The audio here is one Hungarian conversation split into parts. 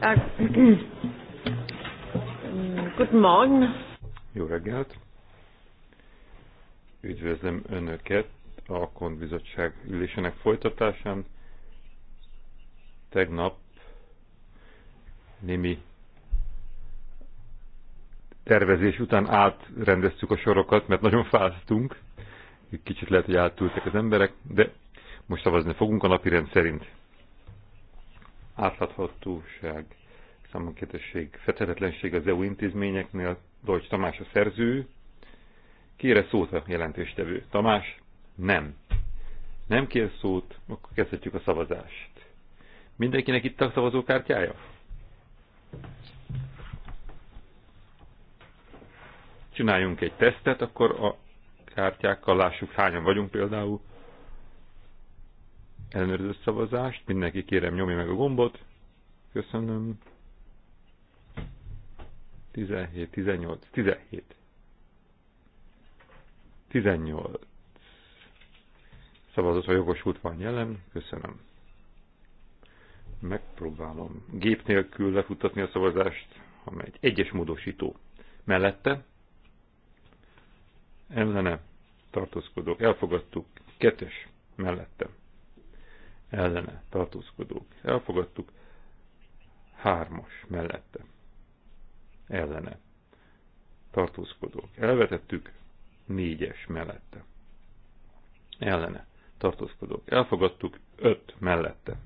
Uh, Guten Morgen. Jó reggelt. Üdvözlöm Önöket a Kondbizottság ülésének folytatásán. Tegnap némi tervezés után átrendeztük a sorokat, mert nagyon fáztunk. Kicsit lehet, hogy átültek az emberek, de most szavazni fogunk a napirend szerint átláthatóság számonképesség, fethetetlenség az EU intézményeknél, Dolcs Tamás a szerző, kére szót a jelentéstevő. Tamás, nem. Nem kér szót, akkor kezdhetjük a szavazást. Mindenkinek itt a szavazókártyája? Csináljunk egy tesztet, akkor a kártyákkal lássuk, hányan vagyunk például. Ellenőrző szavazást, mindenki kérem nyomja meg a gombot. Köszönöm. 17, 18, 17. 18. Szavazott, ha jogosult van jelen. Köszönöm. Megpróbálom gép nélkül lefuttatni a szavazást, ha megy. Egyes módosító. Mellette. Ellene. Tartózkodók. Elfogadtuk. Kettes. Mellette. Ellene. Tartózkodók. Elfogadtuk. Hármas. Mellette ellene tartózkodók. Elvetettük négyes mellette. Ellene tartózkodók. Elfogadtuk öt mellette.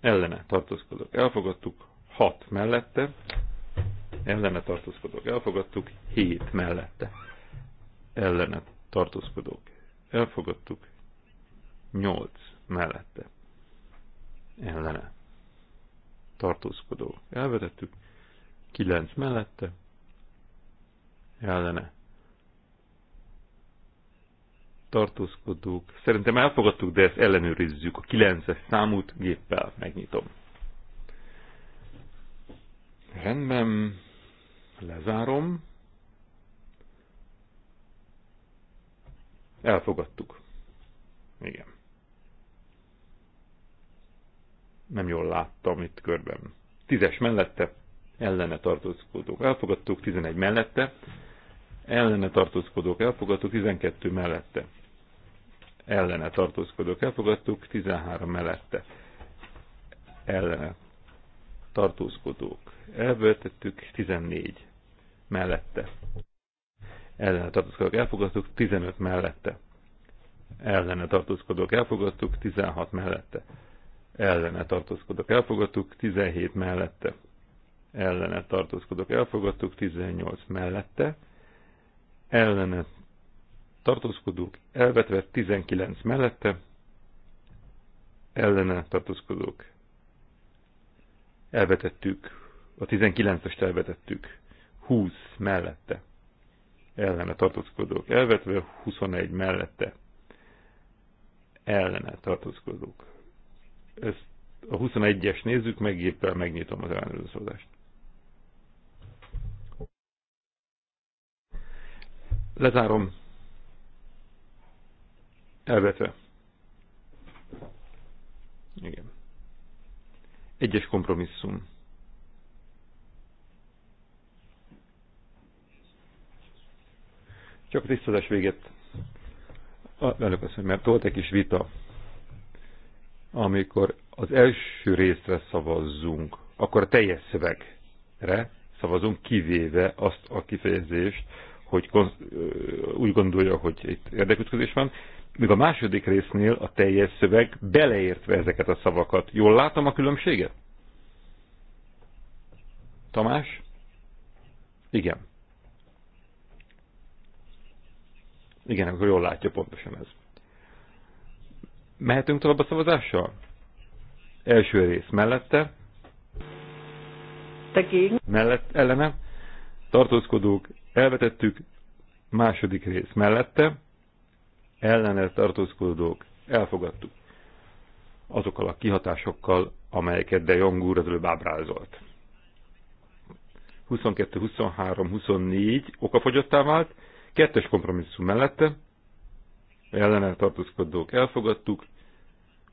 Ellene tartózkodók. Elfogadtuk hat mellette. Ellene tartózkodók. Elfogadtuk hét mellette. Ellene tartózkodók. Elfogadtuk nyolc mellette. Ellene tartózkodók. Elvetettük 9 mellette, ellene. Tartózkodók. Szerintem elfogadtuk, de ezt ellenőrizzük. A 9-es számút géppel megnyitom. Rendben, lezárom. Elfogadtuk. Igen. Nem jól láttam itt körben. Tízes mellette ellene tartózkodók elfogadtuk, 11 mellette, ellene tartózkodók elfogadtuk, 12 mellette, ellene tartózkodók elfogadtuk, 13 mellette, ellene tartózkodók elvöltettük, 14 mellette, ellene tartózkodók elfogadtuk, 15 mellette, ellene tartózkodók elfogadtuk, 16 mellette, ellene tartózkodók elfogadtuk, 17 mellette, ellene tartózkodok, elfogadtuk, 18 mellette, ellene tartózkodók, elvetve 19 mellette, ellene tartózkodók. Elvetettük, a 19-est elvetettük, 20 mellette, ellene tartózkodók, elvetve 21 mellette, ellene tartózkodók. Ezt a 21-es nézzük, meg éppen megnyitom az ellenőrzőszózást. Lezárom. Elvetve. Igen. Egyes kompromisszum. Csak a tisztázás véget azt mert volt egy kis vita, amikor az első részre szavazzunk, akkor a teljes szövegre szavazunk, kivéve azt a kifejezést, hogy úgy gondolja, hogy itt érdekütközés van, míg a második résznél a teljes szöveg beleértve ezeket a szavakat. Jól látom a különbséget? Tamás? Igen. Igen, akkor jól látja pontosan ez. Mehetünk tovább a szavazással? Első rész mellette. Tekint. Mellett ellene. Tartózkodók Elvetettük második rész mellette, ellene tartózkodók elfogadtuk azokkal a kihatásokkal, amelyeket de Jong úr az előbb ábrázolt. 22, 23, 24 okafogyottá vált, kettes kompromisszum mellette, ellene tartózkodók elfogadtuk,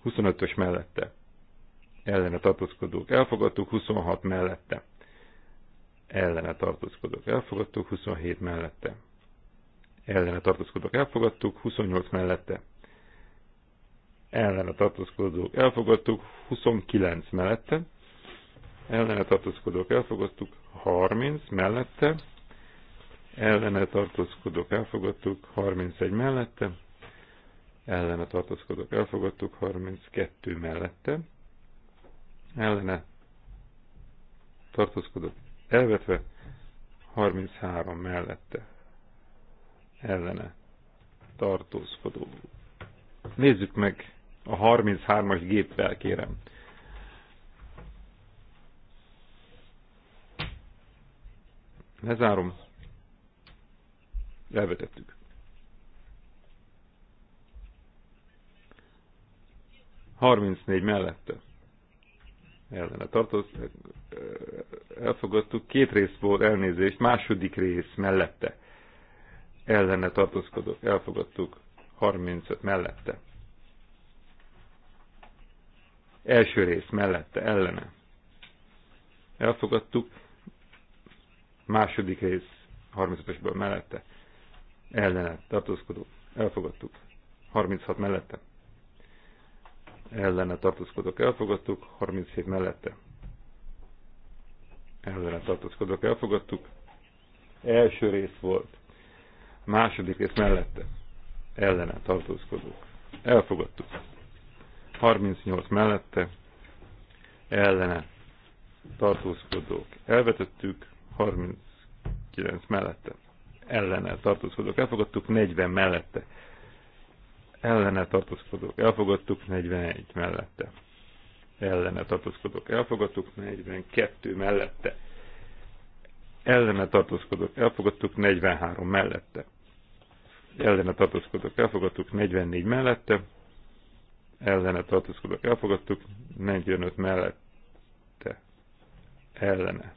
25-ös mellette ellene tartózkodók elfogadtuk, 26 mellette ellene tartózkodok, elfogadtuk, 27 mellette, ellene tartózkodok, elfogadtuk, 28 mellette, ellene tartózkodók elfogadtuk, 29 mellette, ellene tartózkodók elfogadtuk, 30 mellette, ellene tartózkodók elfogadtuk, 31 mellette, ellene tartózkodók elfogadtuk, 32 mellette, ellene tartózkodók elvetve, 33 mellette ellene tartózkodó. Nézzük meg a 33-as géppel, kérem. Lezárom. Elvetettük. 34 mellette ellene tartoz. elfogadtuk, két rész volt elnézést, második rész mellette ellene tartózkodott, elfogadtuk, 35 mellette. Első rész mellette, ellene. Elfogadtuk, második rész 35-esből mellette, ellene tartózkodó, elfogadtuk, 36 mellette ellene tartózkodók elfogadtuk, 37 mellette ellene tartózkodók elfogadtuk. Első rész volt, második rész mellette ellene tartózkodók elfogadtuk. 38 mellette ellene tartózkodók elvetettük, 39 mellette ellene tartózkodók elfogadtuk, 40 mellette ellene tartózkodók elfogadtuk, 41 mellette ellene tartózkodók elfogadtuk, 42 mellette ellene tartózkodók elfogadtuk, 43 mellette ellene tartózkodók elfogadtuk, 44 mellette ellene tartózkodók elfogadtuk, 45 mellette ellene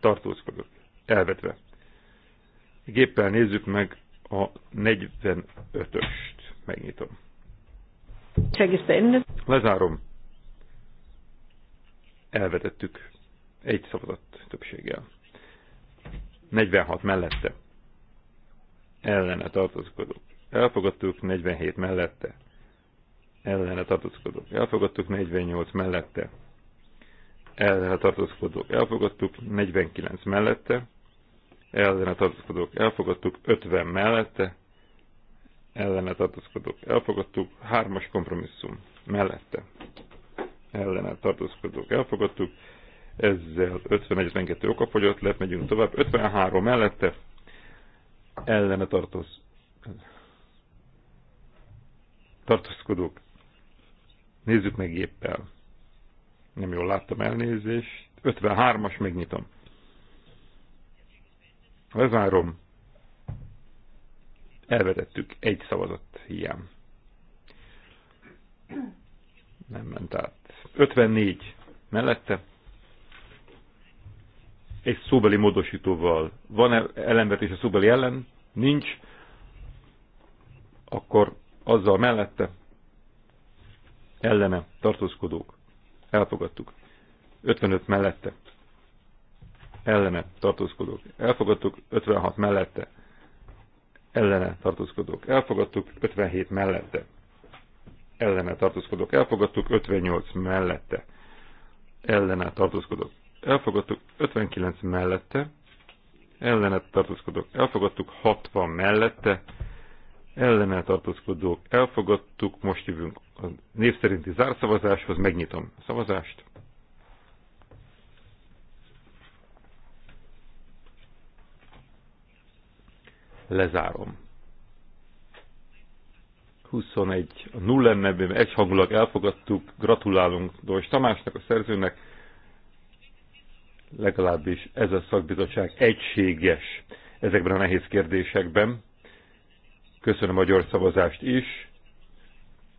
tartózkodók elvetve. Géppel nézzük meg a 45-öst. Megnyitom. Lezárom. Elvetettük. Egy szavazat többséggel. 46 mellette. Ellene tartozkodok. Elfogadtuk 47 mellette. Ellene tartozkodok. Elfogadtuk 48 mellette. Ellene tartozkodok. Elfogadtuk 49 mellette. Ellene tartozkodok. Elfogadtuk 50 mellette ellene tartózkodok. elfogadtuk, hármas kompromisszum mellette ellene tartózkodók elfogadtuk, ezzel 51-52 fogyott, Lehet megyünk tovább, 53 mellette ellene tartóz... tartózkodók. Nézzük meg éppel. Nem jól láttam elnézést. 53-as megnyitom. Lezárom. Elvetettük egy szavazat hiány. Nem ment át. 54 mellette. Egy szóbeli módosítóval. Van-e ellenvetés a szóbeli ellen? Nincs. Akkor azzal mellette ellene tartózkodók. Elfogadtuk. 55 mellette ellene tartózkodók. Elfogadtuk 56 mellette ellene tartózkodók elfogadtuk, 57 mellette ellene tartózkodók elfogadtuk, 58 mellette ellene tartózkodók elfogadtuk, 59 mellette ellene tartózkodók elfogadtuk, 60 mellette ellene tartózkodók elfogadtuk, most jövünk a név szerinti zárszavazáshoz, megnyitom a szavazást. Lezárom. 21 a nullán nevében egyhangulag elfogadtuk, gratulálunk Dors Tamásnak, a szerzőnek, legalábbis ez a szakbizottság egységes ezekben a nehéz kérdésekben. Köszönöm a gyors szavazást is.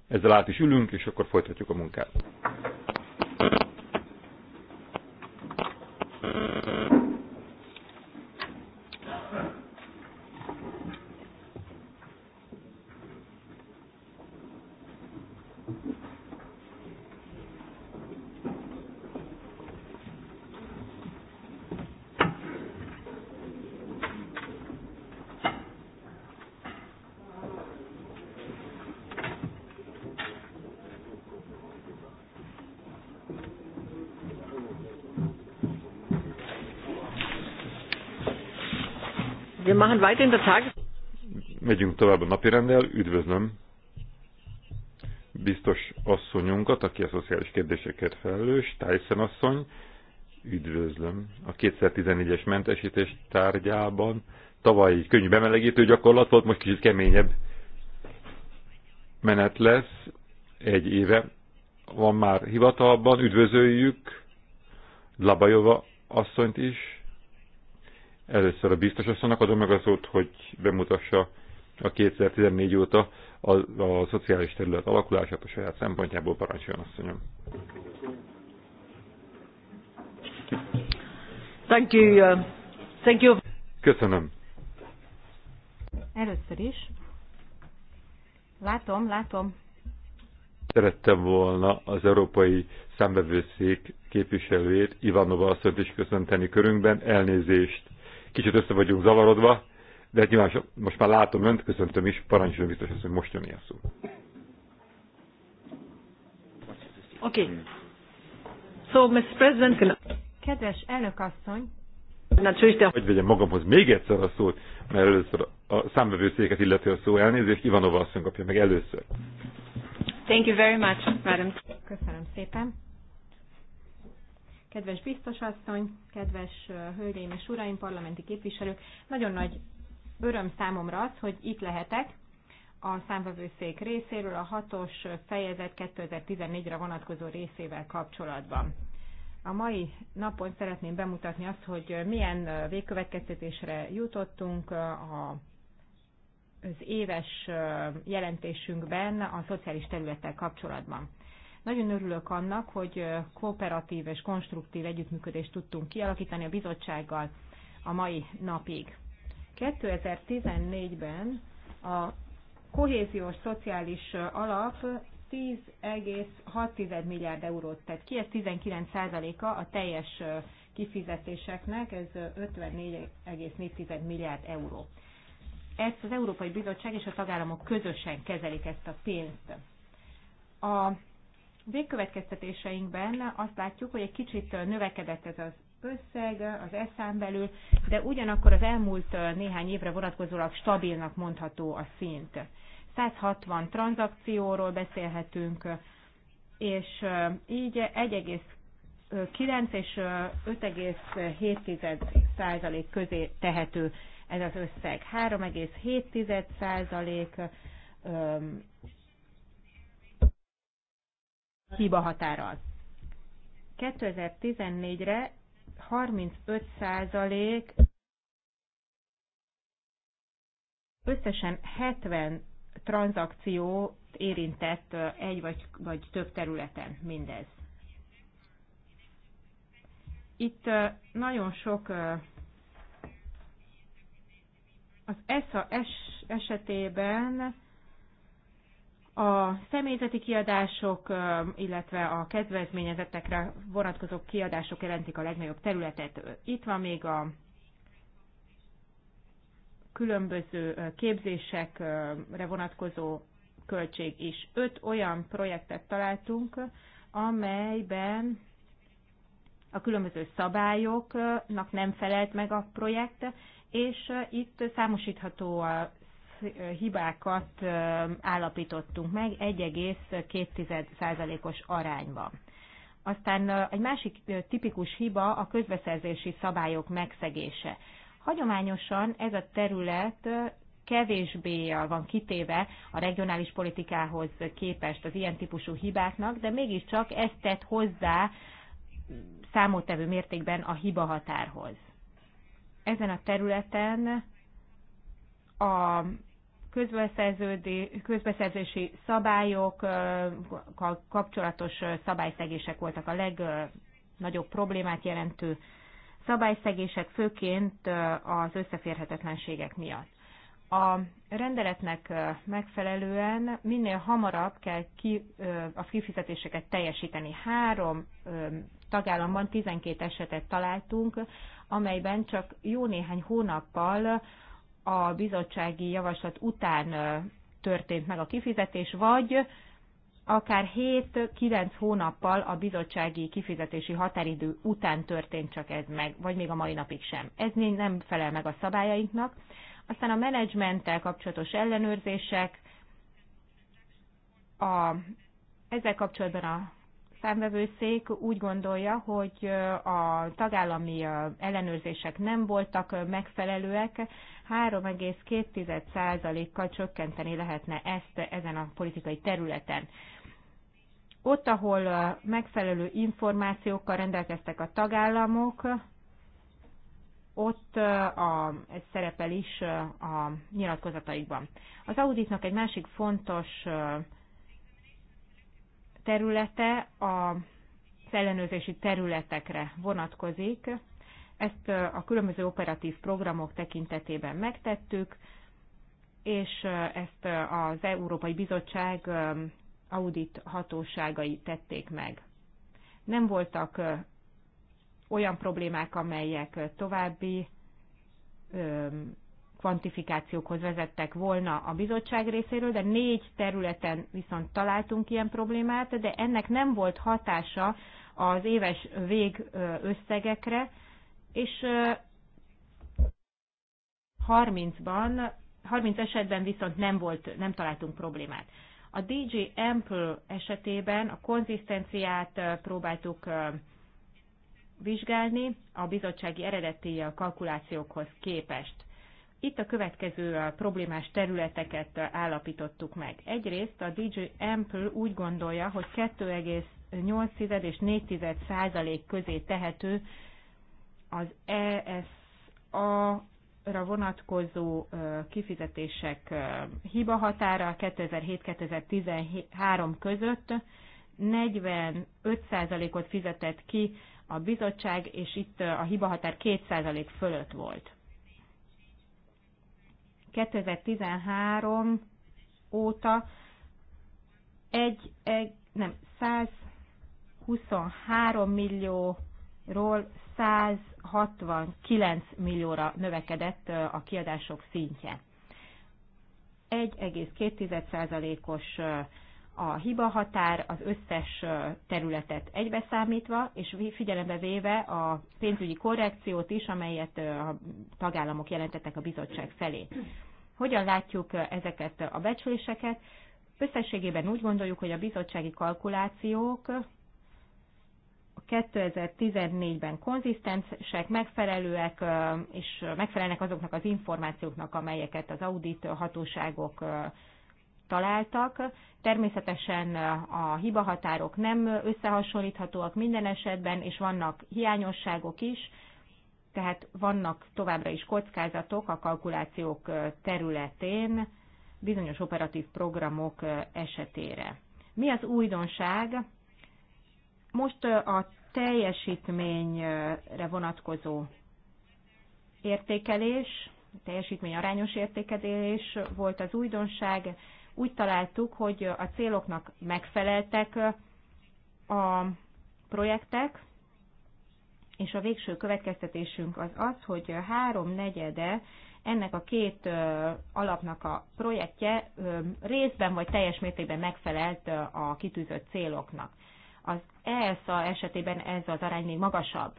Ezzel át is ülünk, és akkor folytatjuk a munkát. machen weiter in der Tages Megyünk tovább a napirendel, üdvözlöm biztos asszonyunkat, aki a szociális kérdésekért felelős, Tyson asszony, üdvözlöm a 2014-es mentesítés tárgyában. Tavaly könnyű bemelegítő gyakorlat volt, most kicsit keményebb menet lesz, egy éve van már hivatalban, üdvözöljük Labajova asszonyt is, Először a biztos asszonynak adom meg a szót, hogy bemutassa a 2014 óta a, a szociális terület alakulását a saját szempontjából parancsoljon asszonyom. Thank you. Uh, thank you. Köszönöm. Először is. Látom, látom. Szerettem volna az Európai Számbevőszék képviselőjét, Ivanova asszonyt is köszönteni körünkben. Elnézést Kicsit össze vagyunk zavarodva, de hát nyilván most már látom önt, köszöntöm is, parancsoljon biztos, hogy most jön ilyen szó. Oké. Okay. So, Mr. President, can... Kedves elnök asszony, hogy vegyem magamhoz még egyszer a szót, mert először a számvevőszéket illető a szó elnézést, Ivanova asszony kapja meg először. Thank you very much, madam. Köszönöm szépen. Kedves biztosasszony, kedves hölgyeim és uraim, parlamenti képviselők, nagyon nagy öröm számomra az, hogy itt lehetek a számvevőszék részéről a hatos fejezet 2014-re vonatkozó részével kapcsolatban. A mai napon szeretném bemutatni azt, hogy milyen végkövetkeztetésre jutottunk a az éves jelentésünkben a szociális területtel kapcsolatban. Nagyon örülök annak, hogy kooperatív és konstruktív együttműködést tudtunk kialakítani a bizottsággal a mai napig. 2014-ben a kohéziós szociális alap 10,6 milliárd eurót tett ki, ez 19%-a a teljes kifizetéseknek, ez 54,4 milliárd euró. Ezt az Európai Bizottság és a tagállamok közösen kezelik ezt a pénzt. A végkövetkeztetéseinkben azt látjuk, hogy egy kicsit növekedett ez az összeg az eszán belül, de ugyanakkor az elmúlt néhány évre vonatkozólag stabilnak mondható a szint. 160 tranzakcióról beszélhetünk, és így 1,9 és 5,7 százalék közé tehető ez az összeg. 3,7 százalék hiba határal. 2014-re 35 százalék összesen 70 tranzakció érintett egy vagy, vagy több területen mindez. Itt nagyon sok az ESA esetében a személyzeti kiadások, illetve a kedvezményezetekre vonatkozó kiadások jelentik a legnagyobb területet. Itt van még a különböző képzésekre vonatkozó költség is. Öt olyan projektet találtunk, amelyben a különböző szabályoknak nem felelt meg a projekt, és itt számosítható a hibákat állapítottunk meg 1,2%-os arányban. Aztán egy másik tipikus hiba a közbeszerzési szabályok megszegése. Hagyományosan ez a terület kevésbé van kitéve a regionális politikához képest az ilyen típusú hibáknak, de mégiscsak ezt tett hozzá számottevő mértékben a hiba határhoz. Ezen a területen a közbeszerzési szabályok kapcsolatos szabályszegések voltak a legnagyobb problémát jelentő szabályszegések, főként az összeférhetetlenségek miatt. A rendeletnek megfelelően minél hamarabb kell ki, a kifizetéseket teljesíteni. Három tagállamban 12 esetet találtunk, amelyben csak jó néhány hónappal a bizottsági javaslat után történt meg a kifizetés, vagy akár 7-9 hónappal a bizottsági kifizetési határidő után történt csak ez meg, vagy még a mai napig sem. Ez nem felel meg a szabályainknak. Aztán a menedzsmenttel kapcsolatos ellenőrzések, a, ezzel kapcsolatban a számvevőszék úgy gondolja, hogy a tagállami ellenőrzések nem voltak megfelelőek, 3,2%-kal csökkenteni lehetne ezt ezen a politikai területen. Ott, ahol megfelelő információkkal rendelkeztek a tagállamok, ott a, ez szerepel is a nyilatkozataikban. Az auditnak egy másik fontos területe a ellenőrzési területekre vonatkozik. Ezt a különböző operatív programok tekintetében megtettük, és ezt az Európai Bizottság audit hatóságai tették meg. Nem voltak olyan problémák, amelyek további kvantifikációkhoz vezettek volna a bizottság részéről, de négy területen viszont találtunk ilyen problémát, de ennek nem volt hatása az éves végösszegekre, és 30-ban, 30 esetben viszont nem, volt, nem találtunk problémát. A DJ Ample esetében a konzisztenciát próbáltuk vizsgálni a bizottsági eredeti kalkulációkhoz képest. Itt a következő problémás területeket állapítottuk meg. Egyrészt a DJ Ample úgy gondolja, hogy 2,8 és 4 százalék közé tehető az ESA-ra vonatkozó kifizetések hiba határa 2007-2013 között 45%-ot fizetett ki a bizottság, és itt a hibahatár 2% fölött volt. 2013 óta egy, egy, nem, 123 millió ról 169 millióra növekedett a kiadások szintje. 1,2%-os a hiba határ az összes területet egybeszámítva, és figyelembe véve a pénzügyi korrekciót is, amelyet a tagállamok jelentettek a bizottság felé. Hogyan látjuk ezeket a becsléseket? Összességében úgy gondoljuk, hogy a bizottsági kalkulációk 2014-ben konzisztensek, megfelelőek és megfelelnek azoknak az információknak, amelyeket az audit hatóságok találtak. Természetesen a hibahatárok nem összehasonlíthatóak minden esetben, és vannak hiányosságok is, tehát vannak továbbra is kockázatok a kalkulációk területén bizonyos operatív programok esetére. Mi az újdonság? Most a teljesítményre vonatkozó értékelés, teljesítmény arányos értékelés volt az újdonság. Úgy találtuk, hogy a céloknak megfeleltek a projektek, és a végső következtetésünk az az, hogy három negyede ennek a két alapnak a projektje részben vagy teljes mértékben megfelelt a kitűzött céloknak. Az ESA esetében ez az arány még magasabb.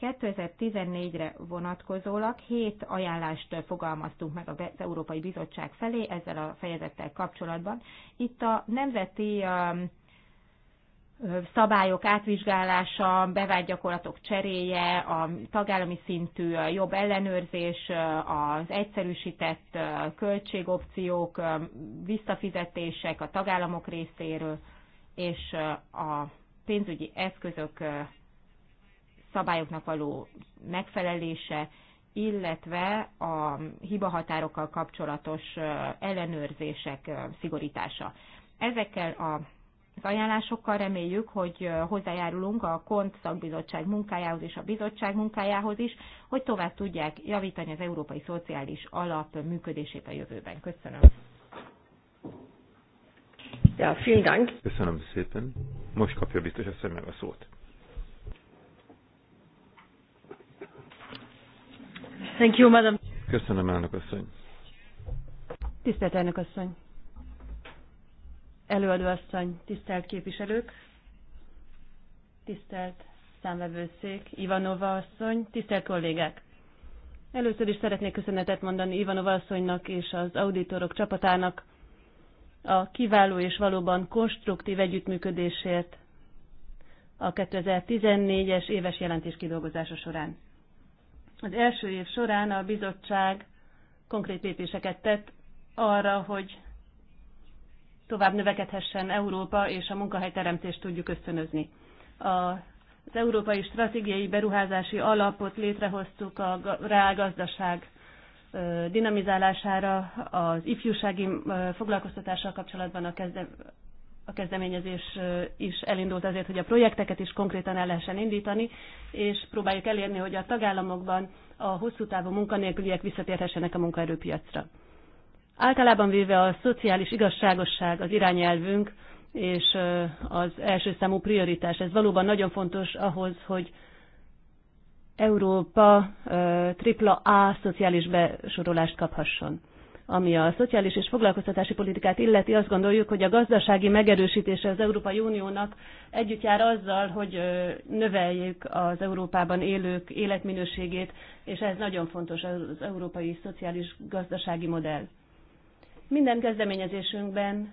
2014-re vonatkozólag hét ajánlást fogalmaztunk meg az Európai Bizottság felé ezzel a fejezettel kapcsolatban. Itt a nemzeti um, szabályok átvizsgálása, bevált gyakorlatok cseréje, a tagállami szintű jobb ellenőrzés, az egyszerűsített költségopciók, visszafizetések a tagállamok részéről, és a pénzügyi eszközök szabályoknak való megfelelése, illetve a hibahatárokkal kapcsolatos ellenőrzések szigorítása. Ezekkel a az ajánlásokkal reméljük, hogy hozzájárulunk a KONT szakbizottság munkájához és a bizottság munkájához is, hogy tovább tudják javítani az Európai Szociális Alap működését a jövőben. Köszönöm. Ja, vielen Dank. Köszönöm szépen. Most kapja biztos a meg a szót. Thank you, madam. Köszönöm, elnök asszony. Tisztelt elnök asszony. Előadó asszony, tisztelt képviselők, tisztelt számvevőszék, Ivanova asszony, tisztelt kollégák. Először is szeretnék köszönetet mondani Ivanova asszonynak és az auditorok csapatának a kiváló és valóban konstruktív együttműködésért a 2014-es éves jelentés kidolgozása során. Az első év során a bizottság konkrét lépéseket tett arra, hogy tovább növekedhessen Európa, és a munkahelyteremtést tudjuk ösztönözni. Az Európai Stratégiai Beruházási Alapot létrehoztuk a reálgazdaság dinamizálására, az ifjúsági foglalkoztatással kapcsolatban a, kezde, a kezdeményezés is elindult azért, hogy a projekteket is konkrétan el lehessen indítani, és próbáljuk elérni, hogy a tagállamokban a hosszú távú munkanélküliek visszatérhessenek a munkaerőpiacra. Általában véve a szociális igazságosság az irányelvünk, és az első számú prioritás. Ez valóban nagyon fontos ahhoz, hogy Európa tripla A szociális besorolást kaphasson. Ami a szociális és foglalkoztatási politikát illeti, azt gondoljuk, hogy a gazdasági megerősítése az Európai Uniónak együtt jár azzal, hogy növeljük az Európában élők életminőségét, és ez nagyon fontos az európai szociális gazdasági modell. Minden kezdeményezésünkben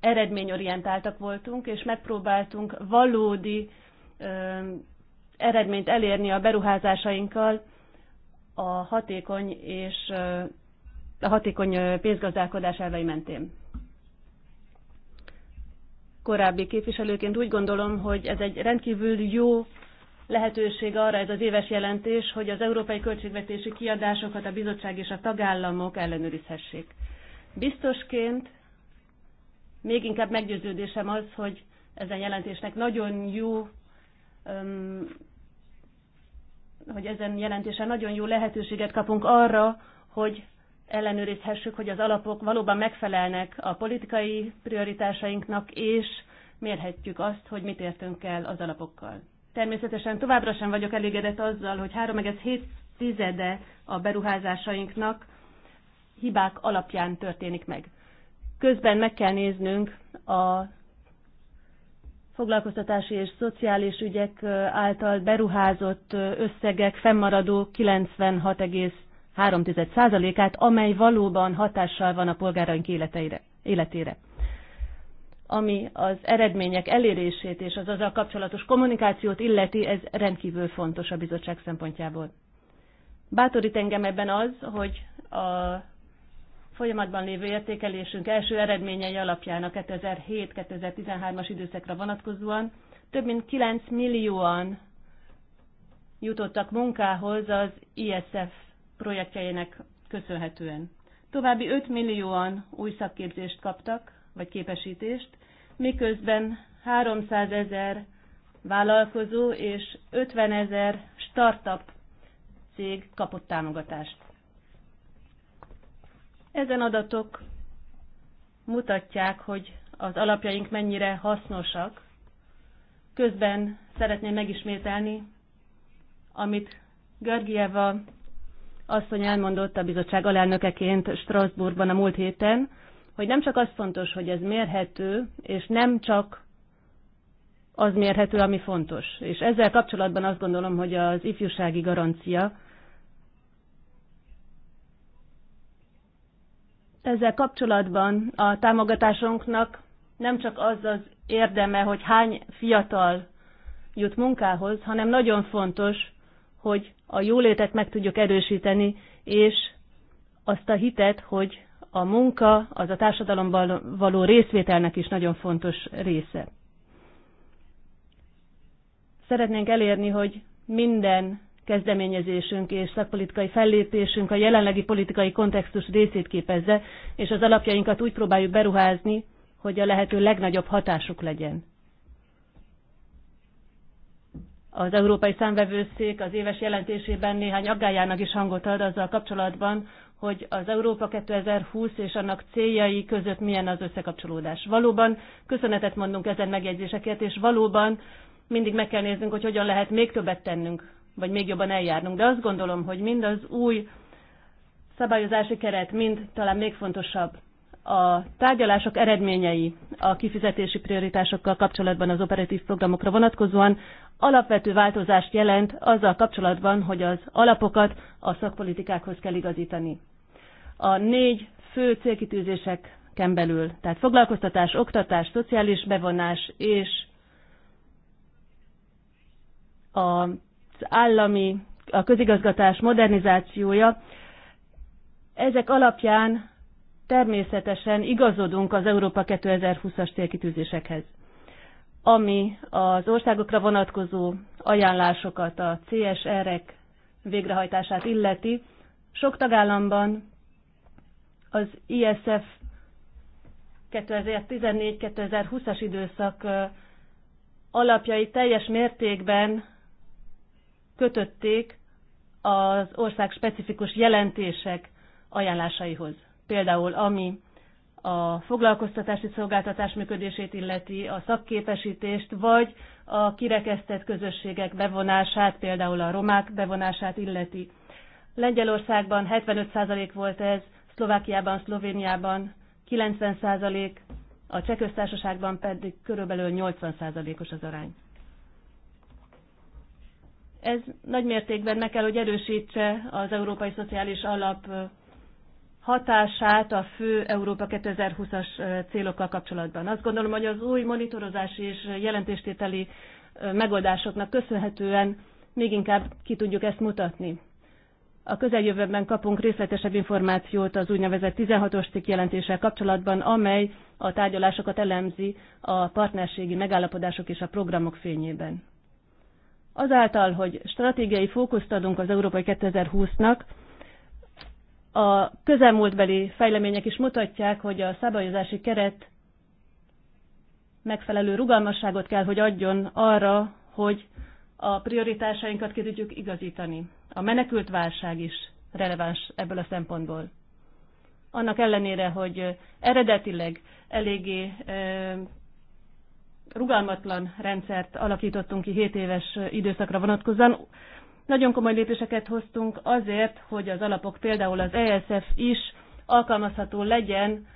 eredményorientáltak voltunk, és megpróbáltunk valódi eredményt elérni a beruházásainkkal a hatékony és a hatékony pénzgazdálkodás elvei mentén. Korábbi képviselőként úgy gondolom, hogy ez egy rendkívül jó lehetőség arra ez az éves jelentés, hogy az európai költségvetési kiadásokat a bizottság és a tagállamok ellenőrizhessék. Biztosként még inkább meggyőződésem az, hogy ezen jelentésnek nagyon jó hogy ezen jelentésen nagyon jó lehetőséget kapunk arra, hogy ellenőrizhessük, hogy az alapok valóban megfelelnek a politikai prioritásainknak, és mérhetjük azt, hogy mit értünk el az alapokkal. Természetesen továbbra sem vagyok elégedett azzal, hogy 3,7 tizede a beruházásainknak hibák alapján történik meg. Közben meg kell néznünk a foglalkoztatási és szociális ügyek által beruházott összegek fennmaradó 96,3%-át, amely valóban hatással van a polgáraink életeire, életére. Ami az eredmények elérését és az azzal kapcsolatos kommunikációt illeti, ez rendkívül fontos a bizottság szempontjából. Bátorít engem ebben az, hogy a folyamatban lévő értékelésünk első eredményei alapján a 2007-2013-as időszakra vonatkozóan több mint 9 millióan jutottak munkához az ISF projektjeinek köszönhetően. További 5 millióan új szakképzést kaptak, vagy képesítést, miközben 300 ezer vállalkozó és 50 ezer startup cég kapott támogatást. Ezen adatok mutatják, hogy az alapjaink mennyire hasznosak. Közben szeretném megismételni, amit Görgieva asszony elmondott a bizottság alelnökeként Strasbourgban a múlt héten, hogy nem csak az fontos, hogy ez mérhető, és nem csak az mérhető, ami fontos. És ezzel kapcsolatban azt gondolom, hogy az ifjúsági garancia Ezzel kapcsolatban a támogatásunknak nem csak az az érdeme, hogy hány fiatal jut munkához, hanem nagyon fontos, hogy a jólétet meg tudjuk erősíteni, és azt a hitet, hogy a munka az a társadalomban való részvételnek is nagyon fontos része. Szeretnénk elérni, hogy minden kezdeményezésünk és szakpolitikai fellépésünk a jelenlegi politikai kontextus részét képezze, és az alapjainkat úgy próbáljuk beruházni, hogy a lehető legnagyobb hatásuk legyen. Az Európai Számvevőszék az éves jelentésében néhány aggájának is hangot ad azzal kapcsolatban, hogy az Európa 2020 és annak céljai között milyen az összekapcsolódás. Valóban köszönetet mondunk ezen megjegyzéseket, és valóban mindig meg kell néznünk, hogy hogyan lehet még többet tennünk vagy még jobban eljárnunk. De azt gondolom, hogy mind az új szabályozási keret, mind talán még fontosabb a tárgyalások eredményei a kifizetési prioritásokkal kapcsolatban az operatív programokra vonatkozóan alapvető változást jelent azzal kapcsolatban, hogy az alapokat a szakpolitikákhoz kell igazítani. A négy fő célkitűzéseken belül, tehát foglalkoztatás, oktatás, szociális bevonás és a állami, a közigazgatás modernizációja, ezek alapján természetesen igazodunk az Európa 2020-as célkitűzésekhez, ami az országokra vonatkozó ajánlásokat, a CSR-ek végrehajtását illeti. Sok tagállamban az ISF 2014-2020-as időszak alapjai teljes mértékben kötötték az ország specifikus jelentések ajánlásaihoz. Például ami a foglalkoztatási szolgáltatás működését illeti, a szakképesítést, vagy a kirekesztett közösségek bevonását, például a romák bevonását illeti. Lengyelországban 75% volt ez, Szlovákiában, Szlovéniában 90%, a Csekköztársaságban pedig körülbelül 80%-os az arány. Ez nagy mértékben meg kell, hogy erősítse az Európai Szociális Alap hatását a fő Európa 2020-as célokkal kapcsolatban. Azt gondolom, hogy az új monitorozási és jelentéstételi megoldásoknak köszönhetően még inkább ki tudjuk ezt mutatni. A közeljövőben kapunk részletesebb információt az úgynevezett 16-os cikk jelentéssel kapcsolatban, amely a tárgyalásokat elemzi a partnerségi megállapodások és a programok fényében. Azáltal, hogy stratégiai fókuszt adunk az Európai 2020-nak, a közelmúltbeli fejlemények is mutatják, hogy a szabályozási keret megfelelő rugalmasságot kell, hogy adjon arra, hogy a prioritásainkat ki tudjuk igazítani. A menekült válság is releváns ebből a szempontból. Annak ellenére, hogy eredetileg eléggé rugalmatlan rendszert alakítottunk ki 7 éves időszakra vonatkozóan. Nagyon komoly lépéseket hoztunk azért, hogy az alapok például az ESF is alkalmazható legyen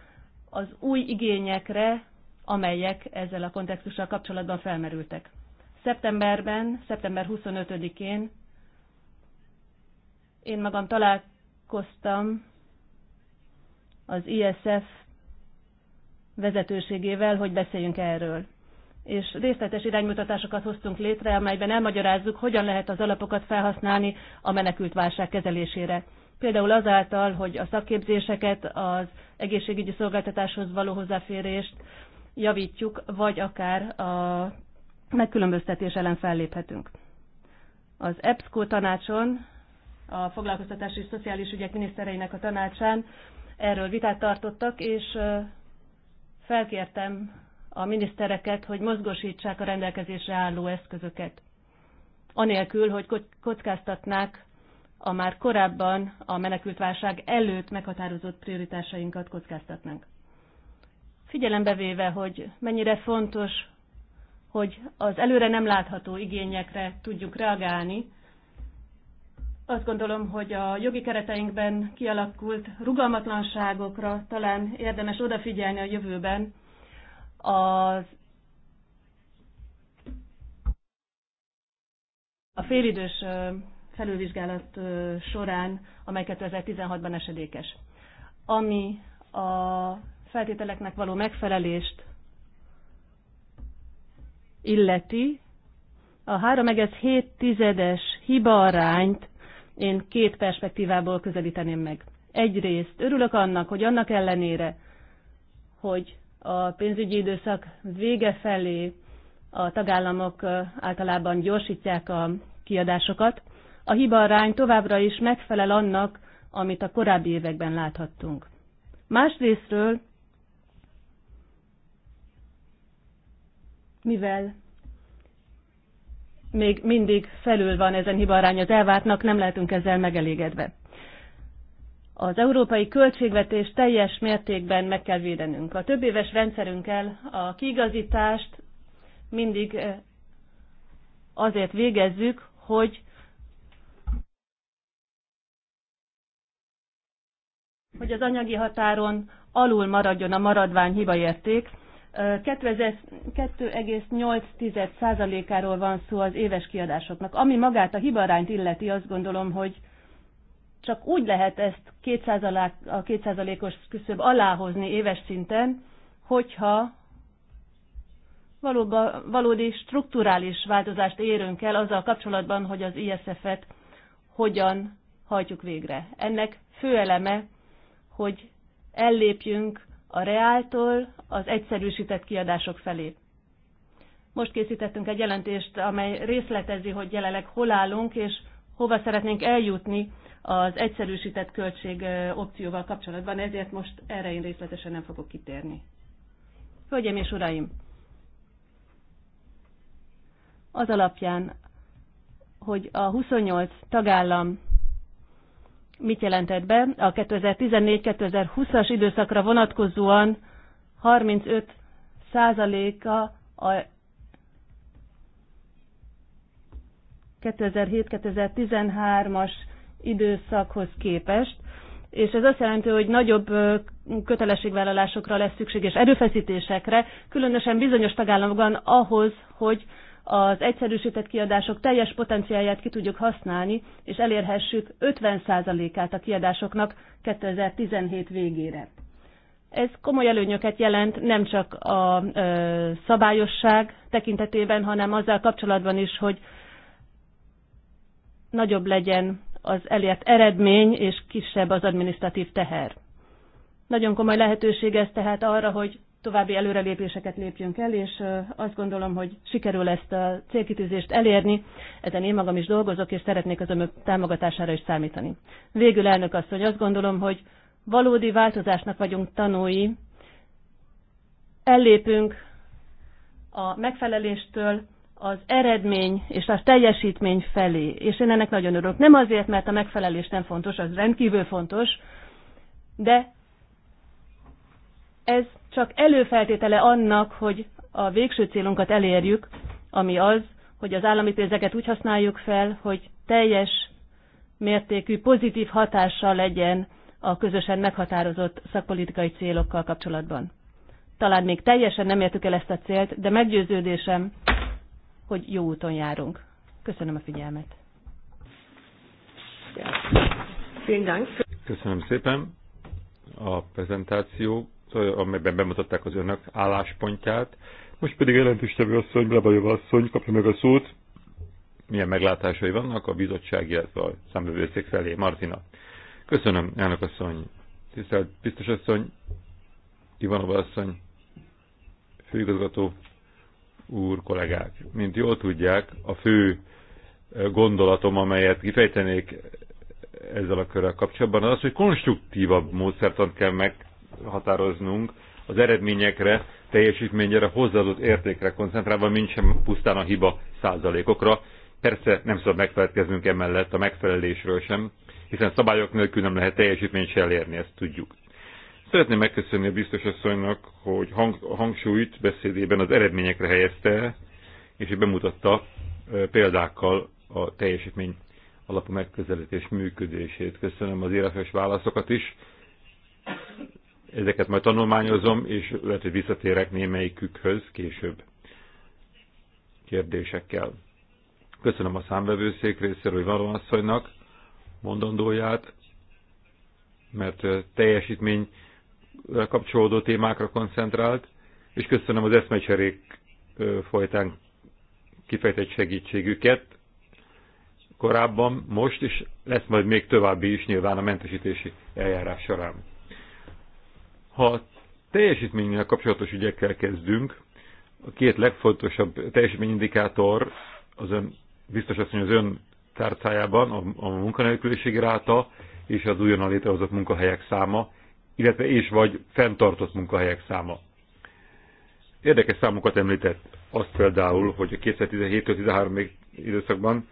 az új igényekre, amelyek ezzel a kontextussal kapcsolatban felmerültek. Szeptemberben, szeptember 25-én én magam találkoztam az ISF vezetőségével, hogy beszéljünk erről és részletes iránymutatásokat hoztunk létre, amelyben elmagyarázzuk, hogyan lehet az alapokat felhasználni a menekült válság kezelésére. Például azáltal, hogy a szakképzéseket, az egészségügyi szolgáltatáshoz való hozzáférést javítjuk, vagy akár a megkülönböztetés ellen felléphetünk. Az EBSCO tanácson, a foglalkoztatási és szociális ügyek minisztereinek a tanácsán erről vitát tartottak, és felkértem a minisztereket, hogy mozgosítsák a rendelkezésre álló eszközöket, anélkül, hogy kockáztatnák a már korábban a menekültválság előtt meghatározott prioritásainkat kockáztatnánk. Figyelembe véve, hogy mennyire fontos, hogy az előre nem látható igényekre tudjuk reagálni, azt gondolom, hogy a jogi kereteinkben kialakult rugalmatlanságokra talán érdemes odafigyelni a jövőben, az a félidős felülvizsgálat során, amely 2016-ban esedékes. Ami a feltételeknek való megfelelést illeti, a 3,7-es hibaarányt én két perspektívából közelíteném meg. Egyrészt örülök annak, hogy annak ellenére, hogy a pénzügyi időszak vége felé a tagállamok általában gyorsítják a kiadásokat, a arány továbbra is megfelel annak, amit a korábbi években láthattunk. Másrésztről, mivel még mindig felül van ezen hibarány az elvártnak, nem lehetünk ezzel megelégedve az európai költségvetés teljes mértékben meg kell védenünk. A több éves rendszerünkkel a kiigazítást mindig eh, azért végezzük, hogy hogy az anyagi határon alul maradjon a maradvány hibaérték. 2,8%-áról eh, van szó az éves kiadásoknak. Ami magát a hibarányt illeti, azt gondolom, hogy csak úgy lehet ezt 200 alá, a 2%-os küszöb aláhozni éves szinten, hogyha valóba, valódi strukturális változást érünk el azzal kapcsolatban, hogy az ISF-et hogyan hajtjuk végre. Ennek fő eleme, hogy ellépjünk a reáltól az egyszerűsített kiadások felé. Most készítettünk egy jelentést, amely részletezi, hogy jelenleg hol állunk, és hova szeretnénk eljutni az egyszerűsített költség opcióval kapcsolatban, ezért most erre én részletesen nem fogok kitérni. Hölgyeim és uraim! Az alapján, hogy a 28 tagállam mit jelentett be, a 2014-2020-as időszakra vonatkozóan 35 százaléka a 2007-2013-as időszakhoz képest, és ez azt jelenti, hogy nagyobb kötelességvállalásokra lesz szükség és erőfeszítésekre, különösen bizonyos tagállamokban ahhoz, hogy az egyszerűsített kiadások teljes potenciáját ki tudjuk használni, és elérhessük 50%-át a kiadásoknak 2017 végére. Ez komoly előnyöket jelent nem csak a ö, szabályosság tekintetében, hanem azzal kapcsolatban is, hogy nagyobb legyen az elért eredmény, és kisebb az administratív teher. Nagyon komoly lehetőség ez tehát arra, hogy további előrelépéseket lépjünk el, és azt gondolom, hogy sikerül ezt a célkitűzést elérni. Ezen én magam is dolgozok, és szeretnék az önök támogatására is számítani. Végül elnök asszony, azt gondolom, hogy valódi változásnak vagyunk tanúi, ellépünk a megfeleléstől, az eredmény és a teljesítmény felé. És én ennek nagyon örülök. Nem azért, mert a megfelelés nem fontos, az rendkívül fontos, de ez csak előfeltétele annak, hogy a végső célunkat elérjük, ami az, hogy az állami pénzeket úgy használjuk fel, hogy teljes mértékű pozitív hatással legyen a közösen meghatározott szakpolitikai célokkal kapcsolatban. Talán még teljesen nem értük el ezt a célt, de meggyőződésem, hogy jó úton járunk. Köszönöm a figyelmet. Köszönöm szépen a prezentáció, amelyben bemutatták az önök álláspontját. Most pedig jelentőstevő asszony, Blabajov asszony kapja meg a szót. Milyen meglátásai vannak a bizottság, illetve a számbevőszék felé, Martina. Köszönöm, elnök asszony. Tisztelt biztos asszony, Ivanova asszony, főigazgató úr, kollégák. Mint jól tudják, a fő eh, gondolatom, amelyet kifejtenék eh, ezzel a körrel kapcsolatban, az az, hogy konstruktívabb módszertant kell meghatároznunk az eredményekre, teljesítményre, hozzáadott értékre koncentrálva, mint sem pusztán a hiba százalékokra. Persze nem szabad megfelelkeznünk emellett a megfelelésről sem, hiszen szabályok nélkül nem lehet teljesítményt se elérni, ezt tudjuk. Szeretném megköszönni a biztos asszonynak, hogy hang, a hangsúlyt beszédében az eredményekre helyezte, és hogy bemutatta példákkal a teljesítmény alapú megközelítés működését. Köszönöm az írásos válaszokat is. Ezeket majd tanulmányozom, és lehet, hogy visszatérek némelyikükhöz később kérdésekkel. Köszönöm a számvevőszék részéről valóan asszonynak mondandóját, mert teljesítmény kapcsolódó témákra koncentrált, és köszönöm az eszmecserék folytán kifejtett segítségüket korábban, most, és lesz majd még további is nyilván a mentesítési eljárás során. Ha teljesítménnyel kapcsolatos ügyekkel kezdünk, a két legfontosabb teljesítményindikátor az ön, biztos azt mondja, az ön tárcájában a, a munkanélküliségi ráta és az újonnan létrehozott munkahelyek száma, illetve és vagy fenntartott munkahelyek száma. Érdekes számokat említett azt például, hogy a 2017-13 időszakban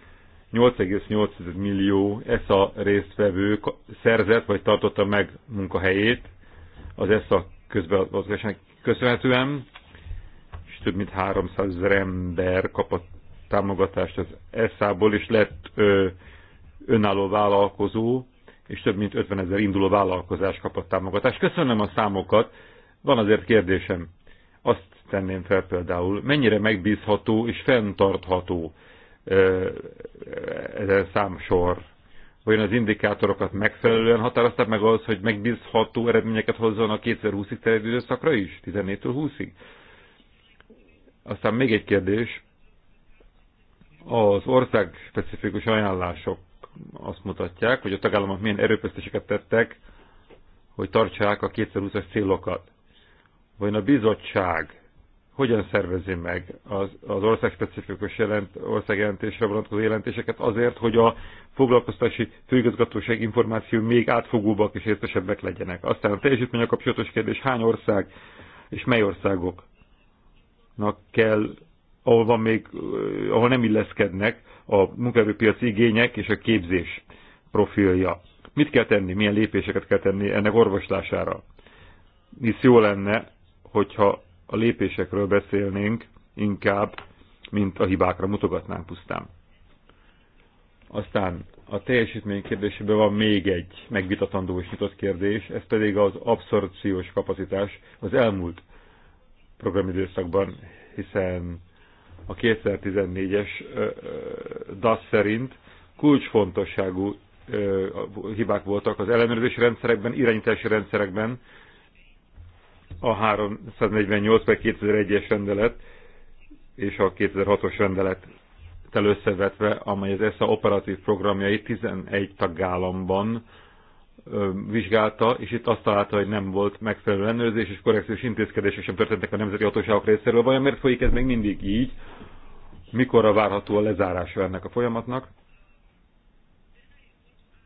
8,8 millió ESA résztvevő szerzett vagy tartotta meg munkahelyét az ESA közbeavatkozásnak köszönhetően, és több mint 300 ezer ember kapott támogatást az ESA-ból, és lett ö, önálló vállalkozó, és több mint 50 ezer induló vállalkozás kapott támogatást. Köszönöm a számokat, van azért kérdésem. Azt tenném fel például, mennyire megbízható és fenntartható ez a számsor? Vajon az indikátorokat megfelelően határozták meg az, hogy megbízható eredményeket hozzon a 2020-ig terjedő időszakra is, 14-től 20-ig? Aztán még egy kérdés, az ország specifikus ajánlások azt mutatják, hogy a tagállamok milyen erőfeszítéseket tettek, hogy tartsák a 2020-as célokat. Vajon a bizottság hogyan szervezi meg az, az specifikus jelent, országjelentésre vonatkozó jelentéseket azért, hogy a foglalkoztási főigazgatóság információ még átfogóbbak és értesebbek legyenek. Aztán a a kapcsolatos kérdés, hány ország és mely országoknak kell, ahol van még, ahol nem illeszkednek a munkaerőpiaci igények és a képzés profilja. Mit kell tenni, milyen lépéseket kell tenni ennek orvoslására? Hisz jó lenne, hogyha a lépésekről beszélnénk inkább, mint a hibákra mutogatnánk pusztán. Aztán a teljesítmény kérdésében van még egy megvitatandó és nyitott kérdés, ez pedig az abszorpciós kapacitás az elmúlt programidőszakban, hiszen a 2014-es DAS szerint kulcsfontosságú hibák voltak az ellenőrzési rendszerekben, irányítási rendszerekben, a 348 per 2001-es rendelet és a 2006-os rendelet összevetve, amely az ESA operatív programjai 11 tagállamban vizsgálta, és itt azt találta, hogy nem volt megfelelő ellenőrzés, és korrekciós intézkedések sem történtek a nemzeti hatóságok részéről. Vajon miért folyik ez még mindig így? Mikorra várható a lezárása ennek a folyamatnak?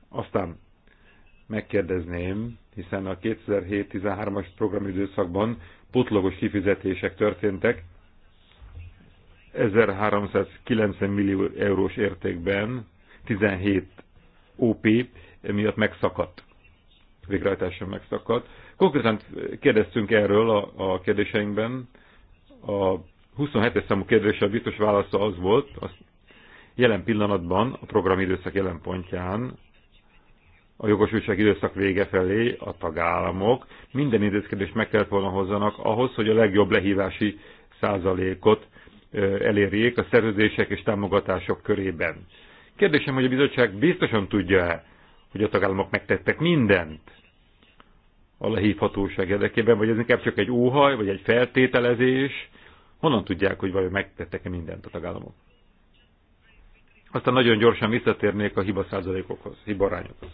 Aztán megkérdezném, hiszen a 2007-13-as programidőszakban potlogos kifizetések történtek, 1390 millió eurós értékben, 17 OP, miatt megszakadt, végrehajtáson megszakadt. Konkrétan kérdeztünk erről a, a kérdéseinkben, a 27-es számú kérdésre biztos válasza az volt, az jelen pillanatban, a programidőszak jelen pontján, a jogosultság időszak vége felé a tagállamok minden intézkedést meg kellett volna hozzanak ahhoz, hogy a legjobb lehívási százalékot elérjék a szerződések és támogatások körében. Kérdésem, hogy a bizottság biztosan tudja-e, hogy a tagállamok megtettek mindent a lehívhatóság érdekében, vagy ez inkább csak egy óhaj, vagy egy feltételezés. Honnan tudják, hogy vajon megtettek-e mindent a tagállamok? Aztán nagyon gyorsan visszatérnék a hiba százalékokhoz, hibarányokhoz.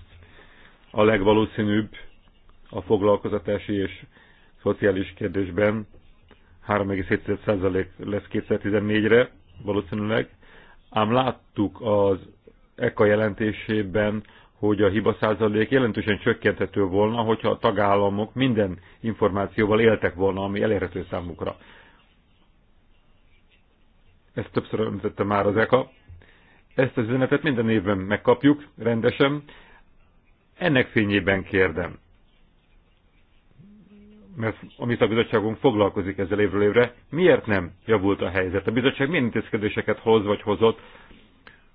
A legvalószínűbb a foglalkozatási és szociális kérdésben 3,7% lesz 2014-re valószínűleg, ám láttuk az ECA jelentésében hogy a hiba százalék jelentősen csökkenthető volna, hogyha a tagállamok minden információval éltek volna, ami elérhető számukra. Ezt többször említette már az ECA. Ezt az üzenetet minden évben megkapjuk, rendesen. Ennek fényében kérdem, mert a mi foglalkozik ezzel évről évre, miért nem javult a helyzet? A bizottság milyen intézkedéseket hoz vagy hozott,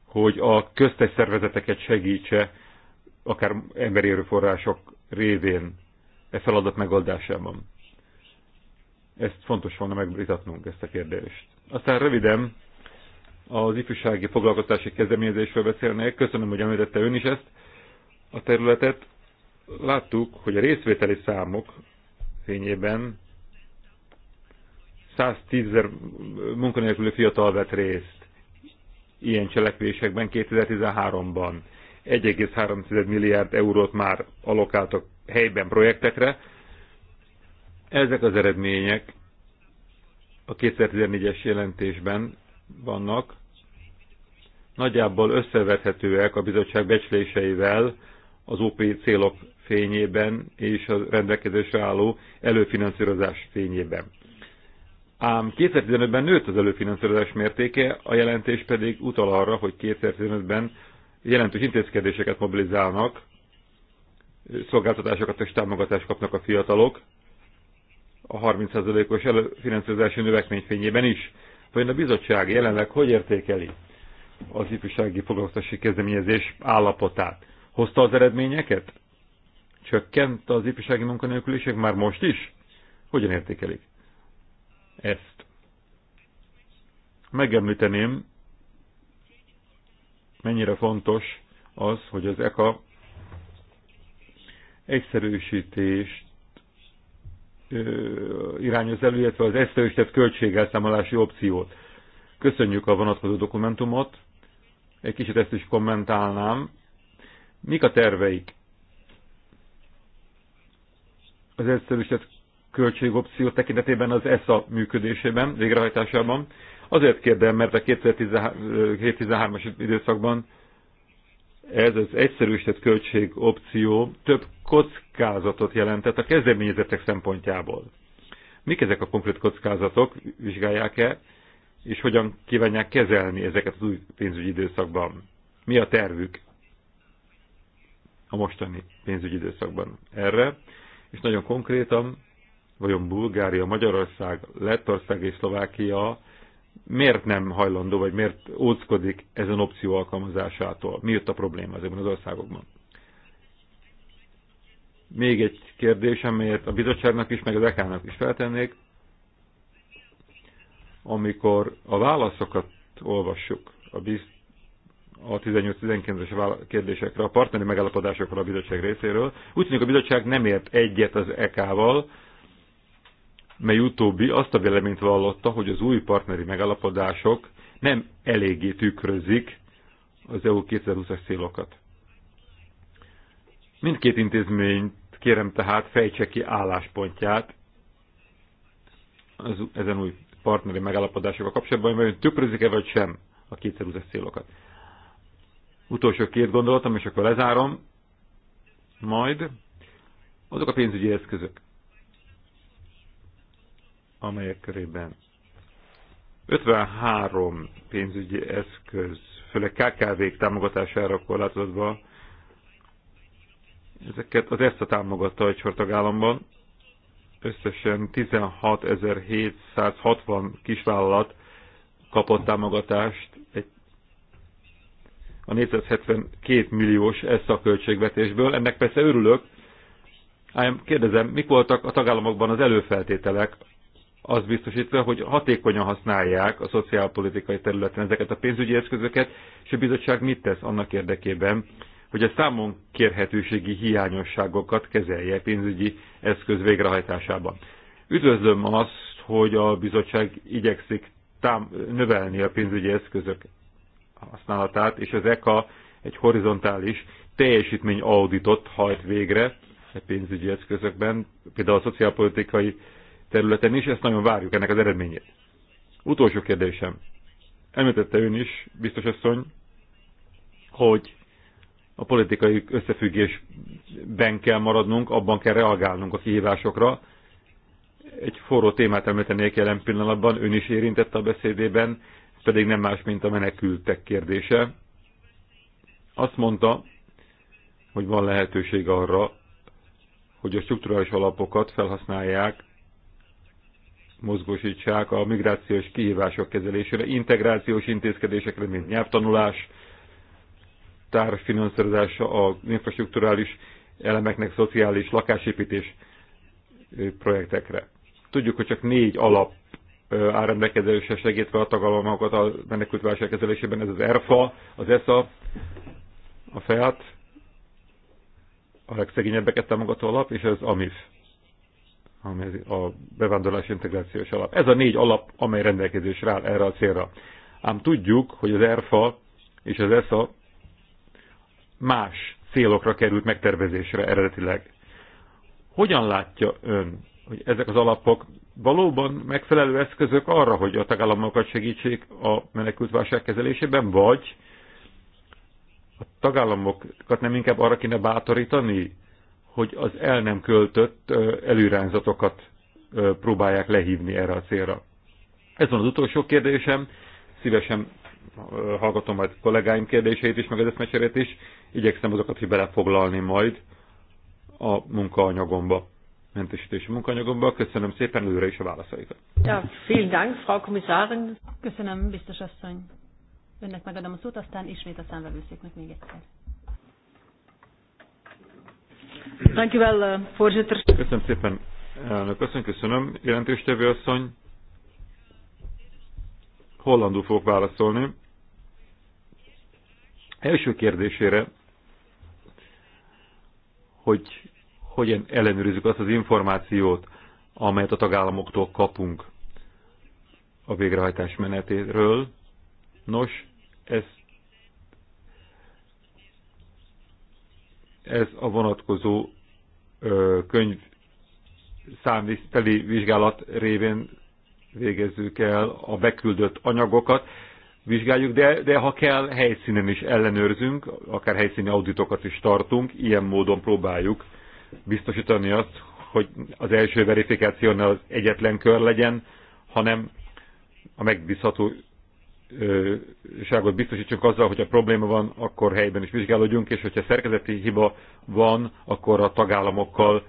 hogy a köztes szervezeteket segítse akár emberi erőforrások révén e feladat megoldásában. Ezt fontos volna megvitatnunk, ezt a kérdést. Aztán röviden az ifjúsági foglalkoztási kezdeményezésről beszélnék. Köszönöm, hogy említette ön is ezt a területet. Láttuk, hogy a részvételi számok fényében 110 ezer munkanélküli fiatal vett részt ilyen cselekvésekben 2013-ban. 1,3 milliárd eurót már alokáltak helyben projektekre. Ezek az eredmények a 2014-es jelentésben vannak, nagyjából összevethetőek a bizottság becsléseivel az OP célok fényében és a rendelkezésre álló előfinanszírozás fényében. Ám 2015-ben nőtt az előfinanszírozás mértéke, a jelentés pedig utal arra, hogy 2015-ben jelentős intézkedéseket mobilizálnak, szolgáltatásokat és támogatást kapnak a fiatalok, a 30%-os finanszírozási növekmény fényében is. Vajon a bizottság jelenleg hogy értékeli az ifjúsági foglalkoztatási kezdeményezés állapotát? Hozta az eredményeket? Csökkent az ifjúsági munkanélküliség már most is? Hogyan értékelik ezt? Megemlíteném mennyire fontos az, hogy az ECA egyszerűsítést irányoz elő, illetve az egyszerűsített költségelszámolási opciót. Köszönjük a vonatkozó dokumentumot, egy kicsit ezt is kommentálnám. Mik a terveik? Az egyszerűsített költségopció tekintetében az ESA működésében, végrehajtásában, Azért kérdem, mert a 2013-as időszakban ez az egyszerűsített költség opció több kockázatot jelentett a kezdeményezetek szempontjából. Mik ezek a konkrét kockázatok, vizsgálják-e, és hogyan kívánják kezelni ezeket az új pénzügyi időszakban? Mi a tervük a mostani pénzügyi időszakban erre? És nagyon konkrétan, vajon Bulgária, Magyarország, Lettország és Szlovákia miért nem hajlandó, vagy miért óckodik ezen opció alkalmazásától? Mi jött a probléma ezekben az országokban? Még egy kérdés, amelyet a bizottságnak is, meg az EK-nak is feltennék. Amikor a válaszokat olvassuk a, biz... a 18-19-es kérdésekre, a partneri megállapodásokra a bizottság részéről, úgy tűnik a bizottság nem ért egyet az EK-val, mely utóbbi azt a véleményt vallotta, hogy az új partneri megállapodások nem eléggé tükrözik az EU 2020-as célokat. Mindkét intézményt kérem tehát fejtse ki álláspontját az, ezen új partneri megállapodásokkal kapcsolatban, hogy tükrözik-e vagy sem a 2020-as célokat. Utolsó két gondolatom, és akkor lezárom. Majd azok a pénzügyi eszközök, amelyek körében 53 pénzügyi eszköz, főleg KKV-k támogatására korlátozva, ezeket az ESZ-a támogatta egy sortagállamban, összesen 16.760 kisvállalat kapott támogatást egy a 472 milliós ESZA költségvetésből. Ennek persze örülök, ám kérdezem, mik voltak a tagállamokban az előfeltételek az biztosítva, hogy hatékonyan használják a szociálpolitikai területen ezeket a pénzügyi eszközöket, és a bizottság mit tesz annak érdekében, hogy a számon kérhetőségi hiányosságokat kezelje pénzügyi eszköz végrehajtásában. Üdvözlöm azt, hogy a bizottság igyekszik tám növelni a pénzügyi eszközök használatát, és az ECA egy horizontális teljesítmény auditot hajt végre a pénzügyi eszközökben, például a szociálpolitikai területen is, ezt nagyon várjuk ennek az eredményét. Utolsó kérdésem. Említette ön is, biztos asszony, hogy a politikai összefüggésben kell maradnunk, abban kell reagálnunk a kihívásokra. Egy forró témát említenék jelen pillanatban, ön is érintette a beszédében, pedig nem más, mint a menekültek kérdése. Azt mondta, hogy van lehetőség arra, hogy a struktúrális alapokat felhasználják mozgósítsák a migrációs kihívások kezelésére, integrációs intézkedésekre, mint nyelvtanulás, társfinanszírozása az infrastruktúrális elemeknek, szociális lakásépítés projektekre. Tudjuk, hogy csak négy alap áll segítve a tagalmakat a menekült válság kezelésében, ez az ERFA, az ESA, a FEAT, a legszegényebbeket támogató alap, és az AMIF amely a bevándorlás integrációs alap. Ez a négy alap, amely rendelkezésre áll erre a célra. Ám tudjuk, hogy az ERFA és az ESA más célokra került megtervezésre eredetileg. Hogyan látja ön, hogy ezek az alapok valóban megfelelő eszközök arra, hogy a tagállamokat segítsék a menekültválság kezelésében, vagy a tagállamokat nem inkább arra kéne bátorítani, hogy az el nem költött előrányzatokat próbálják lehívni erre a célra. Ez van az utolsó kérdésem, szívesen hallgatom majd kollégáim kérdéseit is, meg az eszmecserét is, igyekszem azokat is belefoglalni majd a munkaanyagomba, mentesítési munkaanyagomba. Köszönöm szépen előre is a válaszaikat. Ja, vielen Dank, Frau Kommissarin. Köszönöm, biztos asszony. Önnek megadom a szót, aztán ismét a számvevőszéknek még egyszer. Uh, köszönöm szépen, elnök asszony, köszönöm. Jelentőstevő asszony, hollandul fogok válaszolni. Első kérdésére, hogy hogyan ellenőrizzük azt az információt, amelyet a tagállamoktól kapunk a végrehajtás menetéről. Nos, ezt ez a vonatkozó könyv számviszteli vizsgálat révén végezzük el a beküldött anyagokat, vizsgáljuk, de, de ha kell, helyszínen is ellenőrzünk, akár helyszíni auditokat is tartunk, ilyen módon próbáljuk biztosítani azt, hogy az első verifikációnál az egyetlen kör legyen, hanem a megbízható biztosítsuk biztosítsunk azzal, hogy probléma van, akkor helyben is vizsgálódjunk, és hogyha szerkezeti hiba van, akkor a tagállamokkal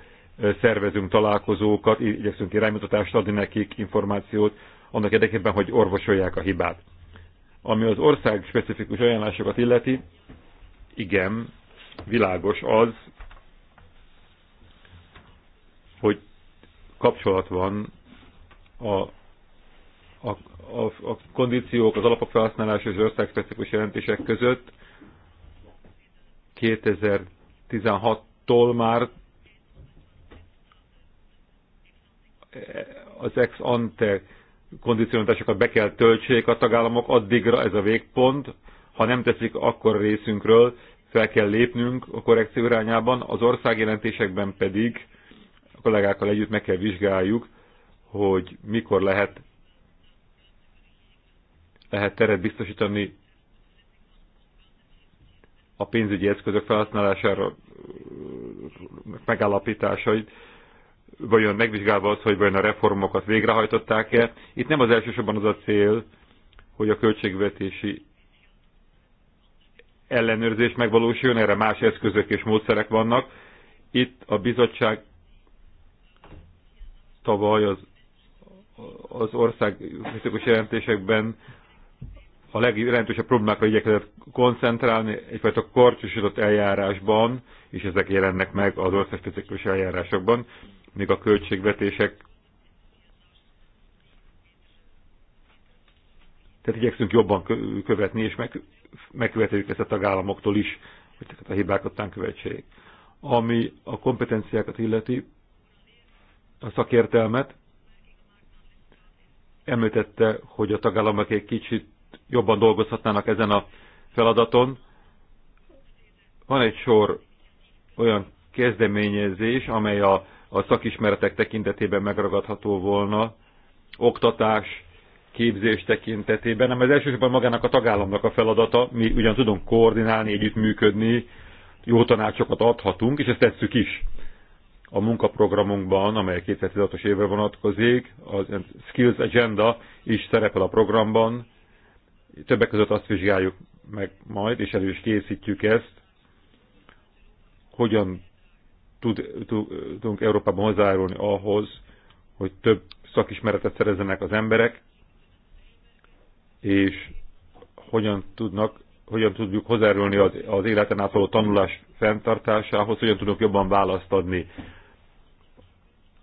szervezünk találkozókat, igyekszünk iránymutatást adni nekik, információt, annak érdekében, hogy orvosolják a hibát. Ami az ország specifikus ajánlásokat illeti, igen, világos az, hogy kapcsolat van a a, a, a kondíciók, az alapok felhasználása és az országspecifikus jelentések között 2016-tól már az ex ante kondicionatásokat be kell töltsék a tagállamok, addigra ez a végpont, ha nem teszik, akkor részünkről fel kell lépnünk a korrekció irányában, az országjelentésekben pedig a kollégákkal együtt meg kell vizsgáljuk, hogy mikor lehet lehet teret biztosítani a pénzügyi eszközök felhasználására megállapításait, vajon megvizsgálva az, hogy vajon a reformokat végrehajtották-e. Itt nem az elsősorban az a cél, hogy a költségvetési ellenőrzés megvalósuljon, erre más eszközök és módszerek vannak. Itt a bizottság tavaly az, az ország fizikus jelentésekben a legjelentősebb problémákra igyekezett koncentrálni, egyfajta korcsosított eljárásban, és ezek jelennek meg az országspecifikus eljárásokban, míg a költségvetések Tehát igyekszünk jobban követni, és meg, megkövetjük ezt a tagállamoktól is, hogy ezeket a hibákat után Ami a kompetenciákat illeti, a szakértelmet, említette, hogy a tagállamok egy kicsit jobban dolgozhatnának ezen a feladaton. Van egy sor olyan kezdeményezés, amely a, a szakismeretek tekintetében megragadható volna, oktatás, képzés tekintetében, Nem ez elsősorban magának a tagállamnak a feladata, mi ugyan tudunk koordinálni, együttműködni, jó tanácsokat adhatunk, és ezt tesszük is. A munkaprogramunkban, amely 2016-os évre vonatkozik, a Skills Agenda is szerepel a programban, Többek között azt vizsgáljuk meg majd, és elő is készítjük ezt, hogyan tud, tudunk Európában hozzájárulni ahhoz, hogy több szakismeretet szerezzenek az emberek, és hogyan tudnak, hogyan tudjuk hozzájárulni az, az életen átoló tanulás fenntartásához, hogyan tudunk jobban választ adni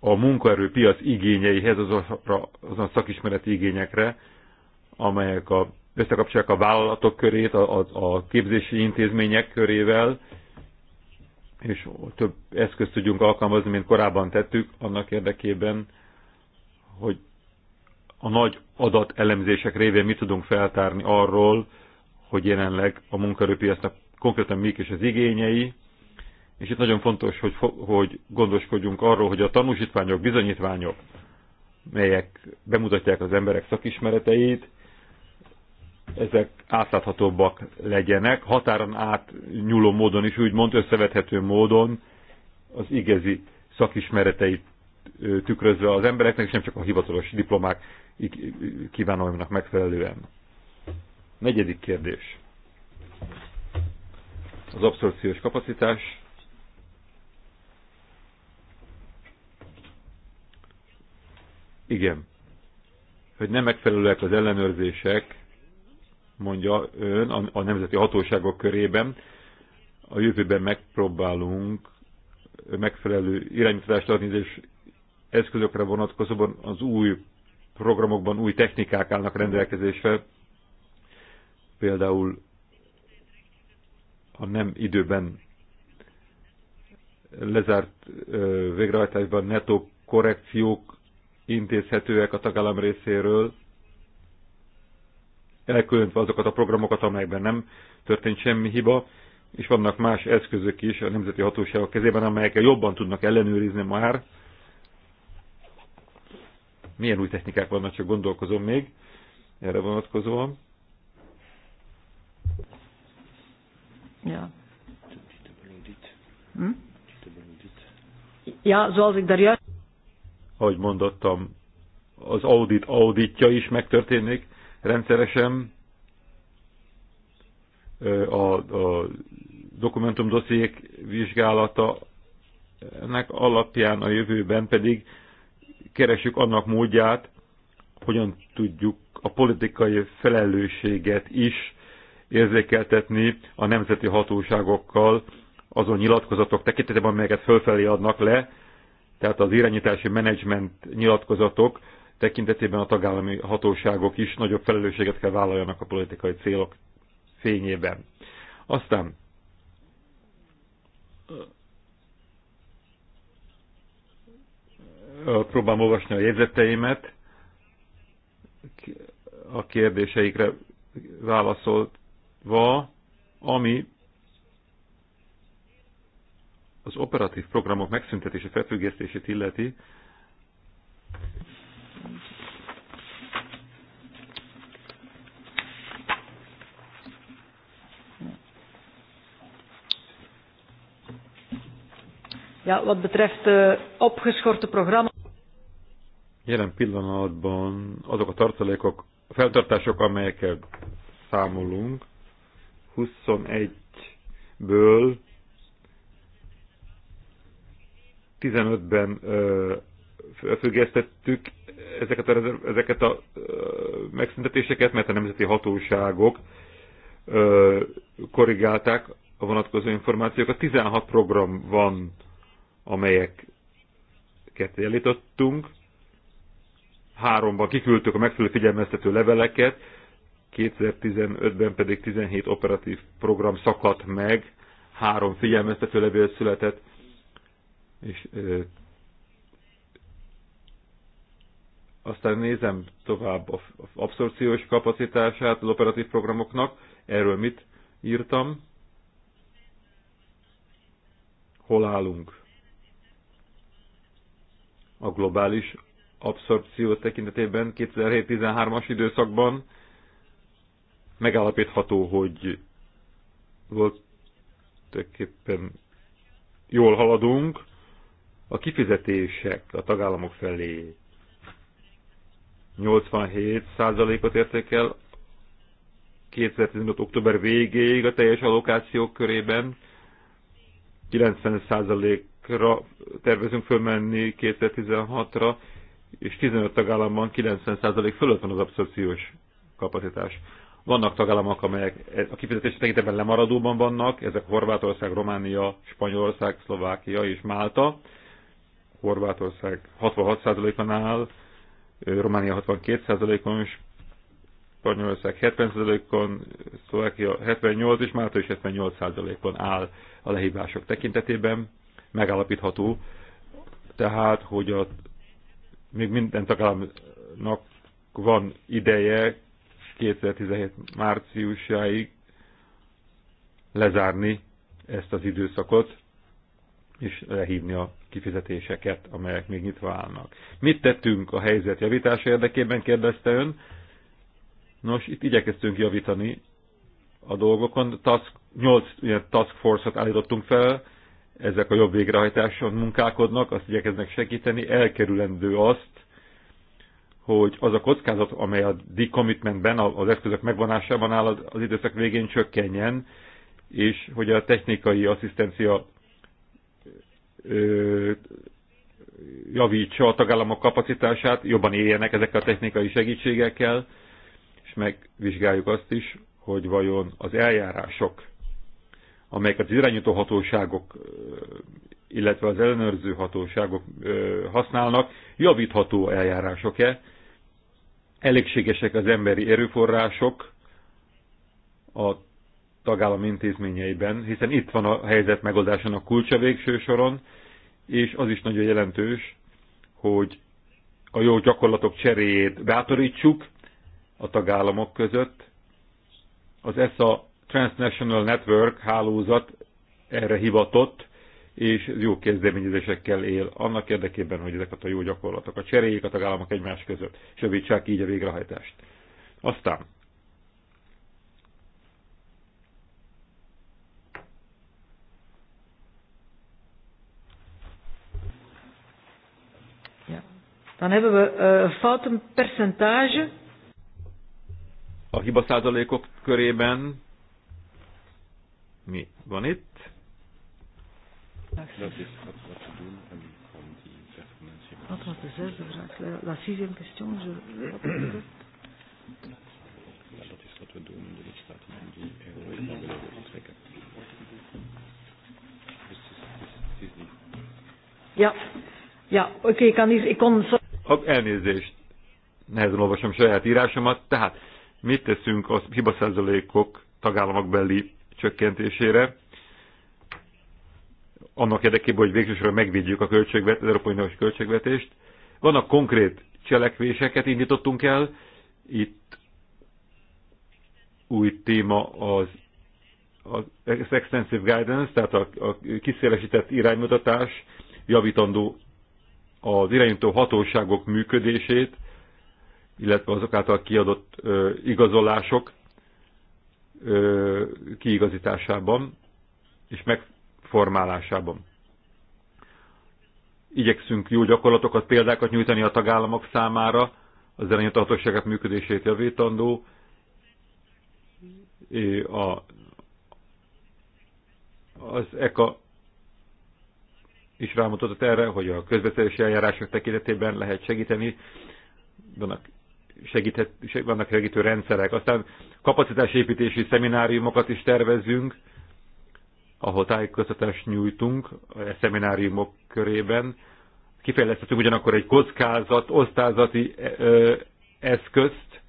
a munkaerőpiac igényeihez, azokra, azon szakismereti igényekre, amelyek a összekapcsolják a vállalatok körét a, a, a képzési intézmények körével, és több eszközt tudjunk alkalmazni, mint korábban tettük, annak érdekében, hogy a nagy adat elemzések révén mit tudunk feltárni arról, hogy jelenleg a munkaerőpiacnak konkrétan mik is az igényei, és itt nagyon fontos, hogy, hogy gondoskodjunk arról, hogy a tanúsítványok, bizonyítványok, melyek bemutatják az emberek szakismereteit, ezek átláthatóbbak legyenek, határon át nyúló módon is, úgymond összevethető módon az igazi szakismereteit tükrözve az embereknek, és nem csak a hivatalos diplomák kívánalmának megfelelően. Negyedik kérdés. Az abszorciós kapacitás. Igen. Hogy nem megfelelőek az ellenőrzések, mondja ön a, a nemzeti hatóságok körében, a jövőben megpróbálunk megfelelő irányítást adni, és eszközökre vonatkozóban az új programokban új technikák állnak rendelkezésre, például a nem időben lezárt végrehajtásban netó korrekciók intézhetőek a tagállam részéről, elkülönítve azokat a programokat, amelyekben nem történt semmi hiba, és vannak más eszközök is a nemzeti hatóságok kezében, amelyekkel jobban tudnak ellenőrizni már. Milyen új technikák vannak, csak gondolkozom még erre vonatkozóan. Ja. Hm? Ja, zoals ik daar juist... Ahogy mondottam, az audit auditja is megtörténik, rendszeresen a, a dokumentum dossziék vizsgálata ennek alapján a jövőben pedig keresjük annak módját, hogyan tudjuk a politikai felelősséget is érzékeltetni a nemzeti hatóságokkal azon nyilatkozatok tekintetében, amelyeket fölfelé adnak le, tehát az irányítási menedzsment nyilatkozatok, tekintetében a tagállami hatóságok is nagyobb felelősséget kell vállaljanak a politikai célok fényében. Aztán próbálom olvasni a jegyzeteimet, a kérdéseikre válaszolva, ami az operatív programok megszüntetése, felfüggesztését illeti, ja, wat betreft de eh, opgeschorte programma's. Jelen pillanatban azok a tartalékok, a feltartások, amelyekkel számolunk, 21-ből 15-ben függesztettük ezeket a, ezeket a ö, megszüntetéseket, mert a nemzeti hatóságok ö, korrigálták a vonatkozó információkat. 16 program van amelyeket elítottunk. Háromban kiküldtük a megfelelő figyelmeztető leveleket, 2015-ben pedig 17 operatív program szakadt meg, három figyelmeztető levél született, és ö, aztán nézem tovább az abszorciós kapacitását az operatív programoknak, erről mit írtam, hol állunk a globális abszorpció tekintetében 2007-13-as időszakban megállapítható, hogy volt tulajdonképpen jól haladunk. A kifizetések a tagállamok felé 87%-ot érték el 2015. október végéig a teljes allokációk körében, 90% országra tervezünk fölmenni 2016-ra, és 15 tagállamban 90% fölött van az abszorpciós kapacitás. Vannak tagállamok, amelyek a kifizetés tekintetben lemaradóban vannak, ezek Horvátország, Románia, Spanyolország, Szlovákia és Málta. Horvátország 66%-on áll, Románia 62%-on, Spanyolország 70%-on, Szlovákia 78 és Málta is 78%-on áll a lehívások tekintetében megállapítható, tehát, hogy a, még minden tagállamnak van ideje 2017 márciusáig lezárni ezt az időszakot, és lehívni a kifizetéseket, amelyek még nyitva állnak. Mit tettünk a helyzet javítása érdekében, kérdezte ön. Nos, itt igyekeztünk javítani a dolgokon. Task, 8 ilyen task force-ot állítottunk fel, ezek a jobb végrehajtáson munkálkodnak, azt igyekeznek segíteni, elkerülendő azt, hogy az a kockázat, amely a decommitmentben, az eszközök megvonásában áll, az időszak végén csökkenjen, és hogy a technikai asszisztencia javítsa a tagállamok kapacitását, jobban éljenek ezekkel a technikai segítségekkel, és megvizsgáljuk azt is, hogy vajon az eljárások amelyeket az irányító hatóságok, illetve az ellenőrző hatóságok használnak, javítható eljárások-e, elégségesek az emberi erőforrások a tagállam intézményeiben, hiszen itt van a helyzet megoldásának kulcsa végső soron, és az is nagyon jelentős, hogy a jó gyakorlatok cseréjét bátorítsuk a tagállamok között. Az ESA Transnational Network hálózat erre hivatott, és jó kezdeményezésekkel él annak érdekében, hogy ezeket a jó gyakorlatokat cseréljék a tagállamok egymás között, és javítsák így a végrehajtást. Aztán Dan hebben we uh, eh, foutenpercentage. A hiba százalékok körében mi van itt. Wat was de zesde vraag? La sixième question, je... Ja, dat is wat we doen in de lidstaten om die euro te trekken. Ja, ja oké, okay, ik kan niet... Ik kon... Ook elnézést. Nehezen olvasom saját írásomat. Tehát mit teszünk a hibaszerzelékok tagállamok beli csökkentésére, annak érdekében, hogy végsősorban megvédjük a költségvetést, az Európai Uniós költségvetést. Vannak konkrét cselekvéseket indítottunk el, itt új téma az az extensive guidance, tehát a, a kiszélesített iránymutatás javítandó az irányító hatóságok működését, illetve azok által kiadott ö, igazolások kiigazításában és megformálásában. Igyekszünk jó gyakorlatokat, példákat nyújtani a tagállamok számára, az elnyújthatóságok működését javítandó, a, az ECA is rámutatott erre, hogy a közbeszerzési eljárások tekintetében lehet segíteni, vannak segíthet, vannak segítő rendszerek. Aztán kapacitásépítési szemináriumokat is tervezünk, ahol tájékoztatást nyújtunk a e szemináriumok körében. Kifejlesztettünk ugyanakkor egy kockázat, osztázati ö, eszközt,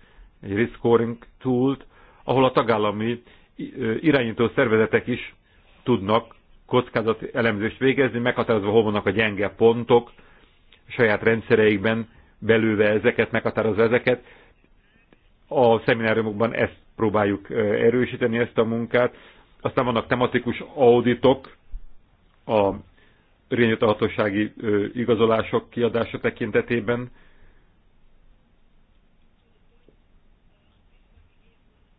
egy risk scoring tool-t, ahol a tagállami irányító szervezetek is tudnak kockázati elemzést végezni, meghatározva hol vannak a gyenge pontok saját rendszereikben, belőve ezeket, meghatározva ezeket. A szemináriumokban ezt próbáljuk erősíteni, ezt a munkát. Aztán vannak tematikus auditok, a rényutahatósági igazolások kiadása tekintetében,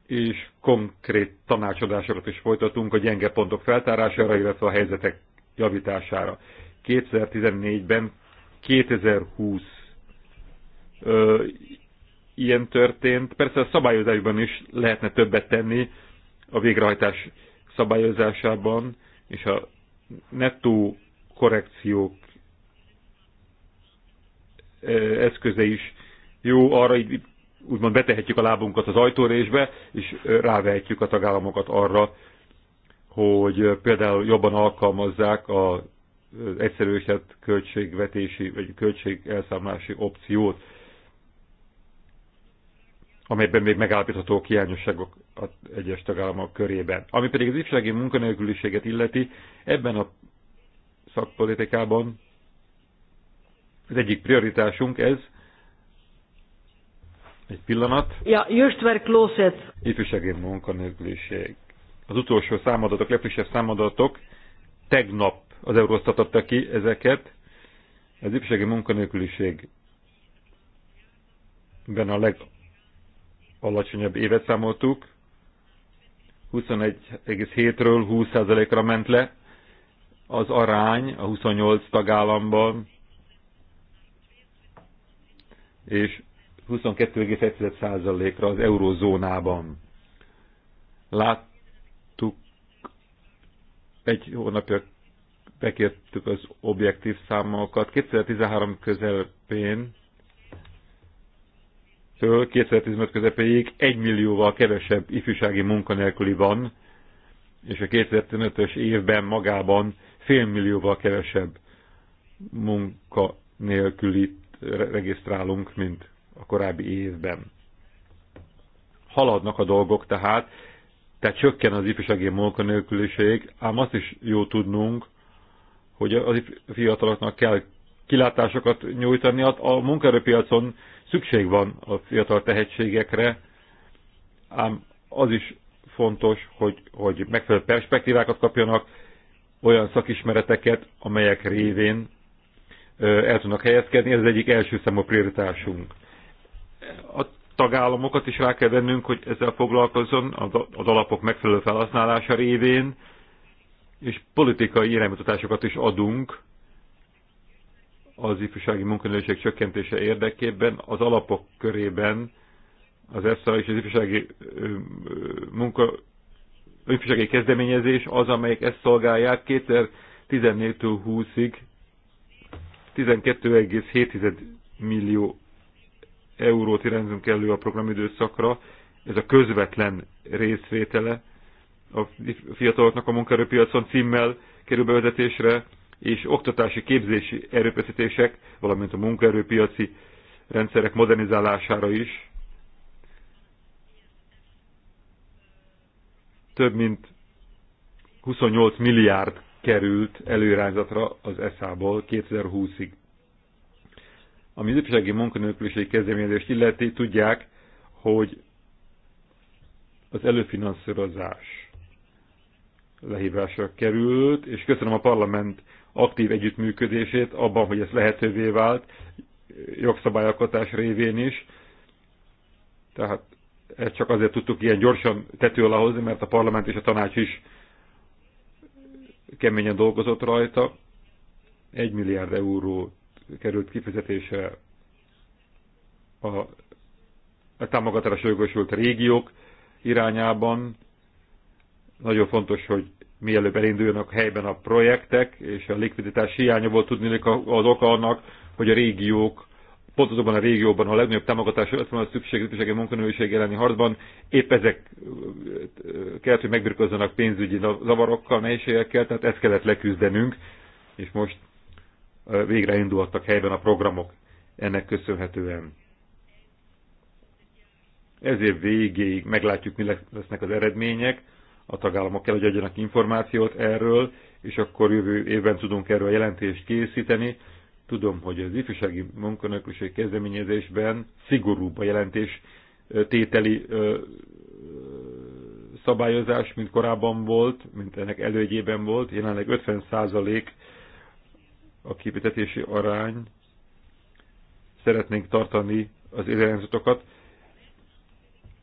és konkrét tanácsadásokat is folytatunk a gyenge pontok feltárására, illetve a helyzetek javítására. 2014-ben 2020 ö, ilyen történt. Persze a szabályozásban is lehetne többet tenni a végrehajtás szabályozásában, és a nettó korrekciók eszköze is jó, arra így úgymond betehetjük a lábunkat az ajtórésbe, és rávehetjük a tagállamokat arra, hogy például jobban alkalmazzák az egyszerűsített költségvetési vagy költségelszámlási opciót amelyben még megállapítható hiányosságok az egyes tagállamok körében. Ami pedig az ifjúsági munkanélküliséget illeti, ebben a szakpolitikában az egyik prioritásunk ez, egy pillanat. Ja, Jöstver were Ifjúsági munkanélküliség. Az utolsó számadatok, legfrissebb számadatok tegnap az Eurostat adta ki ezeket. Az ifjúsági munkanélküliség a leg alacsonyabb évet számoltuk, 21,7-ről 20%-ra ment le az arány a 28 tagállamban, és 22,1%-ra az eurozónában. Láttuk, egy hónapja bekértük az objektív számokat. 2013 közelpén 2010-től 2015 közepéig 1 millióval kevesebb ifjúsági munkanélküli van, és a 2015-ös évben magában félmillióval kevesebb munkanélkülit regisztrálunk, mint a korábbi évben. Haladnak a dolgok tehát, tehát csökken az ifjúsági munkanélküliség, ám azt is jó tudnunk, hogy a fiataloknak kell kilátásokat nyújtani. A munkaerőpiacon Szükség van a fiatal tehetségekre, ám az is fontos, hogy, hogy megfelelő perspektívákat kapjanak, olyan szakismereteket, amelyek révén el tudnak helyezkedni. Ez az egyik első számú prioritásunk. A tagállamokat is rá kell vennünk, hogy ezzel foglalkozzon az alapok megfelelő felhasználása révén, és politikai iránymutatásokat is adunk az ifjúsági munkanőség csökkentése érdekében az alapok körében az ESZA és az ifjúsági munka ifjúsági kezdeményezés az, amelyik ezt szolgálják 2014-től 20-ig 12,7 millió eurót irányzunk elő a programidőszakra. Ez a közvetlen részvétele a fiataloknak a munkaerőpiacon címmel kerül bevezetésre és oktatási képzési erőfeszítések, valamint a munkaerőpiaci rendszerek modernizálására is. Több mint 28 milliárd került előrázatra az ESZÁ-ból 2020-ig. Ami az ifjúsági munkanélküliség kezdeményezést illeti, tudják, hogy az előfinanszírozás lehívásra került, és köszönöm a parlament aktív együttműködését abban, hogy ez lehetővé vált, jogszabályalkotás révén is. Tehát ezt csak azért tudtuk ilyen gyorsan tető alá hozni, mert a parlament és a tanács is keményen dolgozott rajta. Egy milliárd euró került kifizetése a, a támogatásra jogosult régiók irányában. Nagyon fontos, hogy mielőbb elinduljanak helyben a projektek, és a likviditás hiánya volt tudni az oka annak, hogy a régiók, pont azokban a régióban, a legnagyobb támogatásra lett volna a egy munkanőség elleni harcban, épp ezek kellett, hogy megbirkozzanak pénzügyi zavarokkal, nehézségekkel, tehát ezt kellett leküzdenünk, és most végre indultak helyben a programok ennek köszönhetően. Ezért végéig meglátjuk, mi lesznek az eredmények a tagállamok kell, hogy adjanak információt erről, és akkor jövő évben tudunk erről jelentést készíteni. Tudom, hogy az ifjúsági munkanélküliség kezdeményezésben szigorúbb a jelentés tételi szabályozás, mint korábban volt, mint ennek elődjében volt. Jelenleg 50% a kifizetési arány. Szeretnénk tartani az irányzatokat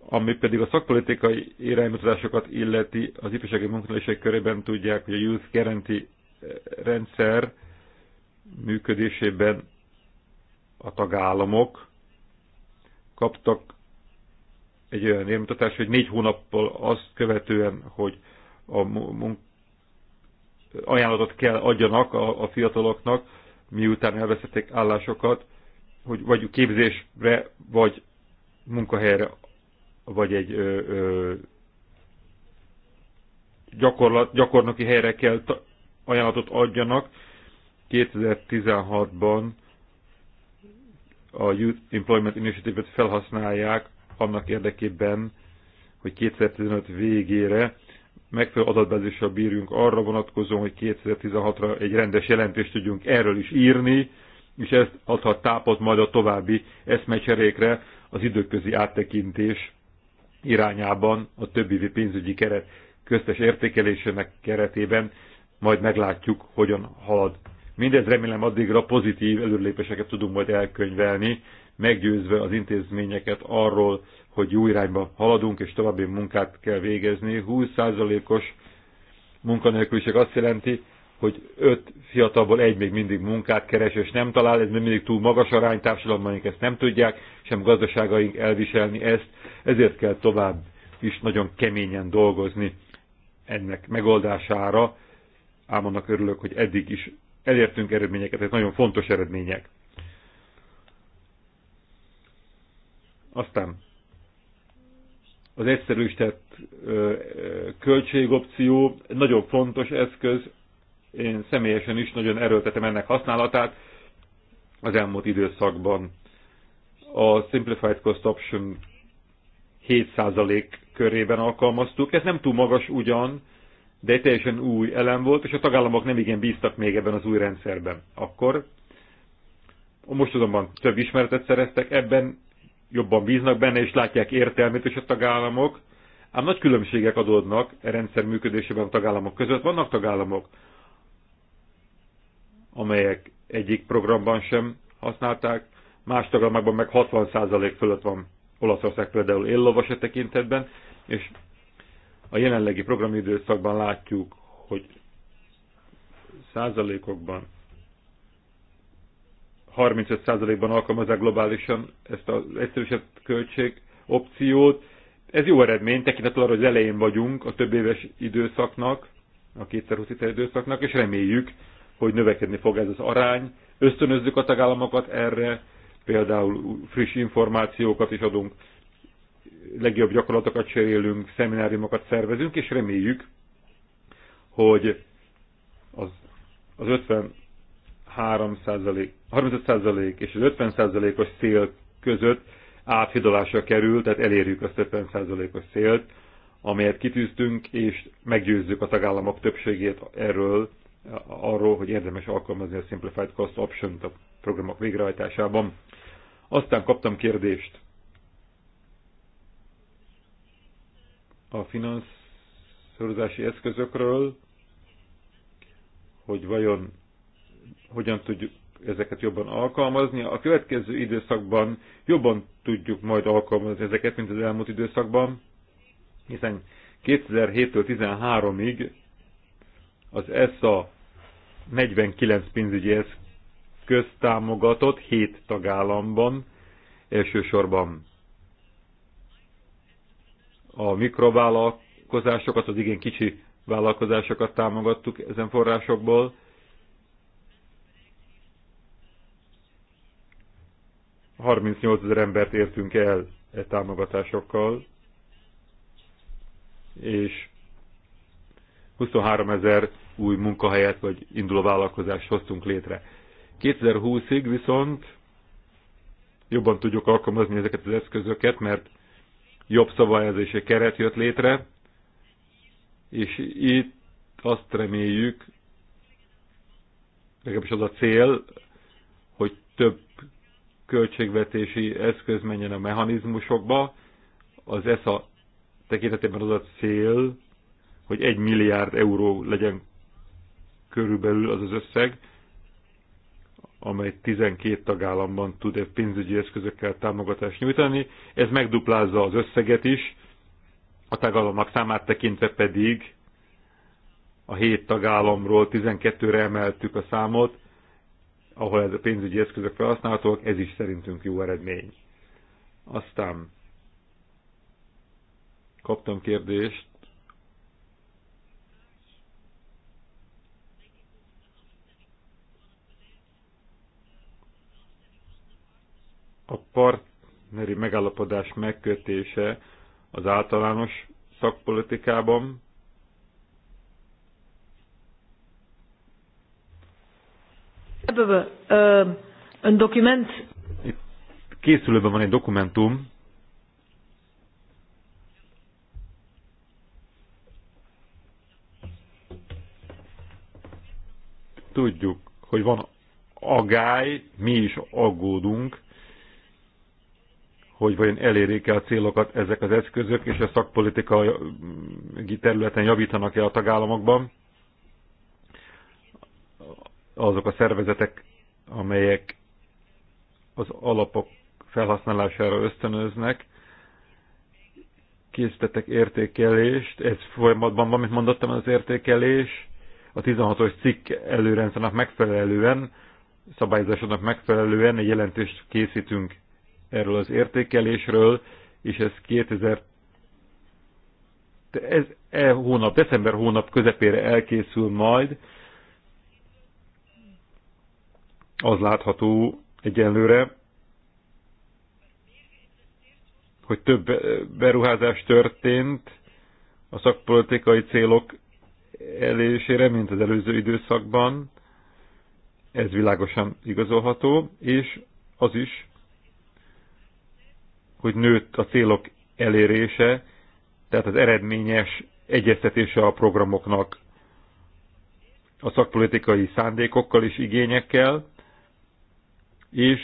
ami pedig a szakpolitikai iránymutatásokat illeti, az ifjúsági munkanőség körében tudják, hogy a Youth Guarantee eh, rendszer működésében a tagállamok kaptak egy olyan iránymutatást, hogy négy hónappal azt követően, hogy a munk ajánlatot kell adjanak a, a fiataloknak, miután elveszették állásokat, hogy vagy képzésre, vagy munkahelyre vagy egy ö, ö, gyakorlat, gyakornoki helyre kell ajánlatot adjanak. 2016-ban a Youth Employment Initiative-et felhasználják annak érdekében, hogy 2015 végére megfelelő adatbázissal bírjunk arra vonatkozóan, hogy 2016-ra egy rendes jelentést tudjunk erről is írni, és ez adhat tápot majd a további eszmecserékre az időközi áttekintés irányában a többi pénzügyi keret köztes értékelésének keretében majd meglátjuk, hogyan halad. Mindez remélem addigra pozitív előlépéseket tudunk majd elkönyvelni, meggyőzve az intézményeket arról, hogy jó irányba haladunk, és további munkát kell végezni. 20%-os munkanélküliség azt jelenti, hogy öt fiatalból egy még mindig munkát keres, és nem talál, ez még mindig túl magas arány, társadalmaink ezt nem tudják, sem gazdaságaink elviselni ezt, ezért kell tovább is nagyon keményen dolgozni ennek megoldására, ám annak örülök, hogy eddig is elértünk eredményeket, ez nagyon fontos eredmények. Aztán az egyszerűsített költségopció nagyon fontos eszköz, én személyesen is nagyon erőltetem ennek használatát az elmúlt időszakban. A Simplified Cost Option 7% körében alkalmaztuk. Ez nem túl magas ugyan, de egy teljesen új elem volt, és a tagállamok nem igen bíztak még ebben az új rendszerben. Akkor most azonban több ismeretet szereztek, ebben jobban bíznak benne, és látják értelmét is a tagállamok, ám nagy különbségek adódnak a e rendszer működésében a tagállamok között. Vannak tagállamok, amelyek egyik programban sem használták, más tagállamokban meg 60% fölött van Olaszország például éllovas e tekintetben, és a jelenlegi programidőszakban látjuk, hogy százalékokban 35%-ban alkalmazzák globálisan ezt az egyszerűsített költség opciót. Ez jó eredmény, tekintettel arra, hogy elején vagyunk a több éves időszaknak, a 2020 időszaknak, és reméljük, hogy növekedni fog ez az arány. Ösztönözzük a tagállamokat erre, például friss információkat is adunk, legjobb gyakorlatokat cserélünk, szemináriumokat szervezünk, és reméljük, hogy az, az 53 35 százalék és az 50 os szél között áthidalásra kerül, tehát elérjük az 50 os szélt, amelyet kitűztünk, és meggyőzzük a tagállamok többségét erről, arról, hogy érdemes alkalmazni a Simplified Cost option a programok végrehajtásában. Aztán kaptam kérdést a finanszírozási eszközökről, hogy vajon hogyan tudjuk ezeket jobban alkalmazni. A következő időszakban jobban tudjuk majd alkalmazni ezeket, mint az elmúlt időszakban, hiszen 2007-től 2013 ig az ESA 49 pénzügyi eszközt támogatott 7 tagállamban, elsősorban a mikrovállalkozásokat, az igen kicsi vállalkozásokat támogattuk ezen forrásokból, 38 ezer embert értünk el e támogatásokkal, és 23 ezer új munkahelyet vagy induló vállalkozást hoztunk létre. 2020-ig viszont jobban tudjuk alkalmazni ezeket az eszközöket, mert jobb szabályozási keret jött létre, és itt azt reméljük, legalábbis az a cél, hogy több költségvetési eszköz menjen a mechanizmusokba. Az ESA tekintetében az a cél, hogy egy milliárd euró legyen körülbelül az az összeg, amely 12 tagállamban tud egy pénzügyi eszközökkel támogatást nyújtani. Ez megduplázza az összeget is, a tagállamok számát tekintve pedig a 7 tagállamról 12-re emeltük a számot, ahol ez a pénzügyi eszközök felhasználhatóak, ez is szerintünk jó eredmény. Aztán kaptam kérdést a partneri megállapodás megkötése az általános szakpolitikában, hebben we Itt készülőben van egy dokumentum. Tudjuk, hogy van agály, mi is aggódunk hogy vajon elérik-e a célokat ezek az eszközök, és a szakpolitikai területen javítanak-e a tagállamokban azok a szervezetek, amelyek az alapok felhasználására ösztönöznek, készítettek értékelést, ez folyamatban van, amit mondottam, az értékelés, a 16-os cikk előrendszernek megfelelően, szabályozásodnak megfelelően egy jelentést készítünk erről az értékelésről, és ez 2000 ez e hónap, december hónap közepére elkészül majd. Az látható egyenlőre, hogy több beruházás történt a szakpolitikai célok elérésére, mint az előző időszakban. Ez világosan igazolható, és az is, hogy nőtt a célok elérése, tehát az eredményes egyeztetése a programoknak a szakpolitikai szándékokkal és igényekkel, és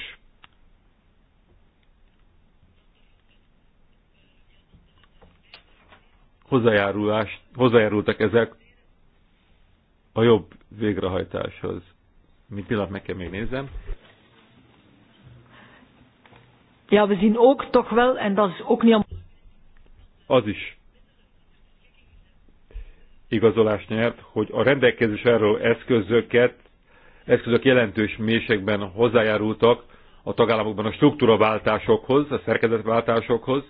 hozzájárulást, hozzájárultak ezek a jobb végrehajtáshoz. Mint pillanat meg kell még nézem. Ja, we zien ook toch wel, en dat is ook niet... Az is igazolás nyert, hogy a rendelkezés erről eszközöket, eszközök jelentős mélységben hozzájárultak a tagállamokban a struktúraváltásokhoz, a szerkezetváltásokhoz,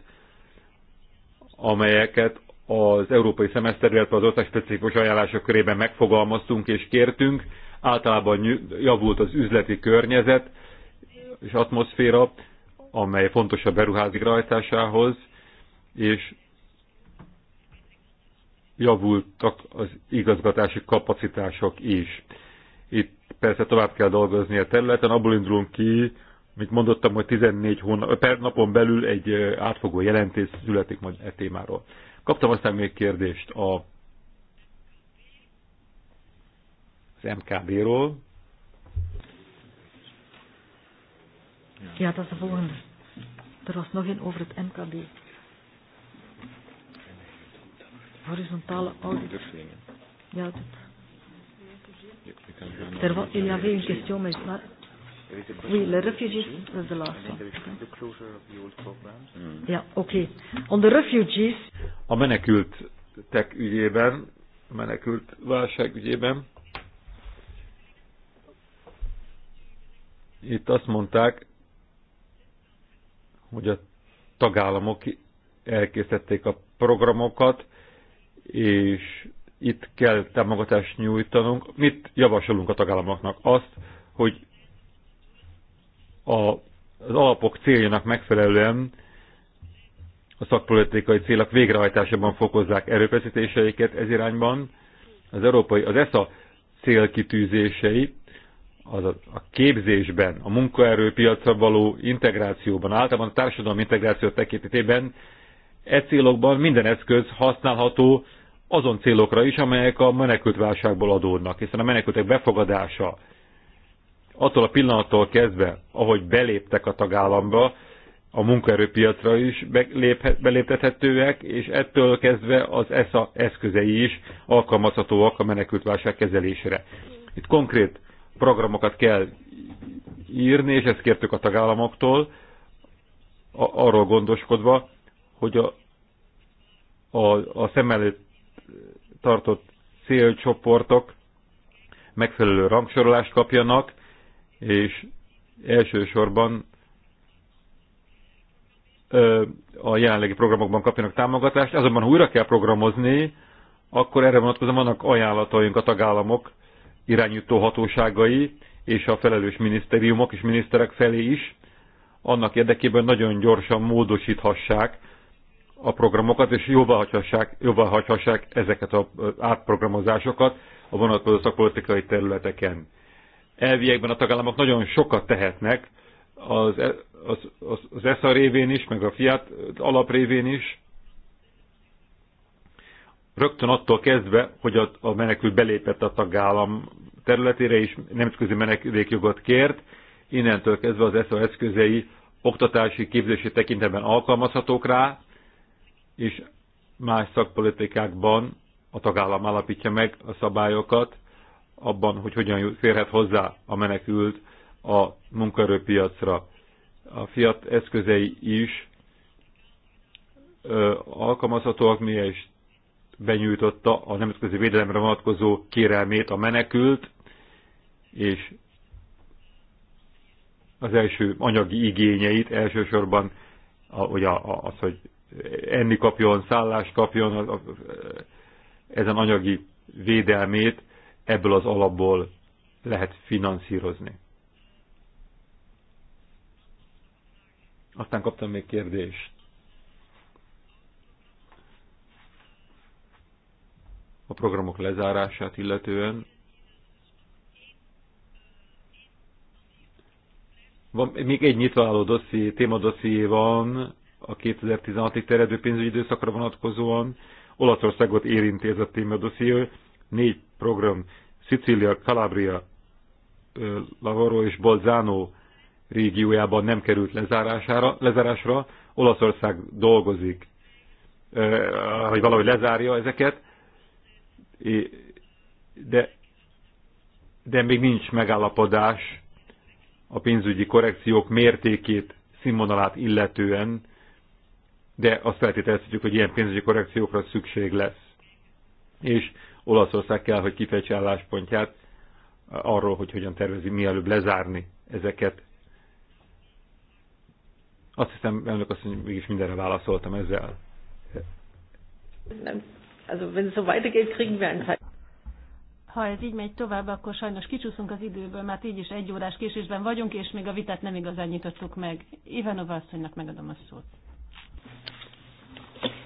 amelyeket az európai szemeszter, illetve az ország specifikus ajánlások körében megfogalmaztunk és kértünk. Általában javult az üzleti környezet és atmoszféra, amely fontos a beruházik rajtásához, és javultak az igazgatási kapacitások is. Itt persze tovább kell dolgozni a területen, abból indulunk ki, mint mondottam, hogy 14 hónap, per napon belül egy átfogó jelentés születik majd e témáról. Kaptam aztán még kérdést a, az MKB-ról, Ja, dat is de volgende. Er was nog een over het MKB. Horizontale audit. Ja, dat. Er, er was, il y avait une question, mais je Oui, le refugees is the last one. The closure of the old programs. Mm. On the refugees. A menekültek ügyében, a menekült válság ügyében. Itt azt mondták, hogy a tagállamok elkészítették a programokat, és itt kell támogatást nyújtanunk. Mit javasolunk a tagállamoknak? Azt, hogy a, az alapok céljának megfelelően a szakpolitikai célok végrehajtásában fokozzák erőfeszítéseiket ez irányban. Az európai, az ESA célkitűzései az a, képzésben, a munkaerőpiacra való integrációban, általában a társadalmi integráció tekintetében e célokban minden eszköz használható azon célokra is, amelyek a menekültválságból adódnak, hiszen a menekültek befogadása attól a pillanattól kezdve, ahogy beléptek a tagállamba, a munkaerőpiacra is beléptethetőek, és ettől kezdve az ESA eszközei is alkalmazhatóak a menekültválság kezelésére. Itt konkrét programokat kell írni, és ezt kértük a tagállamoktól, arról gondoskodva, hogy a, a, a szem előtt tartott célcsoportok megfelelő rangsorolást kapjanak, és elsősorban a jelenlegi programokban kapjanak támogatást, azonban ha újra kell programozni, akkor erre vonatkozóan vannak ajánlataink a tagállamok irányító hatóságai és a felelős minisztériumok és miniszterek felé is, annak érdekében nagyon gyorsan módosíthassák a programokat, és jóváhagyhassák, jóvá ezeket az átprogramozásokat a vonatkozó szakpolitikai területeken. Elviekben a tagállamok nagyon sokat tehetnek az, e, az, az, az ESZA révén is, meg a Fiat alaprévén is, rögtön attól kezdve, hogy a, a menekült belépett a tagállam területére és nemzetközi menekülékjogot kért, innentől kezdve az SZO eszközei oktatási képzési tekintetben alkalmazhatók rá, és más szakpolitikákban a tagállam alapítja meg a szabályokat abban, hogy hogyan férhet hozzá a menekült a munkaerőpiacra. A fiat eszközei is ö, alkalmazhatóak, mi is benyújtotta a nemzetközi védelemre vonatkozó kérelmét a menekült, és az első anyagi igényeit elsősorban a, ugye az, hogy enni kapjon, szállást kapjon, az, az, ezen anyagi védelmét ebből az alapból lehet finanszírozni. Aztán kaptam még kérdést a programok lezárását illetően. Van, még egy nyitva álló dosszié, témadosszié van a 2016-ig terjedő pénzügyi időszakra vonatkozóan. Olaszországot érinti ez a témadosszié. Négy program, Szicília, Calabria, Lavoro és Bolzano régiójában nem került lezárására, lezárásra. Olaszország dolgozik, hogy valahogy lezárja ezeket de, de még nincs megállapodás a pénzügyi korrekciók mértékét, színvonalát illetően, de azt feltételezhetjük, hogy ilyen pénzügyi korrekciókra szükség lesz. És Olaszország kell, hogy kifejtse álláspontját arról, hogy hogyan tervezi mielőbb lezárni ezeket. Azt hiszem, elnök azt mondja, mégis mindenre válaszoltam ezzel. Nem Also wenn es so weitergeht, kriegen wir ein Zeit. Ha ez így megy tovább, akkor sajnos kicsúszunk az időből, mert így is egy órás késésben vagyunk, és még a vitát nem igazán nyitottuk meg. Ivanova asszonynak megadom a szót.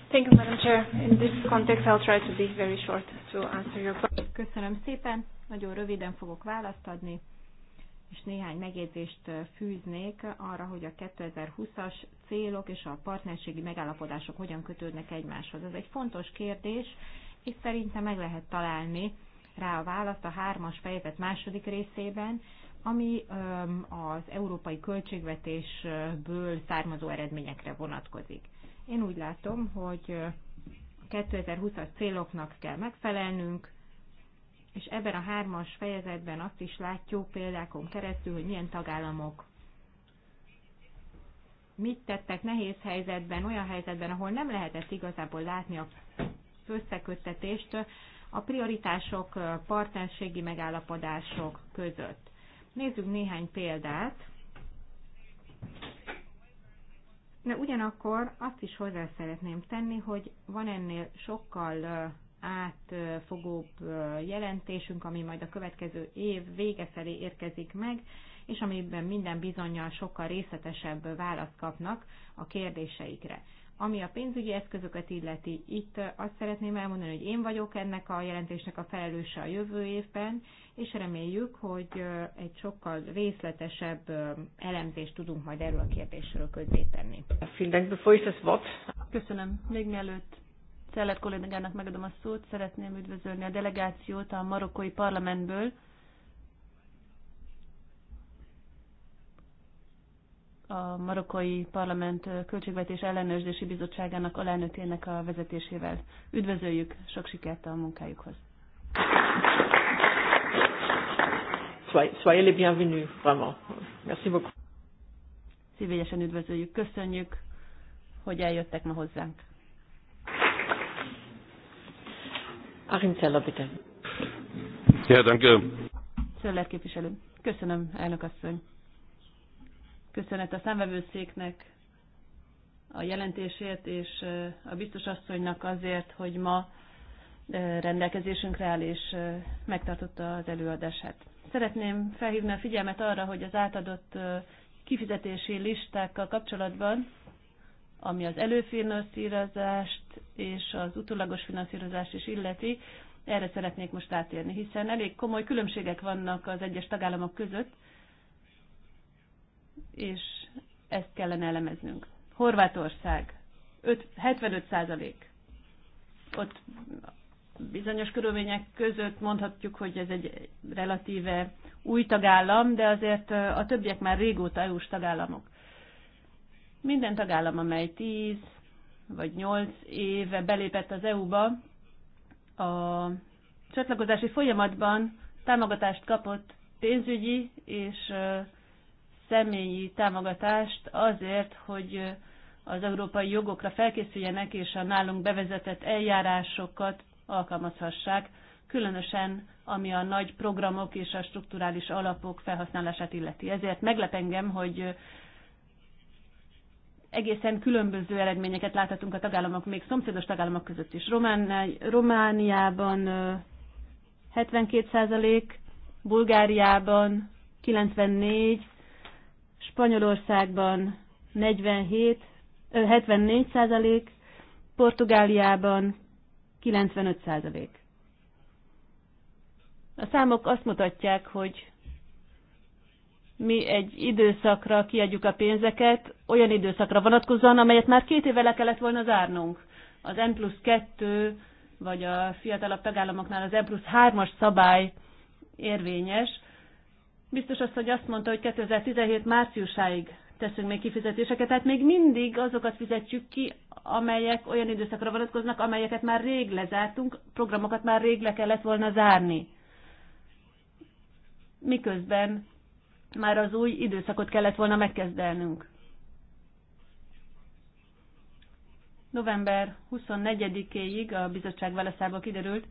Thank you, Madam Chair. In this context, I'll try to be very short to answer your question. Köszönöm szépen. Nagyon röviden fogok választ adni és néhány megjegyzést fűznék arra, hogy a 2020-as célok és a partnerségi megállapodások hogyan kötődnek egymáshoz. Ez egy fontos kérdés, és szerintem meg lehet találni rá a választ a hármas fejezet második részében, ami az európai költségvetésből származó eredményekre vonatkozik. Én úgy látom, hogy 2020-as céloknak kell megfelelnünk, és ebben a hármas fejezetben azt is látjuk példákon keresztül, hogy milyen tagállamok mit tettek nehéz helyzetben, olyan helyzetben, ahol nem lehetett igazából látni a összeköttetést a prioritások, partnerségi megállapodások között. Nézzük néhány példát. De ugyanakkor azt is hozzá szeretném tenni, hogy van ennél sokkal átfogóbb jelentésünk, ami majd a következő év vége felé érkezik meg, és amiben minden bizonyal sokkal részletesebb választ kapnak a kérdéseikre. Ami a pénzügyi eszközöket illeti, itt azt szeretném elmondani, hogy én vagyok ennek a jelentésnek a felelőse a jövő évben, és reméljük, hogy egy sokkal részletesebb elemzést tudunk majd erről a kérdésről közzétenni. Köszönöm. Még mielőtt Szeller kollégának megadom a szót, szeretném üdvözölni a delegációt a marokkói parlamentből. a marokkói parlament költségvetés ellenőrzési bizottságának alelnökének a vezetésével. Üdvözöljük, sok sikert a munkájukhoz. Soyez les bienvenus, vraiment. Merci beaucoup. Szívesen üdvözöljük, köszönjük, hogy eljöttek ma hozzánk. Achim Zeller, bitte. Ja, danke. Zöller képviselő. Köszönöm, elnök asszony. Köszönet a számvevőszéknek a jelentésért és a biztos asszonynak azért, hogy ma rendelkezésünkre áll és megtartotta az előadását. Szeretném felhívni a figyelmet arra, hogy az átadott kifizetési listákkal kapcsolatban ami az előfinanszírozást és az utólagos finanszírozást is illeti, erre szeretnék most átérni, hiszen elég komoly különbségek vannak az egyes tagállamok között, és ezt kellene elemeznünk. Horvátország, 5, 75 százalék. Ott bizonyos körülmények között mondhatjuk, hogy ez egy relatíve új tagállam, de azért a többiek már régóta EU-s tagállamok. Minden tagállam, amely 10 vagy 8 éve belépett az EU-ba, a csatlakozási folyamatban támogatást kapott pénzügyi és személyi támogatást azért, hogy az európai jogokra felkészüljenek és a nálunk bevezetett eljárásokat alkalmazhassák, különösen ami a nagy programok és a strukturális alapok felhasználását illeti. Ezért meglep engem, hogy egészen különböző eredményeket láthatunk a tagállamok, még szomszédos tagállamok között is. Romániában 72%, Bulgáriában 94, Spanyolországban 47, 74%, Portugáliában 95%. A számok azt mutatják, hogy mi egy időszakra kiadjuk a pénzeket, olyan időszakra vonatkozóan, amelyet már két éve le kellett volna zárnunk. Az N plusz 2, vagy a fiatalabb tagállamoknál az M plusz 3-as szabály érvényes. Biztos azt, hogy azt mondta, hogy 2017 márciusáig teszünk még kifizetéseket, tehát még mindig azokat fizetjük ki, amelyek olyan időszakra vonatkoznak, amelyeket már rég lezártunk, programokat már rég le kellett volna zárni. Miközben már az új időszakot kellett volna megkezdenünk. November 24-éig a bizottság válaszából kiderült,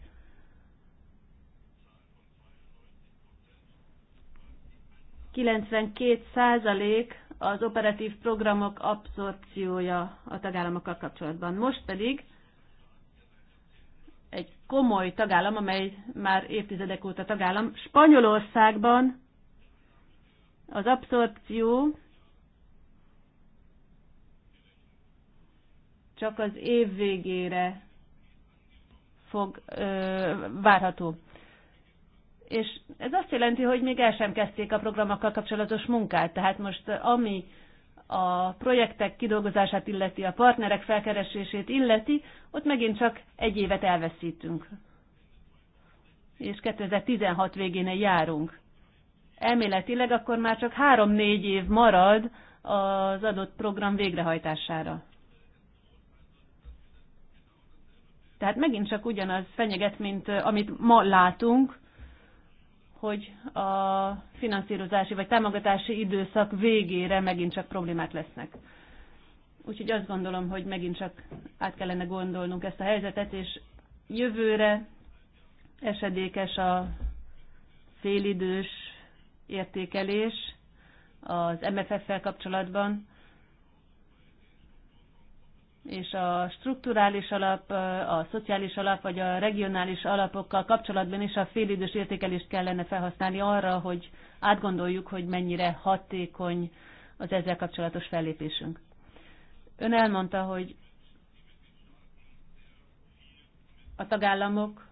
százalék az operatív programok abszorpciója a tagállamokkal kapcsolatban. Most pedig egy komoly tagállam, amely már évtizedek óta tagállam, Spanyolországban az abszorpció csak az év végére fog ö, várható. És ez azt jelenti, hogy még el sem kezdték a programokkal kapcsolatos munkát. Tehát most ami a projektek kidolgozását illeti, a partnerek felkeresését illeti, ott megint csak egy évet elveszítünk. És 2016 végén járunk elméletileg akkor már csak három-négy év marad az adott program végrehajtására. Tehát megint csak ugyanaz fenyeget, mint amit ma látunk, hogy a finanszírozási vagy támogatási időszak végére megint csak problémák lesznek. Úgyhogy azt gondolom, hogy megint csak át kellene gondolnunk ezt a helyzetet, és jövőre esedékes a félidős értékelés az MFF-fel kapcsolatban, és a strukturális alap, a szociális alap vagy a regionális alapokkal kapcsolatban is a félidős értékelést kellene felhasználni arra, hogy átgondoljuk, hogy mennyire hatékony az ezzel kapcsolatos fellépésünk. Ön elmondta, hogy a tagállamok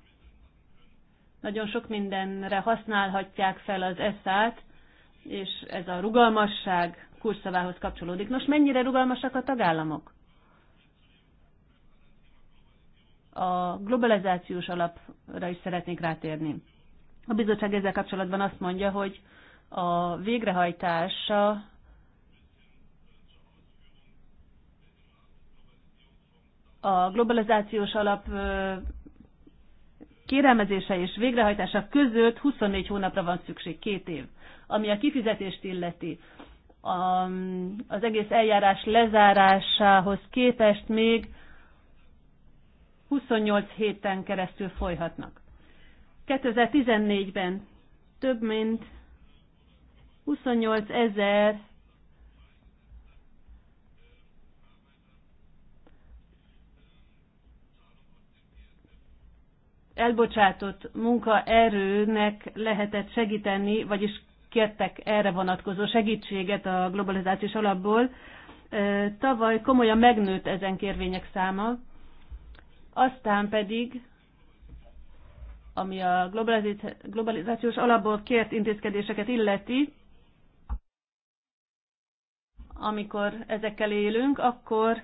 nagyon sok mindenre használhatják fel az eszát, és ez a rugalmasság kurszavához kapcsolódik. Nos, mennyire rugalmasak a tagállamok? A globalizációs alapra is szeretnék rátérni. A bizottság ezzel kapcsolatban azt mondja, hogy a végrehajtása a globalizációs alap kérelmezése és végrehajtása között 24 hónapra van szükség, két év. Ami a kifizetést illeti, a, az egész eljárás lezárásához képest még 28 héten keresztül folyhatnak. 2014-ben több mint 28 ezer elbocsátott munkaerőnek lehetett segíteni, vagyis kértek erre vonatkozó segítséget a globalizációs alapból. Tavaly komolyan megnőtt ezen kérvények száma, aztán pedig, ami a globalizációs alapból kért intézkedéseket illeti, amikor ezekkel élünk, akkor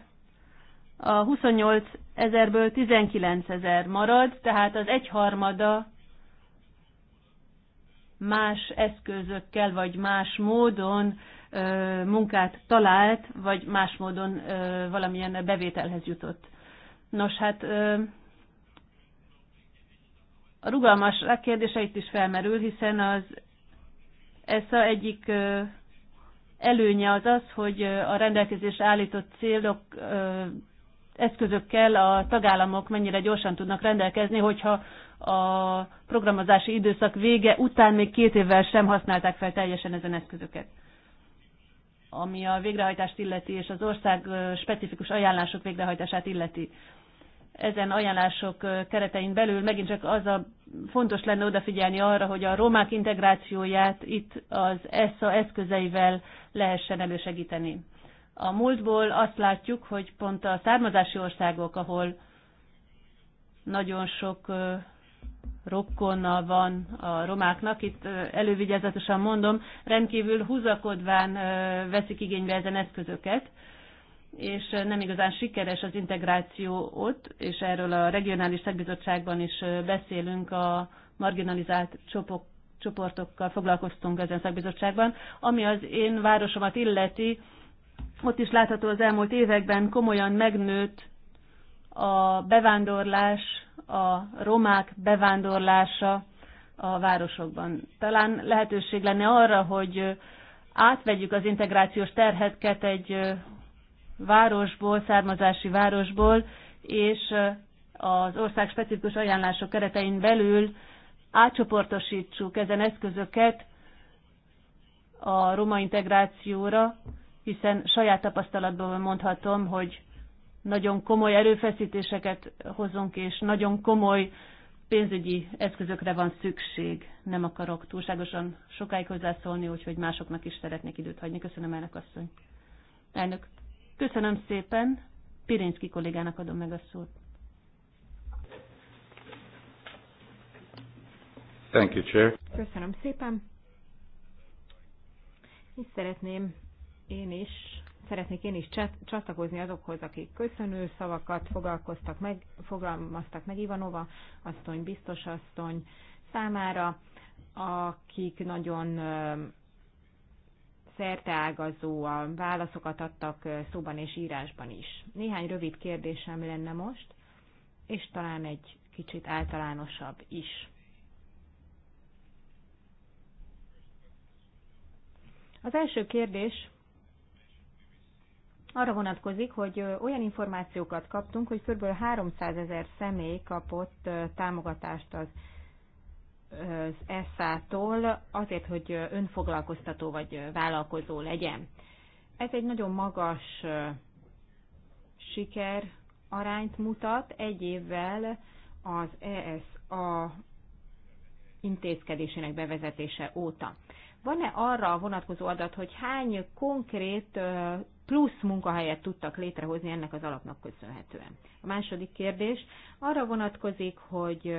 a 28 ezerből 19 ezer marad, tehát az egyharmada más eszközökkel, vagy más módon ö, munkát talált, vagy más módon ö, valamilyen bevételhez jutott. Nos, hát ö, a rugalmas kérdése itt is felmerül, hiszen az ESZA egyik ö, előnye az az, hogy a rendelkezés állított célok eszközökkel a tagállamok mennyire gyorsan tudnak rendelkezni, hogyha a programozási időszak vége után még két évvel sem használták fel teljesen ezen eszközöket. Ami a végrehajtást illeti, és az ország specifikus ajánlások végrehajtását illeti. Ezen ajánlások keretein belül megint csak az a fontos lenne odafigyelni arra, hogy a romák integrációját itt az ESSA eszközeivel lehessen elősegíteni a múltból azt látjuk, hogy pont a származási országok, ahol nagyon sok rokkonna van a romáknak, itt elővigyázatosan mondom, rendkívül húzakodván veszik igénybe ezen eszközöket, és nem igazán sikeres az integráció ott, és erről a regionális szakbizottságban is beszélünk, a marginalizált csopok, csoportokkal foglalkoztunk ezen szakbizottságban, ami az én városomat illeti, ott is látható az elmúlt években komolyan megnőtt a bevándorlás, a romák bevándorlása a városokban. Talán lehetőség lenne arra, hogy átvegyük az integrációs terhetket egy városból, származási városból, és az ország specifikus ajánlások keretein belül átcsoportosítsuk ezen eszközöket a roma integrációra, hiszen saját tapasztalatból mondhatom, hogy nagyon komoly erőfeszítéseket hozunk, és nagyon komoly pénzügyi eszközökre van szükség. Nem akarok túlságosan sokáig hozzászólni, úgyhogy másoknak is szeretnék időt hagyni. Köszönöm, elnök asszony. Elnök, köszönöm szépen. Pirinszki kollégának adom meg a szót. Thank you, Chair. Köszönöm szépen. És szeretném én is, szeretnék én is csatlakozni azokhoz, akik köszönő szavakat fogalkoztak meg, fogalmaztak meg Ivanova asszony, biztos asszony számára, akik nagyon szerteágazó válaszokat adtak szóban és írásban is. Néhány rövid kérdésem lenne most, és talán egy kicsit általánosabb is. Az első kérdés arra vonatkozik, hogy olyan információkat kaptunk, hogy kb. 300 ezer személy kapott támogatást az az ESZÁ-tól azért, hogy önfoglalkoztató vagy vállalkozó legyen. Ez egy nagyon magas siker arányt mutat. Egy évvel az ESA intézkedésének bevezetése óta. Van-e arra vonatkozó adat, hogy hány konkrét plusz munkahelyet tudtak létrehozni ennek az alapnak köszönhetően. A második kérdés arra vonatkozik, hogy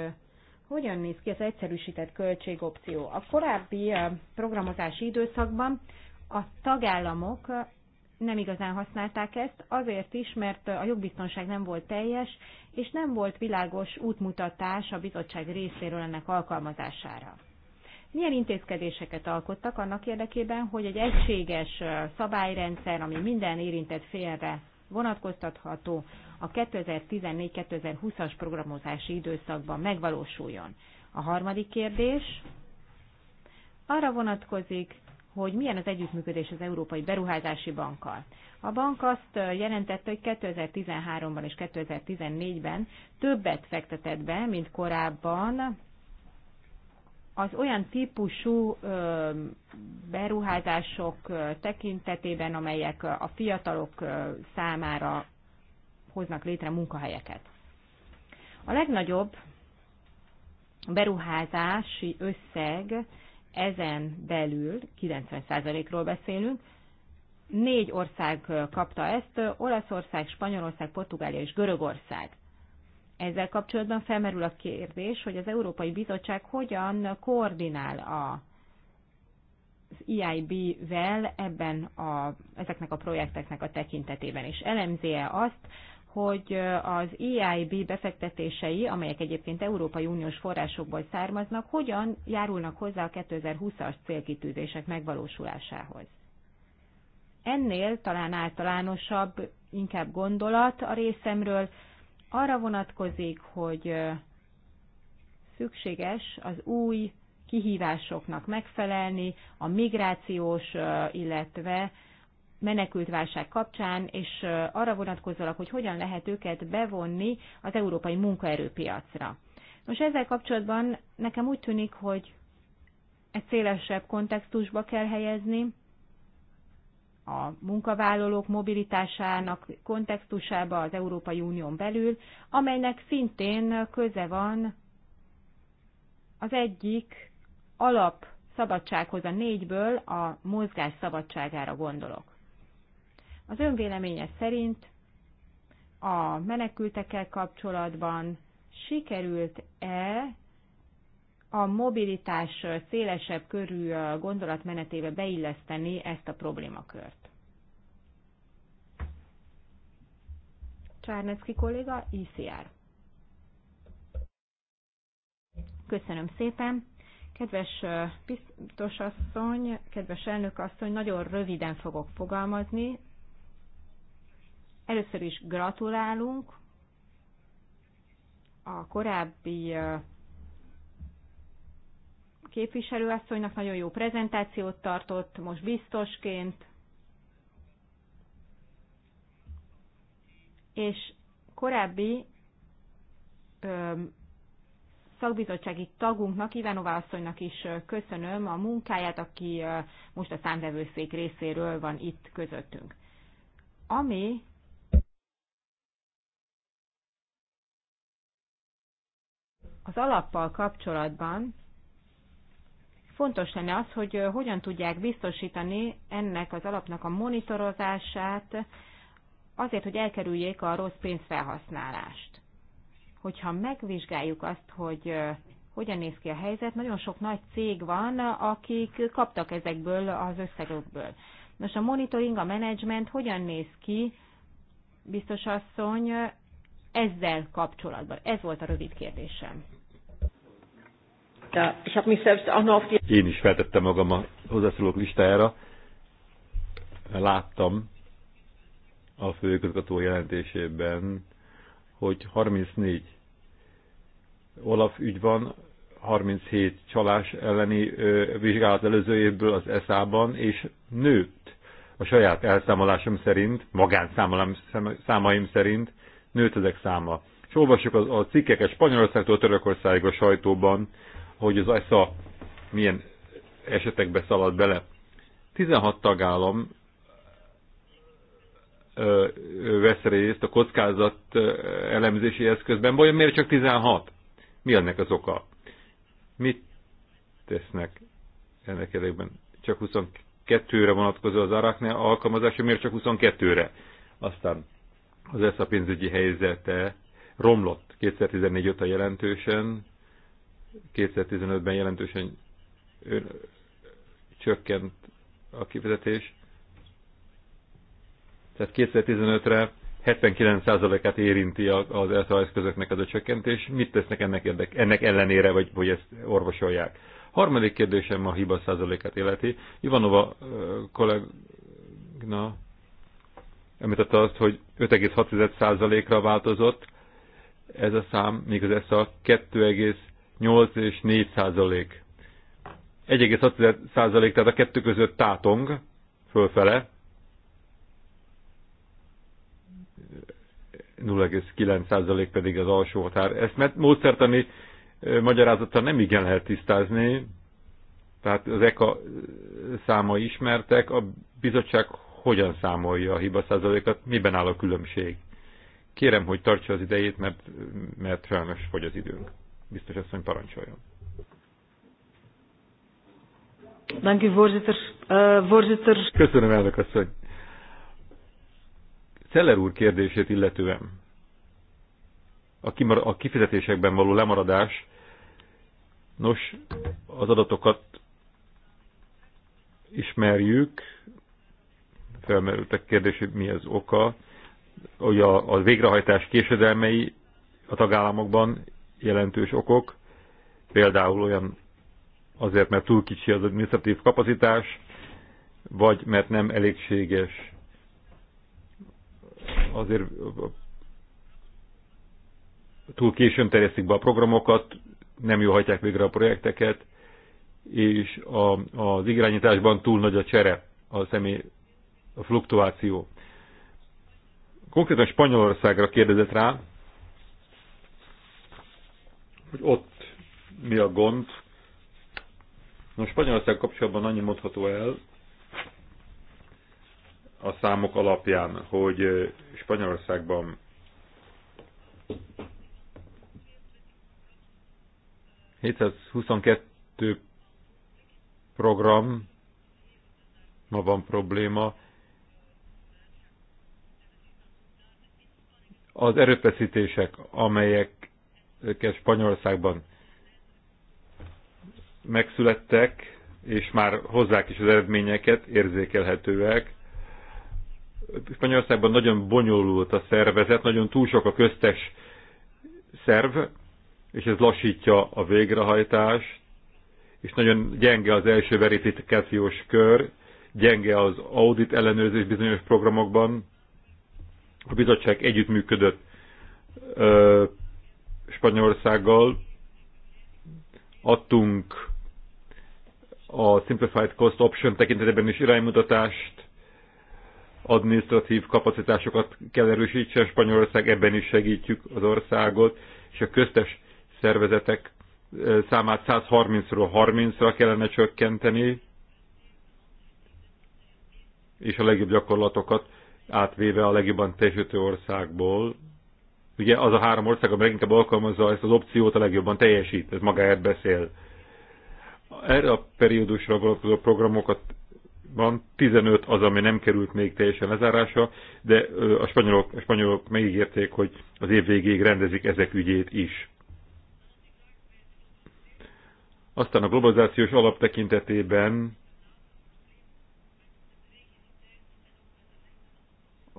hogyan néz ki az egyszerűsített költségopció. A korábbi programozási időszakban a tagállamok nem igazán használták ezt, azért is, mert a jogbiztonság nem volt teljes, és nem volt világos útmutatás a bizottság részéről ennek alkalmazására milyen intézkedéseket alkottak annak érdekében, hogy egy egységes szabályrendszer, ami minden érintett félre vonatkoztatható, a 2014-2020-as programozási időszakban megvalósuljon. A harmadik kérdés arra vonatkozik, hogy milyen az együttműködés az Európai Beruházási Bankkal. A bank azt jelentette, hogy 2013-ban és 2014-ben többet fektetett be, mint korábban az olyan típusú beruházások tekintetében, amelyek a fiatalok számára hoznak létre munkahelyeket. A legnagyobb beruházási összeg ezen belül, 90%-ról beszélünk, négy ország kapta ezt, Olaszország, Spanyolország, Portugália és Görögország. Ezzel kapcsolatban felmerül a kérdés, hogy az Európai Bizottság hogyan koordinál a az EIB-vel ebben a, ezeknek a projekteknek a tekintetében, és elemzi-e azt, hogy az EIB befektetései, amelyek egyébként Európai Uniós forrásokból származnak, hogyan járulnak hozzá a 2020-as célkitűzések megvalósulásához. Ennél talán általánosabb, inkább gondolat a részemről, arra vonatkozik, hogy szükséges az új kihívásoknak megfelelni a migrációs, illetve menekültválság kapcsán, és arra vonatkozólag, hogy hogyan lehet őket bevonni az európai munkaerőpiacra. Nos, ezzel kapcsolatban nekem úgy tűnik, hogy egy szélesebb kontextusba kell helyezni, a munkavállalók mobilitásának kontextusába az Európai Unión belül, amelynek szintén köze van az egyik alap szabadsághoz a négyből a mozgás szabadságára gondolok. Az önvéleménye szerint a menekültekkel kapcsolatban sikerült-e a mobilitás szélesebb körű gondolatmenetébe beilleszteni ezt a problémakört. Csárnecki kolléga, ICR. Köszönöm szépen. Kedves biztos asszony, kedves elnök asszony, nagyon röviden fogok fogalmazni. Először is gratulálunk a korábbi képviselőasszonynak, nagyon jó prezentációt tartott, most biztosként. És korábbi ö, szakbizottsági tagunknak, Ivanová asszonynak is köszönöm a munkáját, aki most a számvevőszék részéről van itt közöttünk. Ami az alappal kapcsolatban fontos lenne az, hogy hogyan tudják biztosítani ennek az alapnak a monitorozását, azért, hogy elkerüljék a rossz felhasználást. Hogyha megvizsgáljuk azt, hogy hogyan néz ki a helyzet, nagyon sok nagy cég van, akik kaptak ezekből az összegekből. Nos, a monitoring, a menedzsment hogyan néz ki, biztos asszony, ezzel kapcsolatban? Ez volt a rövid kérdésem ich habe mich selbst auch noch auf die... Én is feltettem magam a hozzászólók listájára. Láttam a főigazgató jelentésében, hogy 34 Olaf ügy van, 37 csalás elleni ö, vizsgálat előző évből az SA-ban, és nőtt a saját elszámolásom szerint, számaim szerint, nőtt ezek száma. És olvassuk a, a cikkeket Spanyolországtól Törökországig a sajtóban, hogy az ESA milyen esetekbe szalad bele. 16 tagállam vesz részt a kockázat elemzési eszközben, vajon miért csak 16? Mi ennek az oka? Mit tesznek ennek érdekében? Csak 22-re vonatkozó az Arachne alkalmazása, miért csak 22-re? Aztán az ESZA pénzügyi helyzete romlott 2014 óta jelentősen, 2015-ben jelentősen csökkent a kifizetés. Tehát 2015-re 79%-át érinti az ESA eszközöknek az a csökkentés. Mit tesznek ennek, érdek, ennek ellenére, vagy hogy ezt orvosolják? Harmadik kérdésem a hiba százalékát életi. Ivanova kollégna említette azt, hogy 5,6%-ra változott ez a szám, míg az ESA 8 és 4 százalék. 1,6 százalék, tehát a kettő között tátong fölfele. 0,9 százalék pedig az alsó határ. Ezt mert módszertani magyarázata nem igen lehet tisztázni, tehát az ECA számai ismertek, a bizottság hogyan számolja a hiba százalékat, miben áll a különbség. Kérem, hogy tartsa az idejét, mert, mert sajnos fogy az időnk. Biztos asszony parancsoljon. Dank u, voorzitter. Uh, voorzitter. Köszönöm, elnök asszony. Szeller úr kérdését illetően a, kimar- a kifizetésekben való lemaradás, nos, az adatokat ismerjük, felmerültek kérdés, hogy mi az oka, hogy a, a végrehajtás késedelmei a tagállamokban jelentős okok, például olyan azért, mert túl kicsi az administratív kapacitás, vagy mert nem elégséges azért túl későn terjesztik be a programokat, nem jól hagyják végre a projekteket, és a, az irányításban túl nagy a csere, a személy, a fluktuáció. Konkrétan Spanyolországra kérdezett rá, hogy ott mi a gond. Most Spanyolország kapcsolatban annyi mondható el, a számok alapján, hogy Spanyolországban ...722 program, ma van probléma, az erőfeszítések, amelyek őket Spanyolországban megszülettek, és már hozzák is az eredményeket, érzékelhetőek. Spanyolországban nagyon bonyolult a szervezet, nagyon túl sok a köztes szerv, és ez lassítja a végrehajtást, és nagyon gyenge az első verifikációs kör, gyenge az audit ellenőrzés bizonyos programokban. A bizottság együttműködött Spanyolországgal adtunk a Simplified Cost Option tekintetében is iránymutatást, administratív kapacitásokat kell erősítsen Spanyolország, ebben is segítjük az országot, és a köztes szervezetek számát 130-ról 30-ra kellene csökkenteni, és a legjobb gyakorlatokat átvéve a legjobban teljesítő országból, ugye az a három ország, amely leginkább alkalmazza ezt az opciót, a legjobban teljesít, ez magáért beszél. Erre a periódusra vonatkozó programokat van 15 az, ami nem került még teljesen lezárása, de a spanyolok, a spanyolok megígérték, hogy az év végéig rendezik ezek ügyét is. Aztán a globalizációs alap tekintetében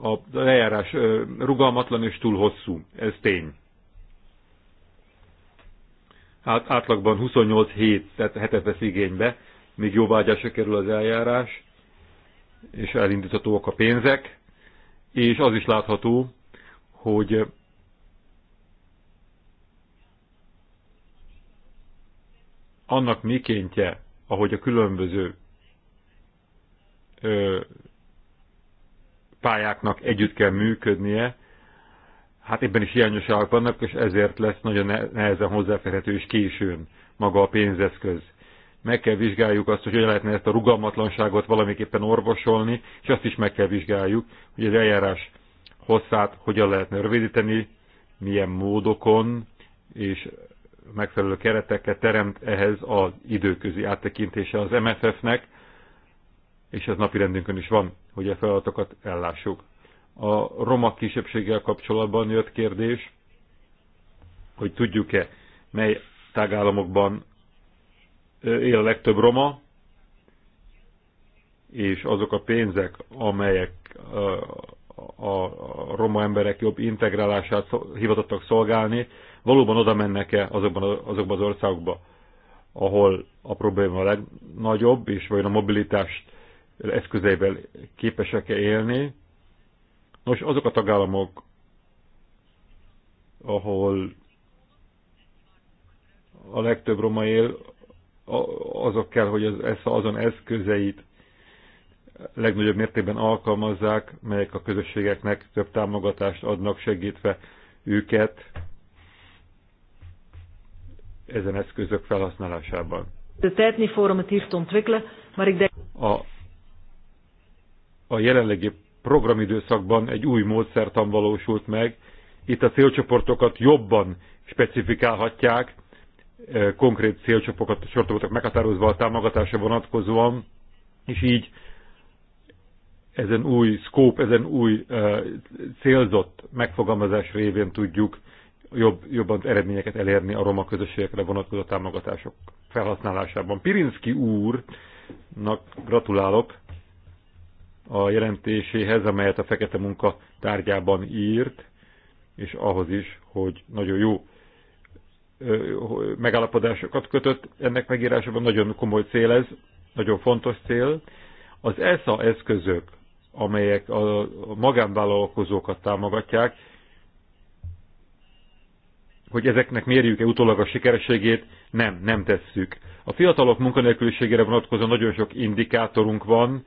a lejárás rugalmatlan és túl hosszú. Ez tény. Hát átlagban 28 hét, tehát hetet vesz igénybe, még jóvágyásra kerül az eljárás, és elindíthatóak a pénzek, és az is látható, hogy annak mikéntje, ahogy a különböző pályáknak együtt kell működnie, hát ebben is hiányosságok vannak, és ezért lesz nagyon nehezen hozzáférhető és későn maga a pénzeszköz. Meg kell vizsgáljuk azt, hogy hogyan lehetne ezt a rugalmatlanságot valamiképpen orvosolni, és azt is meg kell vizsgáljuk, hogy az eljárás hosszát hogyan lehetne rövidíteni, milyen módokon, és megfelelő kereteket teremt ehhez az időközi áttekintése az MFF-nek, és ez napi rendünkön is van, hogy a e feladatokat ellássuk. A roma kisebbséggel kapcsolatban jött kérdés, hogy tudjuk-e, mely tagállamokban él a legtöbb roma, és azok a pénzek, amelyek a roma emberek jobb integrálását hivatottak szolgálni, valóban oda mennek-e azokban, azokban az országokba, ahol a probléma a legnagyobb, és vajon a mobilitást eszközeivel képesek-e élni. Nos, azok a tagállamok, ahol a legtöbb roma él, azok kell, hogy az, ez, azon eszközeit legnagyobb mértékben alkalmazzák, melyek a közösségeknek több támogatást adnak, segítve őket ezen eszközök felhasználásában. De A a jelenlegi programidőszakban egy új módszertan valósult meg. Itt a célcsoportokat jobban specifikálhatják, e, konkrét célcsoportokat csoportokat meghatározva a támogatásra vonatkozóan, és így ezen új scope, ezen új e, célzott megfogalmazás révén tudjuk jobb, jobban eredményeket elérni a roma közösségekre vonatkozó támogatások felhasználásában. Pirinski úrnak gratulálok a jelentéséhez, amelyet a fekete munka tárgyában írt, és ahhoz is, hogy nagyon jó megállapodásokat kötött. Ennek megírásában nagyon komoly cél ez, nagyon fontos cél. Az ESA eszközök, amelyek a magánvállalkozókat támogatják, hogy ezeknek mérjük-e utólag a sikerességét, nem, nem tesszük. A fiatalok munkanélküliségére vonatkozó nagyon sok indikátorunk van,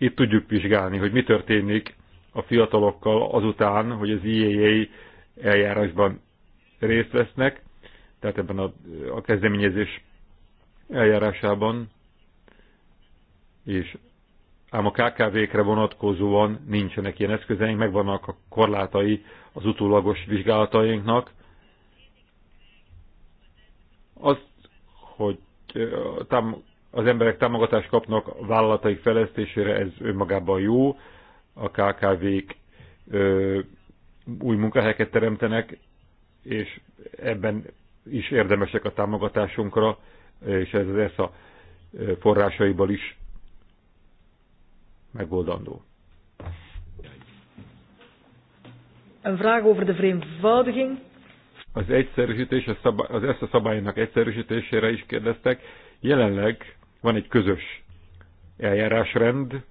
itt tudjuk vizsgálni, hogy mi történik a fiatalokkal azután, hogy az IAA eljárásban részt vesznek, tehát ebben a, a kezdeményezés eljárásában, és ám a KKV-kre vonatkozóan nincsenek ilyen eszközeink, megvannak a korlátai az utólagos vizsgálatainknak. Azt, hogy tám az emberek támogatást kapnak a vállalataik fejlesztésére, ez önmagában jó, a KKV-k új munkahelyeket teremtenek, és ebben is érdemesek a támogatásunkra, és ez az ESZA forrásaiból is megoldandó. Een vraag over de vereenvoudiging. Az egyszerűsítés, az, szabály, az ESZA szabályának egyszerűsítésére is kérdeztek. Jelenleg van egy közös eljárásrend,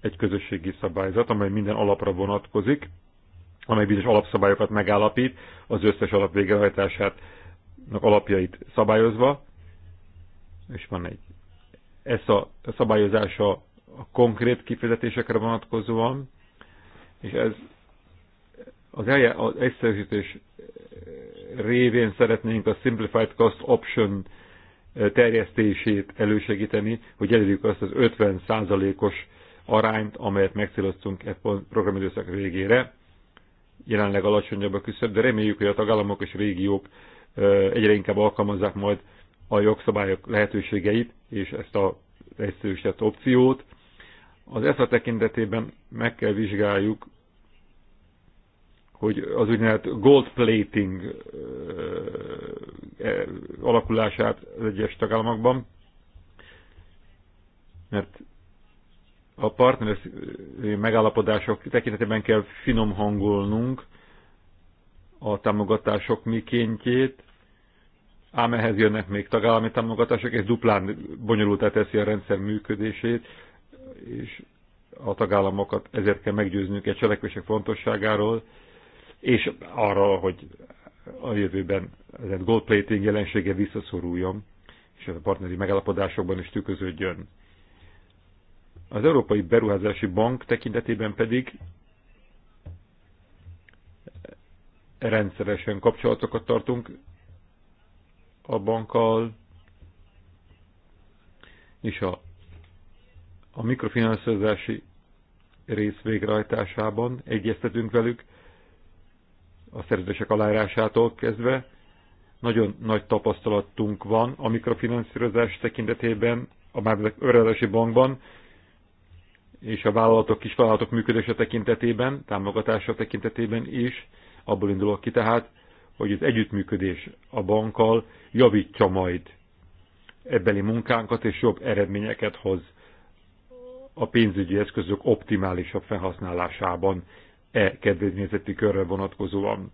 egy közösségi szabályzat, amely minden alapra vonatkozik, amely bizonyos alapszabályokat megállapít, az összes alap végrehajtásának alapjait szabályozva, és van egy ez a szabályozása a konkrét kifejezetésekre vonatkozóan, és ez az, eljá, az egyszerűsítés révén szeretnénk a Simplified Cost Option terjesztését elősegíteni, hogy elérjük azt az 50%-os arányt, amelyet megcéloztunk e programidőszak végére. Jelenleg alacsonyabb a küszöb, de reméljük, hogy a tagállamok és régiók egyre inkább alkalmazzák majd a jogszabályok lehetőségeit és ezt a egyszerűsített opciót. Az ESZA tekintetében meg kell vizsgáljuk hogy az úgynevezett gold plating alakulását az egyes tagállamokban, mert a partner megállapodások tekintetében kell finom hangolnunk a támogatások mikéntjét, ám ehhez jönnek még tagállami támogatások, és duplán bonyolultá teszi a rendszer működését, és a tagállamokat ezért kell meggyőznünk egy cselekvések fontosságáról, és arra, hogy a jövőben ez gold plating jelensége visszaszoruljon, és a partneri megállapodásokban is tükröződjön. Az Európai Beruházási Bank tekintetében pedig rendszeresen kapcsolatokat tartunk a bankkal, és a, a mikrofinanszírozási rész végrehajtásában egyeztetünk velük, a szerződések aláírásától kezdve. Nagyon nagy tapasztalatunk van a mikrofinanszírozás tekintetében, a Mármelyek Bankban, és a vállalatok, kisvállalatok működése tekintetében, támogatása tekintetében is, abból indulok ki tehát, hogy az együttműködés a bankkal javítja majd ebbeli munkánkat, és jobb eredményeket hoz a pénzügyi eszközök optimálisabb felhasználásában e kedvezményezeti körre vonatkozóan.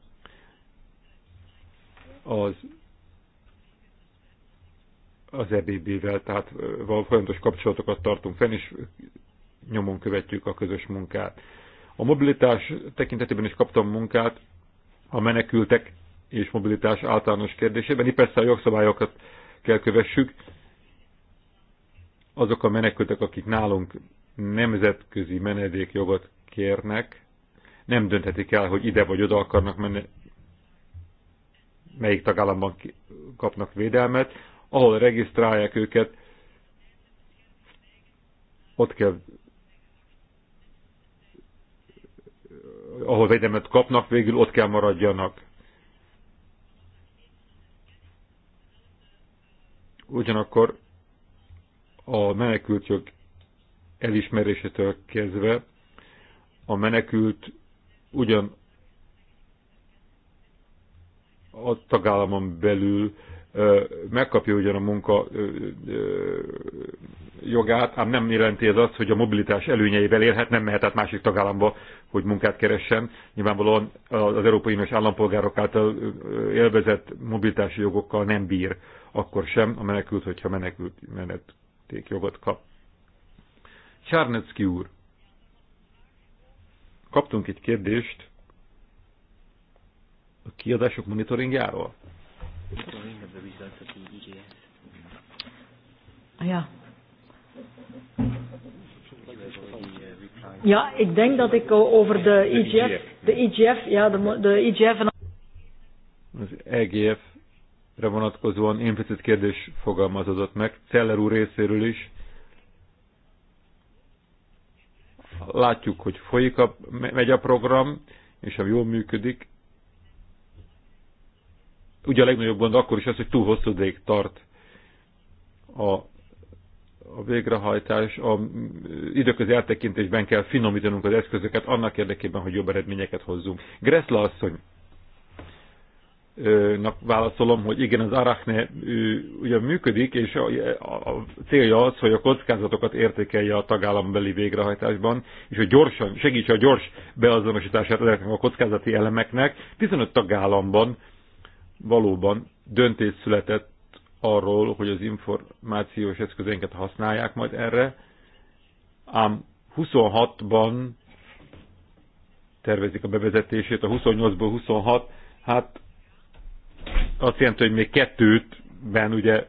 Az az EBB-vel, tehát folyamatos kapcsolatokat tartunk fenn, és nyomon követjük a közös munkát. A mobilitás tekintetében is kaptam munkát a menekültek és mobilitás általános kérdésében. Itt persze a jogszabályokat kell kövessük. Azok a menekültek, akik nálunk nemzetközi menedékjogot kérnek, nem dönthetik el, hogy ide vagy oda akarnak menni, melyik tagállamban kapnak védelmet, ahol regisztrálják őket, ott kell ahol védelmet kapnak, végül ott kell maradjanak. Ugyanakkor a menekültjog elismerésétől kezdve a menekült ugyan a tagállamon belül megkapja ugyan a munka jogát, ám nem jelenti ez azt, hogy a mobilitás előnyeivel élhet, nem mehet át másik tagállamba, hogy munkát keressen. Nyilvánvalóan az Európai Uniós állampolgárok által élvezett mobilitási jogokkal nem bír akkor sem a menekült, hogyha menekült menetékjogot kap. Csárnecki úr Kaptunk egy kérdést a kiadások monitoringjáról. Ja. Ja, ik denk dat ik over de IGF, de IGF, ja, de, de IGF en az EGF-re vonatkozóan implicit kérdés fogalmazódott meg, Celler úr részéről is, Látjuk, hogy folyik a, megy a program, és ha jól működik, ugye a legnagyobb gond akkor is az, hogy túl hosszú ideig tart a, a végrehajtás, a időközi áttekintésben kell finomítanunk az eszközöket annak érdekében, hogy jobb eredményeket hozzunk. Gressla asszony, nak válaszolom, hogy igen, az Arachne ugyan működik, és a, célja az, hogy a kockázatokat értékelje a tagállambeli végrehajtásban, és hogy gyorsan segítse a gyors beazonosítását ezeknek a kockázati elemeknek. 15 tagállamban valóban döntés született arról, hogy az információs eszközénket használják majd erre, ám 26-ban tervezik a bevezetését, a 28-ból 26, hát azt jelenti, hogy még kettőtben ugye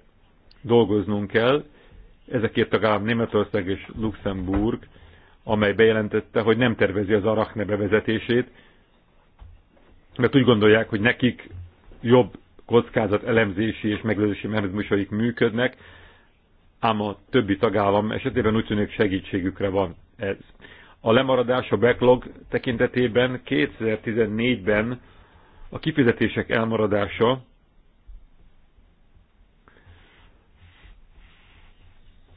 dolgoznunk kell. Ezek két tagállam Németország és Luxemburg, amely bejelentette, hogy nem tervezi az Arachne bevezetését, mert úgy gondolják, hogy nekik jobb kockázat elemzési és meglelősi mechanizmusaik működnek, ám a többi tagállam esetében úgy tűnik segítségükre van ez. A lemaradás a backlog tekintetében 2014-ben a kifizetések elmaradása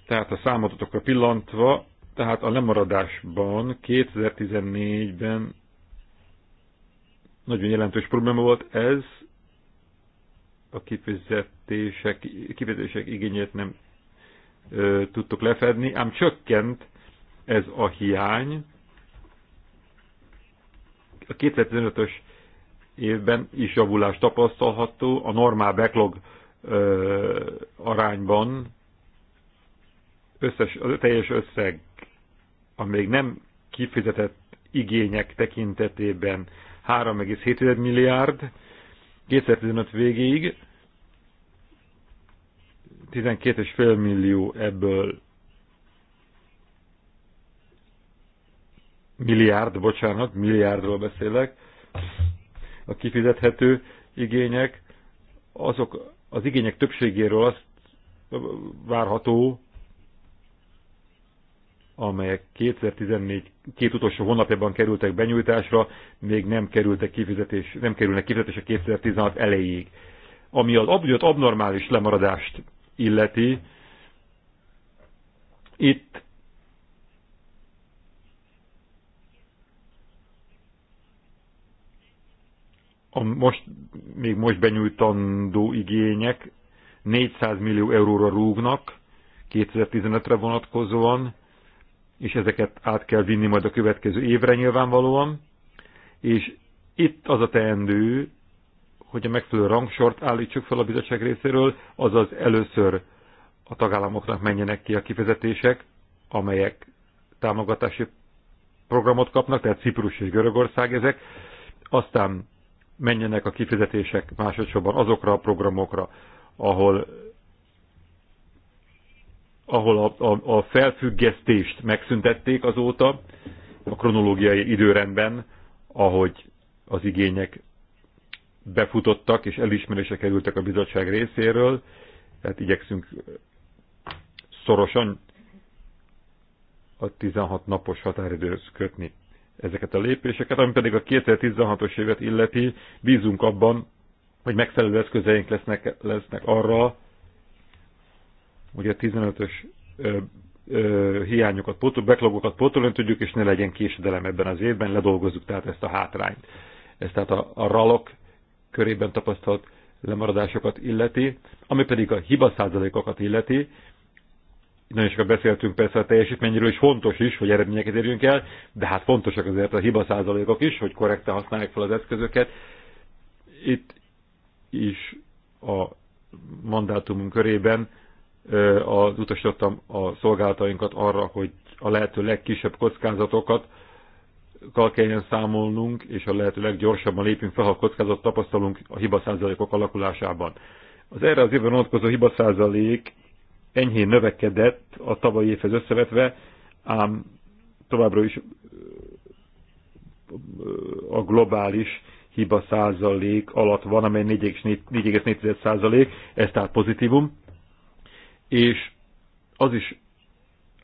Tehát a számotokra pillantva, tehát a lemaradásban 2014-ben nagyon jelentős probléma volt ez, a kifizetések, kifizetések igényét nem ö, tudtuk lefedni, ám csökkent ez a hiány. A 2015-ös évben is javulás tapasztalható, a normál backlog ö, arányban összes, a teljes összeg a még nem kifizetett igények tekintetében 3,7 milliárd 2015 végéig, 12,5 millió ebből milliárd, bocsánat, milliárdról beszélek, a kifizethető igények, azok az igények többségéről azt várható, amelyek 2014 két utolsó hónapjában kerültek benyújtásra, még nem, kerültek kifizetés, nem kerülnek kifizetésre 2016 elejéig. Ami az abgyott abnormális lemaradást illeti, itt a most, még most benyújtandó igények 400 millió euróra rúgnak 2015-re vonatkozóan, és ezeket át kell vinni majd a következő évre nyilvánvalóan, és itt az a teendő, hogy a megfelelő rangsort állítsuk fel a bizottság részéről, azaz először a tagállamoknak menjenek ki a kifizetések, amelyek támogatási programot kapnak, tehát Ciprus és Görögország ezek, aztán menjenek a kifizetések másodszorban azokra a programokra, ahol ahol a, a, a felfüggesztést megszüntették azóta, a kronológiai időrendben, ahogy az igények befutottak és elismerése kerültek a bizottság részéről, tehát igyekszünk szorosan a 16 napos határidőhöz kötni ezeket a lépéseket, ami pedig a 2016-os évet illeti, bízunk abban, hogy megfelelő eszközeink lesznek, lesznek arra, hogy a 15-ös hiányokat, backlogokat pótolni tudjuk, és ne legyen késedelem ebben az évben, ledolgozzuk tehát ezt a hátrányt. Ez tehát a, a ralok körében tapasztalt lemaradásokat illeti, ami pedig a hiba százalékokat illeti, nagyon sokat beszéltünk persze a teljesítményről, és fontos is, hogy eredményeket érjünk el, de hát fontosak azért a hiba százalékok is, hogy korrekten használják fel az eszközöket. Itt is a mandátumunk körében az utasítottam a szolgálatainkat arra, hogy a lehető legkisebb kockázatokat kelljen számolnunk, és a lehető leggyorsabban lépünk fel, ha kockázat tapasztalunk a hibaszázalékok alakulásában. Az erre az évben vonatkozó hibaszázalék enyhén növekedett a tavalyi évhez összevetve, ám továbbra is a globális hiba százalék alatt van, amely 4,4 százalék, ez tehát pozitívum és az is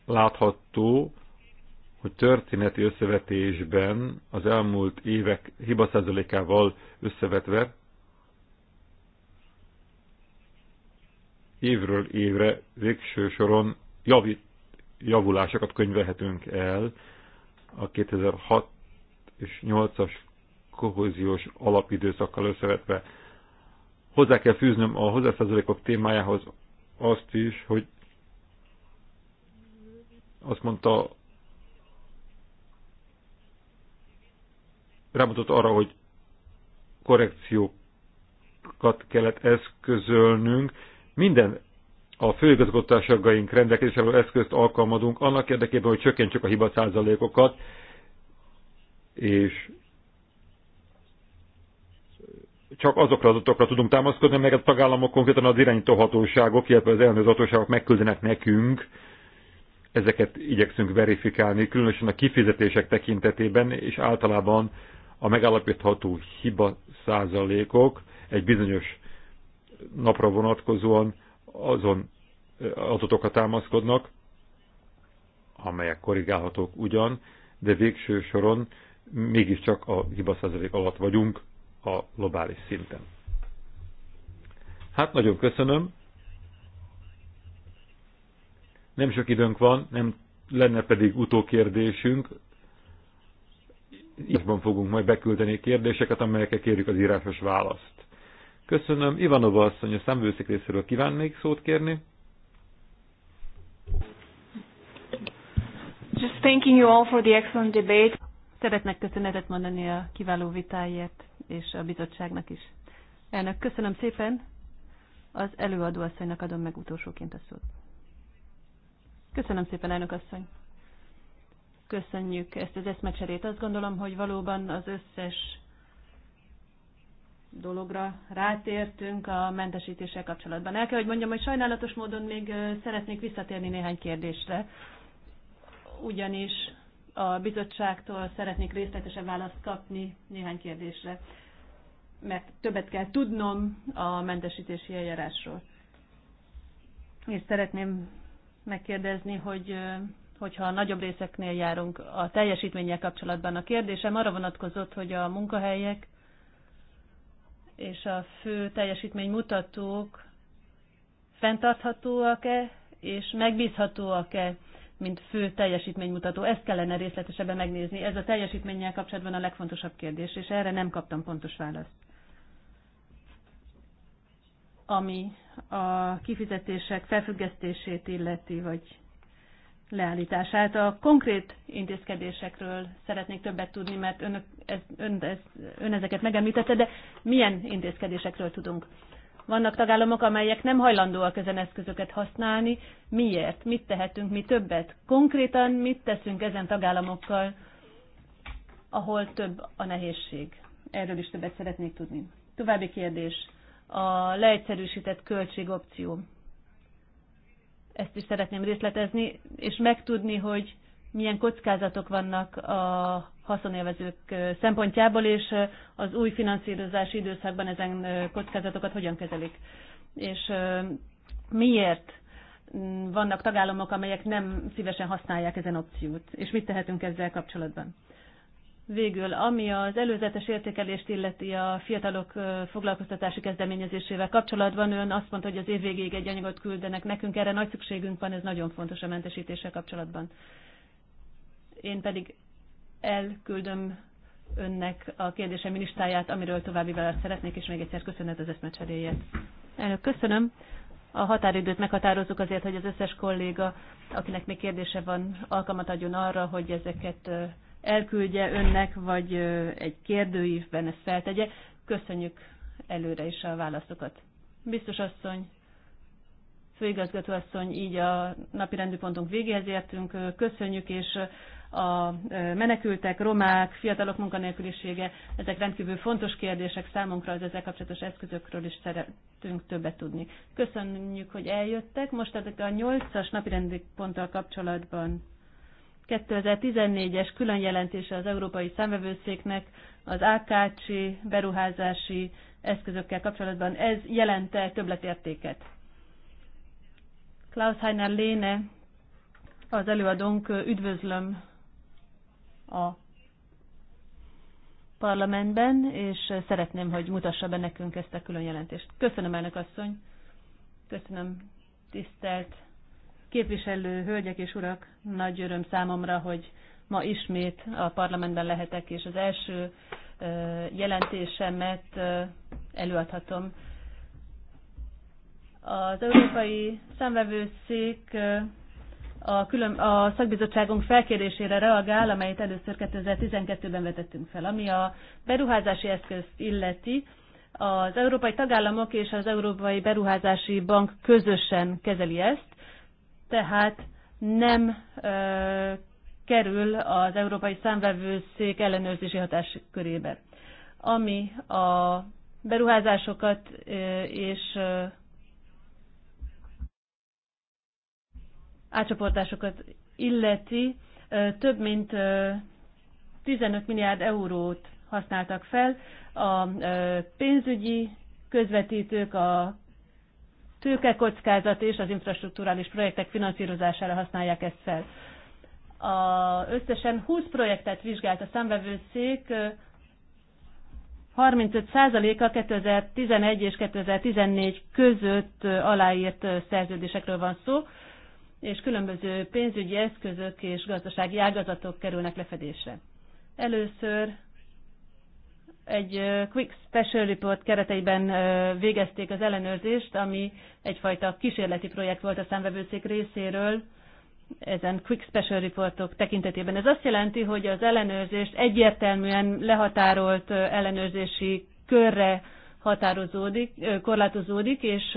látható, hogy történeti összevetésben az elmúlt évek hibaszázalékával összevetve évről évre végső soron javít, javulásokat könyvelhetünk el a 2006 és 8-as kohóziós alapidőszakkal összevetve. Hozzá kell fűznöm a hozzászázalékok témájához azt is, hogy azt mondta, rámutott arra, hogy korrekciókat kellett eszközölnünk. Minden a főigazgatóságaink rendelkezésre álló eszközt alkalmadunk, annak érdekében, hogy csökkentsük a hiba százalékokat, és csak azokra az adatokra tudunk támaszkodni, mert a tagállamok konkrétan az hatóságok, illetve az hatóságok megküldenek nekünk, ezeket igyekszünk verifikálni, különösen a kifizetések tekintetében, és általában a megállapítható hiba százalékok egy bizonyos napra vonatkozóan azon eh, adatokra támaszkodnak, amelyek korrigálhatók ugyan, de végső soron mégiscsak a hiba százalék alatt vagyunk, a globális szinten. Hát nagyon köszönöm. Nem sok időnk van, nem lenne pedig utókérdésünk. Írásban fogunk majd beküldeni kérdéseket, amelyekre kérjük az írásos választ. Köszönöm. Ivanova asszony a számvőszik részéről kíván még szót kérni. Just thanking you all for the excellent debate. Szeretnek köszönetet mondani a kiváló vitáért és a bizottságnak is. Elnök, köszönöm szépen. Az előadóasszonynak adom meg utolsóként a szót. Köszönöm szépen, elnök asszony. Köszönjük ezt az eszmecserét. Azt gondolom, hogy valóban az összes dologra rátértünk a mentesítéssel kapcsolatban. El kell, hogy mondjam, hogy sajnálatos módon még szeretnék visszatérni néhány kérdésre, ugyanis a bizottságtól szeretnék részletesebb választ kapni néhány kérdésre, mert többet kell tudnom a mentesítési eljárásról. És szeretném megkérdezni, hogy hogyha a nagyobb részeknél járunk a teljesítménnyel kapcsolatban. A kérdésem arra vonatkozott, hogy a munkahelyek és a fő teljesítmény mutatók fenntarthatóak-e és megbízhatóak-e mint fő teljesítménymutató. Ezt kellene részletesebben megnézni. Ez a teljesítménnyel kapcsolatban a legfontosabb kérdés, és erre nem kaptam pontos választ. Ami a kifizetések felfüggesztését illeti, vagy leállítását. A konkrét intézkedésekről szeretnék többet tudni, mert önök, ez, ön, ez, ön ezeket megemlítette, de milyen intézkedésekről tudunk? Vannak tagállamok, amelyek nem hajlandóak ezen eszközöket használni. Miért? Mit tehetünk mi többet? Konkrétan mit teszünk ezen tagállamokkal, ahol több a nehézség? Erről is többet szeretnék tudni. További kérdés. A leegyszerűsített költségopció. Ezt is szeretném részletezni, és megtudni, hogy milyen kockázatok vannak a haszonélvezők szempontjából, és az új finanszírozási időszakban ezen kockázatokat hogyan kezelik. És miért vannak tagállamok, amelyek nem szívesen használják ezen opciót, és mit tehetünk ezzel kapcsolatban? Végül, ami az előzetes értékelést illeti a fiatalok foglalkoztatási kezdeményezésével kapcsolatban, ön azt mondta, hogy az év végéig egy anyagot küldenek nekünk, erre nagy szükségünk van, ez nagyon fontos a mentesítéssel kapcsolatban én pedig elküldöm önnek a kérdésem listáját, amiről további vele szeretnék, és még egyszer köszönet az eszmecseréjét. Elnök, köszönöm. A határidőt meghatározok azért, hogy az összes kolléga, akinek még kérdése van, alkalmat adjon arra, hogy ezeket elküldje önnek, vagy egy kérdőívben ezt feltegye. Köszönjük előre is a válaszokat. Biztos asszony, főigazgató asszony, így a napi rendű pontunk végéhez értünk. Köszönjük, és a menekültek, romák, fiatalok munkanélkülisége, ezek rendkívül fontos kérdések számunkra, az ezzel kapcsolatos eszközökről is szeretünk többet tudni. Köszönjük, hogy eljöttek. Most ezek a 8-as napirendi ponttal kapcsolatban 2014-es külön jelentése az Európai Számvevőszéknek az AKC beruházási eszközökkel kapcsolatban. Ez jelente többletértéket. Klaus Heiner Léne, az előadónk, üdvözlöm a parlamentben, és szeretném, hogy mutassa be nekünk ezt a külön jelentést. Köszönöm, elnök asszony! Köszönöm, tisztelt képviselő, hölgyek és urak! Nagy öröm számomra, hogy ma ismét a parlamentben lehetek, és az első jelentésemet előadhatom. Az Európai Számvevőszék a, külön, a szakbizottságunk felkérésére reagál, amelyet először 2012-ben vetettünk fel, ami a beruházási eszközt illeti. Az európai tagállamok és az Európai Beruházási Bank közösen kezeli ezt, tehát nem ö, kerül az Európai Számvevőszék ellenőrzési hatáskörébe. Ami a beruházásokat és átcsoportásokat illeti, több mint 15 milliárd eurót használtak fel. A pénzügyi közvetítők a tőkekockázat és az infrastruktúrális projektek finanszírozására használják ezt fel. A, összesen 20 projektet vizsgált a számvevőszék, 35%-a 2011 és 2014 között aláírt szerződésekről van szó és különböző pénzügyi eszközök és gazdasági ágazatok kerülnek lefedésre. Először egy Quick Special Report kereteiben végezték az ellenőrzést, ami egyfajta kísérleti projekt volt a számvevőszék részéről, ezen Quick Special Reportok tekintetében. Ez azt jelenti, hogy az ellenőrzést egyértelműen lehatárolt ellenőrzési körre határozódik, korlátozódik, és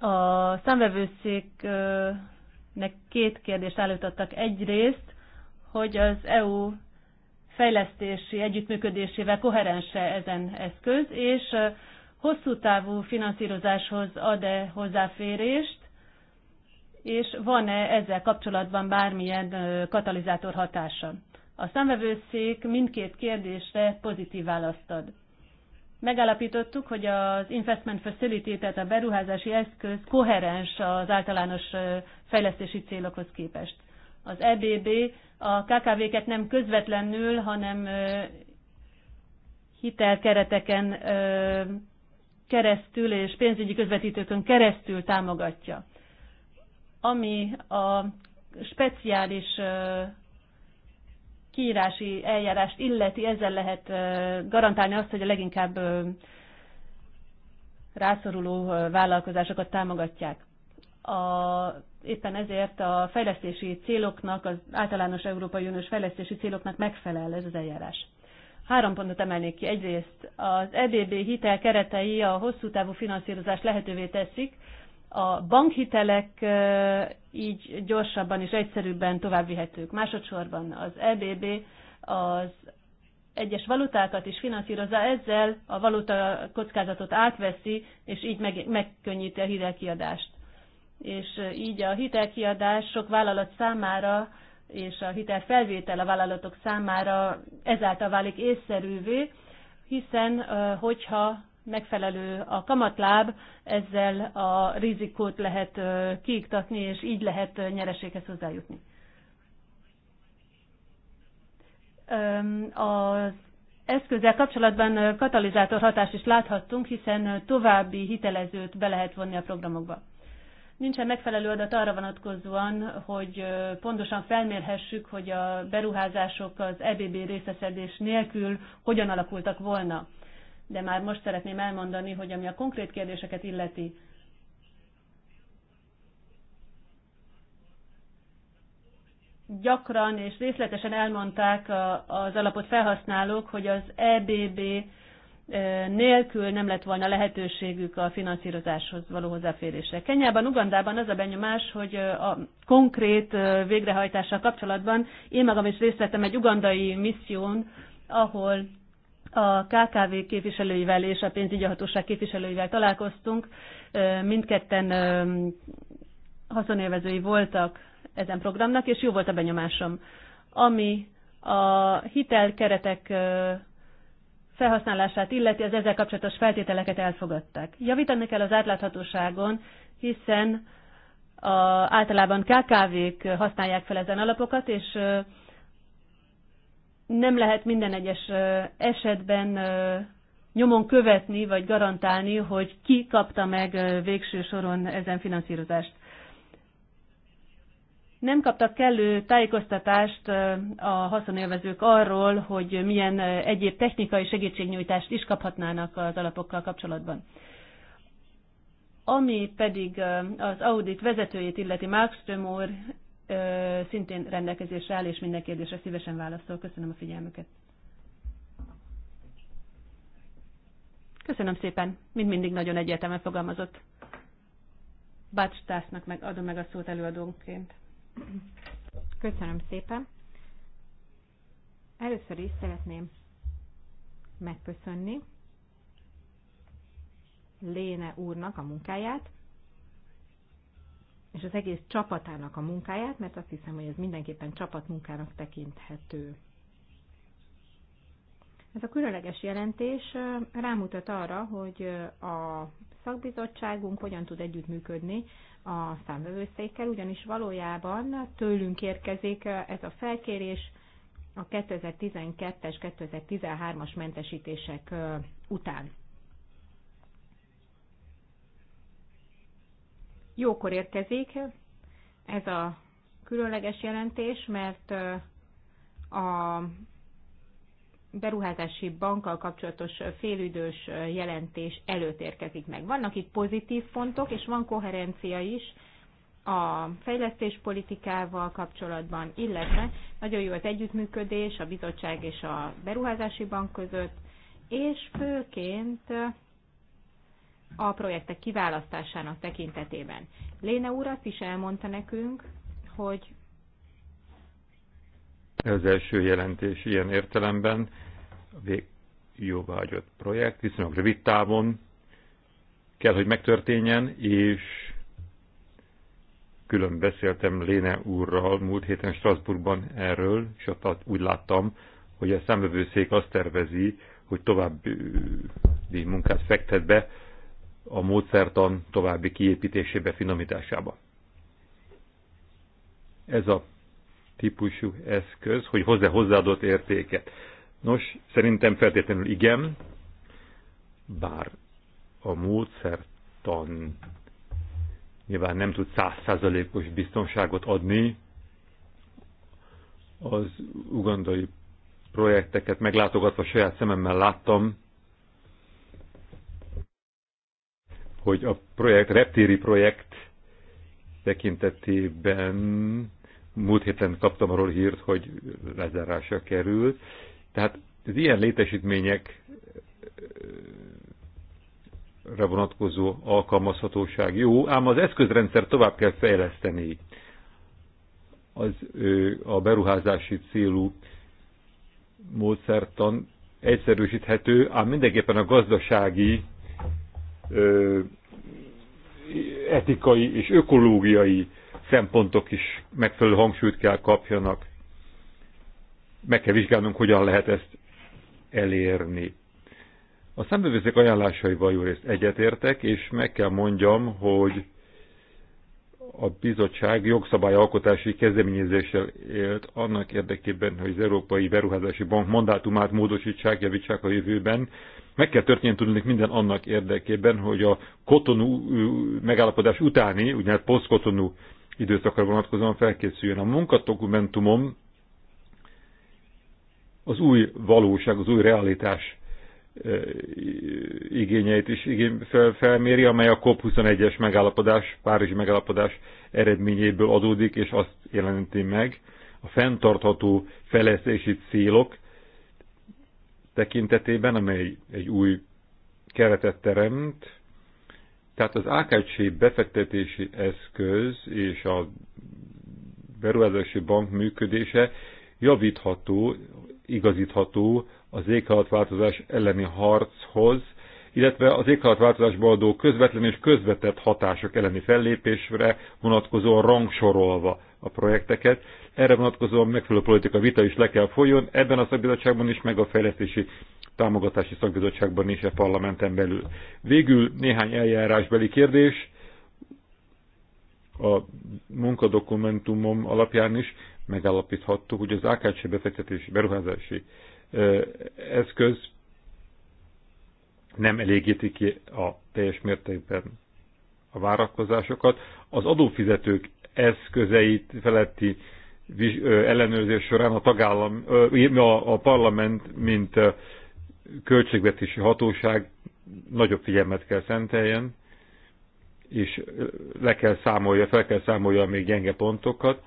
a szemvevőszéknek két kérdést állítottak. Egyrészt, hogy az EU fejlesztési együttműködésével koherense ezen eszköz, és hosszú távú finanszírozáshoz ad-e hozzáférést, és van-e ezzel kapcsolatban bármilyen katalizátor hatása. A szemvevőszék mindkét kérdésre pozitív választ ad megállapítottuk, hogy az investment facility, tehát a beruházási eszköz koherens az általános fejlesztési célokhoz képest. Az EBB a KKV-ket nem közvetlenül, hanem hitelkereteken keresztül és pénzügyi közvetítőkön keresztül támogatja. Ami a speciális kiírási eljárást illeti, ezzel lehet garantálni azt, hogy a leginkább rászoruló vállalkozásokat támogatják. A, éppen ezért a fejlesztési céloknak, az általános Európai Uniós fejlesztési céloknak megfelel ez az eljárás. Három pontot emelnék ki. Egyrészt az EBB hitel keretei a hosszú távú finanszírozást lehetővé teszik, a bankhitelek így gyorsabban és egyszerűbben továbbvihetők. Másodszorban az EBB az egyes valutákat is finanszírozza, ezzel a valuta kockázatot átveszi, és így meg, megkönnyíti a hitelkiadást. És így a hitelkiadás sok vállalat számára és a hitelfelvétel a vállalatok számára ezáltal válik észszerűvé, hiszen hogyha megfelelő a kamatláb, ezzel a rizikót lehet kiiktatni, és így lehet nyereséghez hozzájutni. Az eszközzel kapcsolatban katalizátor hatást is láthattunk, hiszen további hitelezőt be lehet vonni a programokba. Nincsen megfelelő adat arra vonatkozóan, hogy pontosan felmérhessük, hogy a beruházások az EBB részesedés nélkül hogyan alakultak volna de már most szeretném elmondani, hogy ami a konkrét kérdéseket illeti, gyakran és részletesen elmondták az alapot felhasználók, hogy az EBB e, nélkül nem lett volna lehetőségük a finanszírozáshoz való hozzáférésre. Kenyában, Ugandában az a benyomás, hogy e, a konkrét e, végrehajtással kapcsolatban én magam is részt vettem egy ugandai misszión, ahol a KKV képviselőivel és a pénzügyi hatóság képviselőivel találkoztunk. Mindketten haszonélvezői voltak ezen programnak, és jó volt a benyomásom. Ami a hitelkeretek felhasználását illeti, az ezzel kapcsolatos feltételeket elfogadták. Javítani kell az átláthatóságon, hiszen a, általában KKV-k használják fel ezen alapokat, és nem lehet minden egyes esetben nyomon követni, vagy garantálni, hogy ki kapta meg végső soron ezen finanszírozást. Nem kaptak kellő tájékoztatást a haszonélvezők arról, hogy milyen egyéb technikai segítségnyújtást is kaphatnának az alapokkal kapcsolatban. Ami pedig az audit vezetőjét illeti Markström úr szintén rendelkezésre áll, és minden kérdésre szívesen válaszol. Köszönöm a figyelmüket. Köszönöm szépen. Mint mindig nagyon egyértelműen fogalmazott. Bács Tásznak meg, adom meg a szót előadónként. Köszönöm szépen. Először is szeretném megköszönni Léne úrnak a munkáját, és az egész csapatának a munkáját, mert azt hiszem, hogy ez mindenképpen csapatmunkának tekinthető. Ez a különleges jelentés rámutat arra, hogy a szakbizottságunk hogyan tud együttműködni a számvevőszékkel, ugyanis valójában tőlünk érkezik ez a felkérés a 2012-es, 2013-as mentesítések után. Jókor érkezik ez a különleges jelentés, mert a beruházási bankkal kapcsolatos félidős jelentés előtt érkezik meg. Vannak itt pozitív pontok, és van koherencia is a fejlesztéspolitikával kapcsolatban, illetve nagyon jó az együttműködés a bizottság és a beruházási bank között, és főként a projektek kiválasztásának tekintetében. Léne úr azt is elmondta nekünk, hogy az első jelentés ilyen értelemben vég jóvágyott projekt, viszonylag rövid távon kell, hogy megtörténjen, és külön beszéltem Léne úrral múlt héten Strasbourgban erről, és ott úgy láttam, hogy a számvevőszék azt tervezi, hogy további munkát fektet be a módszertan további kiépítésébe, finomításába. Ez a típusú eszköz, hogy hozzá hozzáadott értéket. Nos, szerintem feltétlenül igen, bár a módszertan nyilván nem tud százszázalékos biztonságot adni, az ugandai projekteket meglátogatva saját szememmel láttam, hogy a projekt, reptéri projekt tekintetében múlt héten kaptam arról hírt, hogy lezárásra került. Tehát az ilyen létesítményekre vonatkozó alkalmazhatóság jó, ám az eszközrendszer tovább kell fejleszteni az, a beruházási célú módszertan egyszerűsíthető, ám mindenképpen a gazdasági etikai és ökológiai szempontok is megfelelő hangsúlyt kell kapjanak. Meg kell vizsgálnunk, hogyan lehet ezt elérni. A számbevőzék ajánlásaival jó részt egyetértek, és meg kell mondjam, hogy a bizottság jogszabályalkotási kezdeményezéssel élt annak érdekében, hogy az Európai Beruházási Bank mandátumát módosítsák, javítsák a jövőben, meg kell történni tudni minden annak érdekében, hogy a kotonú megállapodás utáni, úgynevezett posztkotonú időszakra vonatkozóan felkészüljön. A munkadokumentumom az új valóság, az új realitás igényeit is felméri, amely a COP21-es megállapodás, Párizsi megállapodás eredményéből adódik, és azt jelenti meg a fenntartható fejlesztési célok tekintetében, amely egy új keretet teremt, tehát az AKC befektetési eszköz és a beruházási bank működése javítható, igazítható az éghajlatváltozás elleni harchoz, illetve az éghajlatváltozásba adó közvetlen és közvetett hatások elleni fellépésre vonatkozóan rangsorolva a projekteket, erre vonatkozóan megfelelő politika vita is le kell folyjon, ebben a szakbizottságban is, meg a fejlesztési támogatási szakbizottságban is, a parlamenten belül. Végül néhány eljárásbeli kérdés, a munkadokumentumom alapján is megállapíthattuk, hogy az AKC befektetési beruházási eszköz nem elégíti ki a teljes mértékben a várakozásokat. Az adófizetők eszközeit feletti ellenőrzés során a tagállam, a parlament, mint költségvetési hatóság nagyobb figyelmet kell szenteljen, és le kell számolja, fel kell számolja a még gyenge pontokat.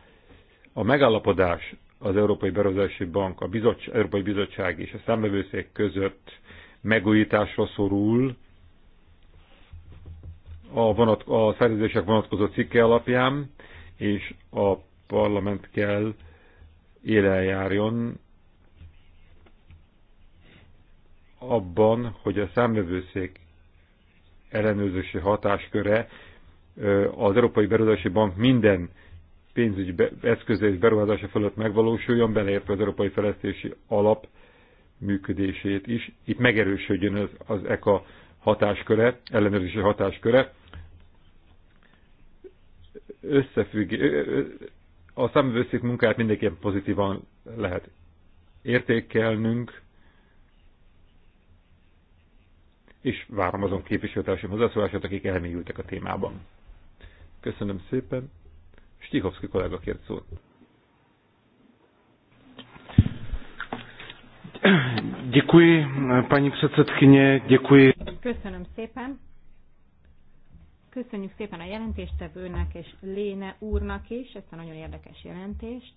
A megállapodás az Európai Beruházási Bank, a bizottság, Európai Bizottság és a számbevőszék között megújításra szorul a, vonat, a szerződések vonatkozó cikke alapján, és a parlament kell éleljárjon abban, hogy a számvevőszék ellenőrzési hatásköre az Európai Beruházási Bank minden pénzügyi eszköze és beruházása fölött megvalósuljon, beleértve az Európai Fejlesztési Alap működését is. Itt megerősödjön az, az ECA hatásköre, ellenőrzési hatásköre. Összefügg, a szemvőszék munkáját mindenképpen pozitívan lehet értékelnünk, és várom azon képviselőtársaim hozzászólását, akik elmélyültek a témában. Köszönöm szépen. Stihovszki kollega kért szót. Děkuji, paní předsedkyně, děkuji. Köszönöm szépen. Köszönjük szépen a jelentéstevőnek és Léne úrnak is ezt a nagyon érdekes jelentést.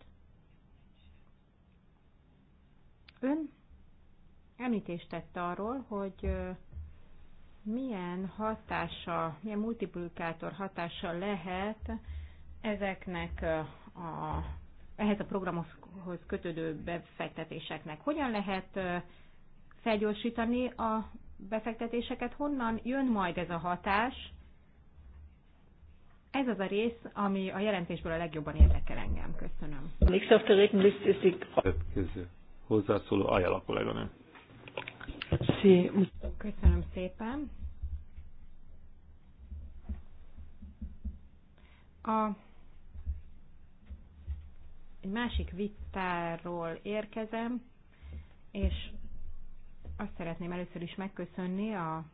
Ön említést tett arról, hogy milyen hatása, milyen multiplikátor hatása lehet ezeknek a, ehhez a programhoz kötődő befektetéseknek. Hogyan lehet felgyorsítani a befektetéseket, honnan jön majd ez a hatás, ez az a rész, ami a jelentésből a legjobban érdekel engem. Köszönöm. Következő hozzászóló Ajala kolléganő. Köszönöm szépen. A egy másik vitáról érkezem, és azt szeretném először is megköszönni a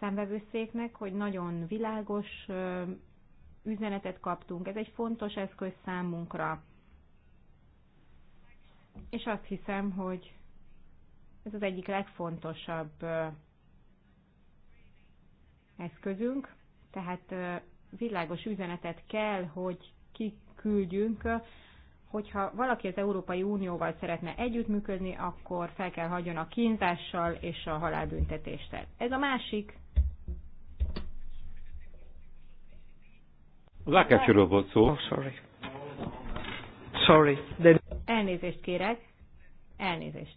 szemvevőszéknek, hogy nagyon világos üzenetet kaptunk. Ez egy fontos eszköz számunkra. És azt hiszem, hogy ez az egyik legfontosabb eszközünk, tehát világos üzenetet kell, hogy kiküldjünk, hogyha valaki az Európai Unióval szeretne együttműködni, akkor fel kell hagyjon a kínzással és a halálbüntetéssel. Ez a másik Az Ákácsról volt szó. Oh, sorry. Sorry. De... Elnézést kérek. Elnézést.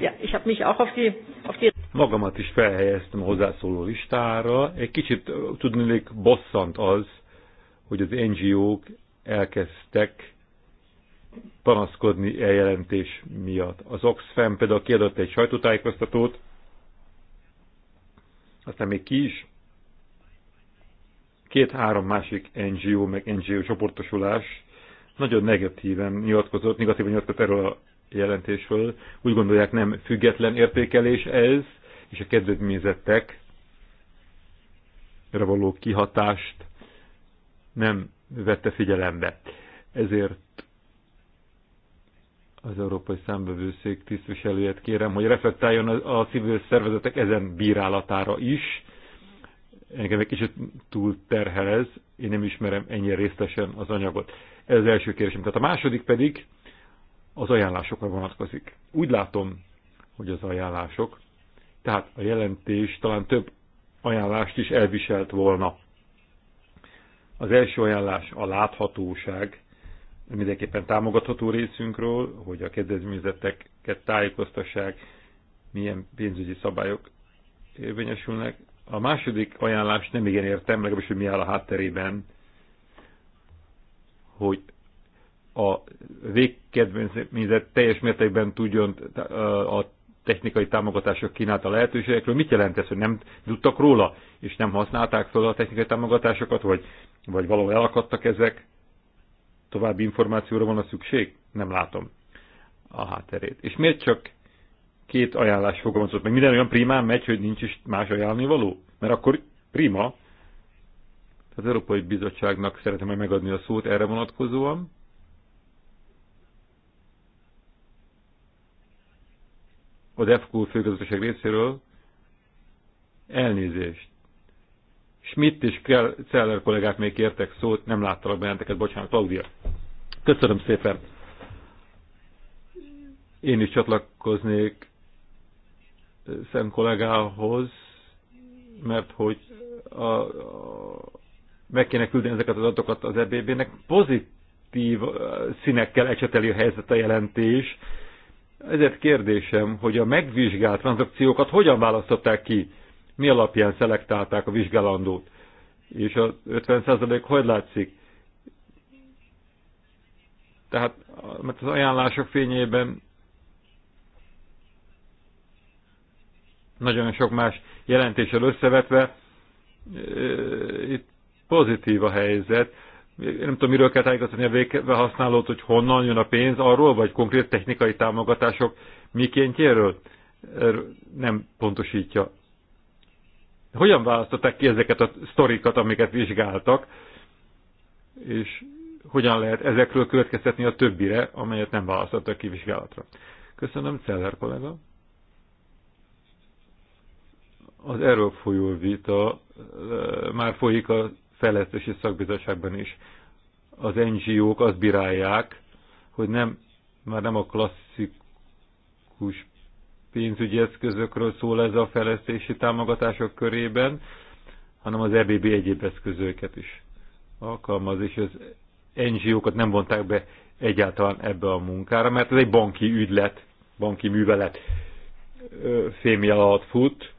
Ja, ich habe mich auf die, auf die Magamat is felhelyeztem a hozzászóló listára. Egy kicsit tudnék bosszant az, hogy az NGO-k elkezdtek panaszkodni eljelentés miatt. Az Oxfam például kiadott egy sajtótájékoztatót, aztán még ki is, két-három másik NGO, meg NGO csoportosulás nagyon negatíven nyilatkozott, negatívan nyilatkozott erről a jelentésről. Úgy gondolják, nem független értékelés ez, és a kedvezményezettek való kihatást nem vette figyelembe. Ezért az Európai Számbevőszék tisztviselőjét kérem, hogy reflektáljon a, a civil szervezetek ezen bírálatára is. Engem egy kicsit túl terhelez, én nem ismerem ennyire részletesen az anyagot. Ez az első kérdésem. Tehát a második pedig az ajánlásokra vonatkozik. Úgy látom, hogy az ajánlások, tehát a jelentés talán több ajánlást is elviselt volna. Az első ajánlás a láthatóság, mindenképpen támogatható részünkről, hogy a kedvezményezetteket tájékoztassák, milyen pénzügyi szabályok érvényesülnek. A második ajánlást nem igen értem, legalábbis, hogy mi áll a hátterében, hogy a végkedvezményezett teljes mértékben tudjon a technikai támogatások kínálta lehetőségekről. Mit jelent ez, hogy nem tudtak róla, és nem használták fel a technikai támogatásokat, vagy, vagy valahol elakadtak ezek? További információra van a szükség? Nem látom a hátterét. És miért csak két ajánlás fogalmazott meg? Minden olyan primán megy, hogy nincs is más ajánlni való? Mert akkor prima. Az Európai Bizottságnak szeretem megadni a szót erre vonatkozóan. A DEFCO főgazdaság részéről elnézést. Schmidt és Celler kollégák még kértek szót, nem láttalak benneteket, bocsánat, Claudia. Köszönöm szépen. Én is csatlakoznék szem kollégához, mert hogy a, a, meg kéne küldeni ezeket az adatokat az EBB-nek. Pozitív színekkel ecseteli a helyzet a jelentés. Ezért kérdésem, hogy a megvizsgált tranzakciókat hogyan választották ki? mi alapján szelektálták a vizsgálandót. És a 50% hogy látszik? Tehát mert az ajánlások fényében nagyon sok más jelentéssel összevetve itt pozitív a helyzet. Én nem tudom, miről kell tájékoztatni a használót, hogy honnan jön a pénz, arról, vagy konkrét technikai támogatások mikéntjéről nem pontosítja hogyan választották ki ezeket a sztorikat, amiket vizsgáltak, és hogyan lehet ezekről következtetni a többire, amelyet nem választottak ki vizsgálatra. Köszönöm, Celler kollega. Az erről folyó vita eh, már folyik a fejlesztési szakbizottságban is. Az NGO-k azt bírálják, hogy nem, már nem a klasszikus pénzügyi eszközökről szól ez a fejlesztési támogatások körében, hanem az EBB egyéb eszközöket is alkalmaz, és az NGO-kat nem vonták be egyáltalán ebbe a munkára, mert ez egy banki ügylet, banki művelet fémje alatt fut.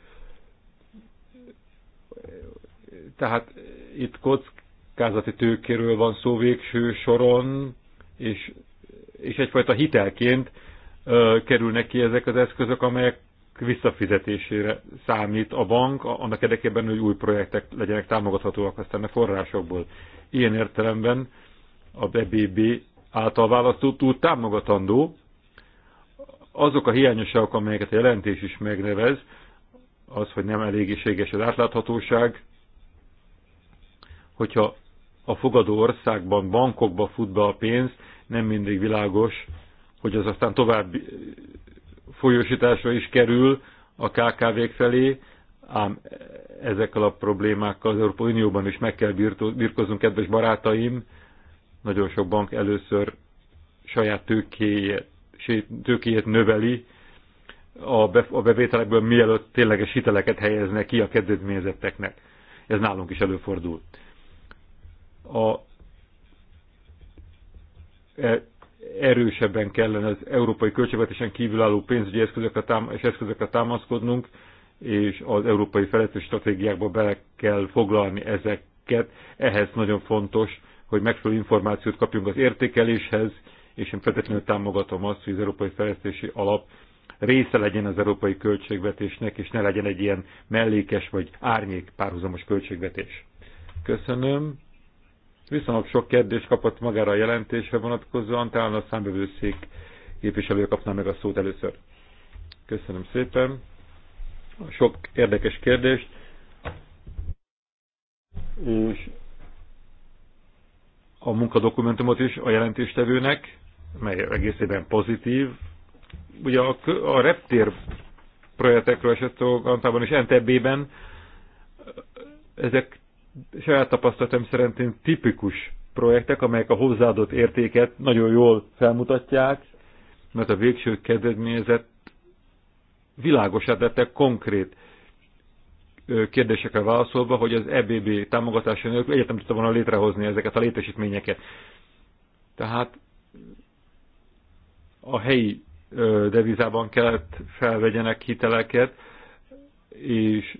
Tehát itt kockázati tőkéről van szó végső soron, és, és egyfajta hitelként kerülnek ki ezek az eszközök, amelyek visszafizetésére számít a bank, annak érdekében, hogy új projektek legyenek támogathatóak aztán a forrásokból. Ilyen értelemben a BBB által választott út támogatandó, azok a hiányosságok, amelyeket a jelentés is megnevez, az, hogy nem elégiséges az átláthatóság, hogyha a fogadó országban, bankokba fut be a pénz, nem mindig világos, hogy az aztán tovább folyósításra is kerül a KKV-k felé, ám ezekkel a problémákkal az Európai Unióban is meg kell birkoznunk, kedves barátaim. Nagyon sok bank először saját tőkéjét, tőkéjét növeli a bevételekből, mielőtt tényleges hiteleket helyeznek ki a kedvezményezetteknek. Ez nálunk is előfordul. A e, erősebben kellene az európai költségvetésen kívülálló pénzügyi eszközökre, tám és eszközökre támaszkodnunk, és az európai fejlesztő stratégiákba bele kell foglalni ezeket. Ehhez nagyon fontos, hogy megfelelő információt kapjunk az értékeléshez, és én feltétlenül támogatom azt, hogy az Európai Fejlesztési Alap része legyen az európai költségvetésnek, és ne legyen egy ilyen mellékes vagy árnyék párhuzamos költségvetés. Köszönöm. Viszonylag sok kérdés kapott magára a jelentésre vonatkozóan, talán a számbevőszék képviselő kapná meg a szót először. Köszönöm szépen. Sok érdekes kérdést. És a munkadokumentumot is a jelentéstevőnek, mely egészében pozitív. Ugye a, a reptér projektekről esett szó, Antában és NTB-ben ezek saját tapasztalatom szerint tipikus projektek, amelyek a hozzáadott értéket nagyon jól felmutatják, mert a végső kedvezményezett világosá tette konkrét kérdésekre válaszolva, hogy az EBB támogatása nélkül egyetem tudta volna létrehozni ezeket a létesítményeket. Tehát a helyi devizában kellett felvegyenek hiteleket, és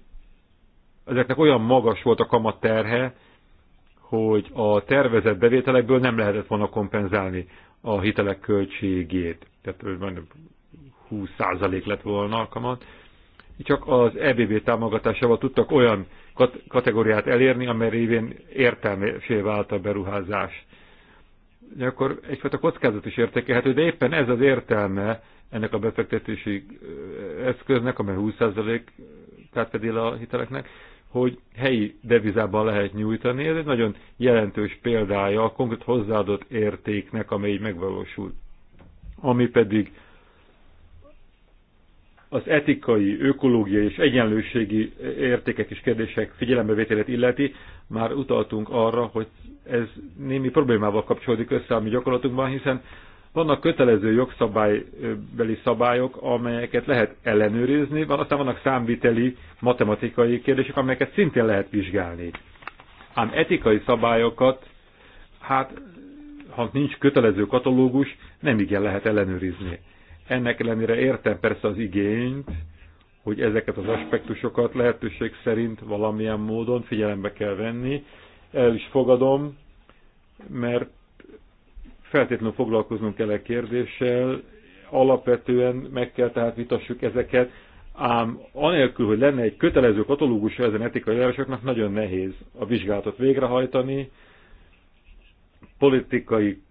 ezeknek olyan magas volt a kamat terhe, hogy a tervezett bevételekből nem lehetett volna kompenzálni a hitelek költségét. Tehát 20% lett volna a kamat. Csak az EBB támogatásával tudtak olyan kat- kategóriát elérni, amely révén értelmesé vált a beruházás. De akkor egyfajta kockázat is értékelhető, de éppen ez az értelme ennek a befektetési eszköznek, amely 20 tehát pedig a hiteleknek, hogy helyi devizában lehet nyújtani. Ez egy nagyon jelentős példája a konkrét hozzáadott értéknek, amely így megvalósul. Ami pedig az etikai, ökológiai és egyenlőségi értékek és kérdések figyelembevételét illeti, már utaltunk arra, hogy ez némi problémával kapcsolódik össze a mi gyakorlatunkban, hiszen vannak kötelező jogszabálybeli szabályok, amelyeket lehet ellenőrizni, van, aztán vannak számviteli, matematikai kérdések, amelyeket szintén lehet vizsgálni. Ám etikai szabályokat, hát ha nincs kötelező katalógus, nem igen lehet ellenőrizni. Ennek ellenére értem persze az igényt, hogy ezeket az aspektusokat lehetőség szerint valamilyen módon figyelembe kell venni. El is fogadom, mert feltétlenül foglalkoznunk kell a e kérdéssel, alapvetően meg kell tehát vitassuk ezeket, ám anélkül, hogy lenne egy kötelező katalógusa ezen etikai járásoknak, nagyon nehéz a vizsgálatot végrehajtani, politikai,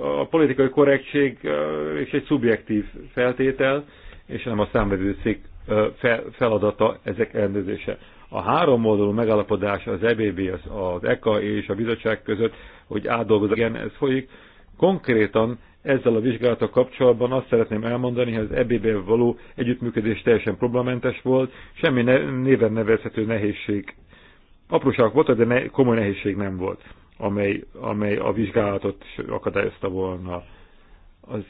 a politikai korrektség és egy szubjektív feltétel, és nem a számvevőszék feladata ezek elnőzése a három oldalú megalapodás az EBB, az, az ECA és a bizottság között, hogy átdolgozik. igen, ez folyik. Konkrétan ezzel a vizsgálattal kapcsolatban azt szeretném elmondani, hogy az EBB való együttműködés teljesen problémamentes volt, semmi néven nevezhető nehézség, apróság volt, de ne, komoly nehézség nem volt, amely, amely a vizsgálatot akadályozta volna. Az,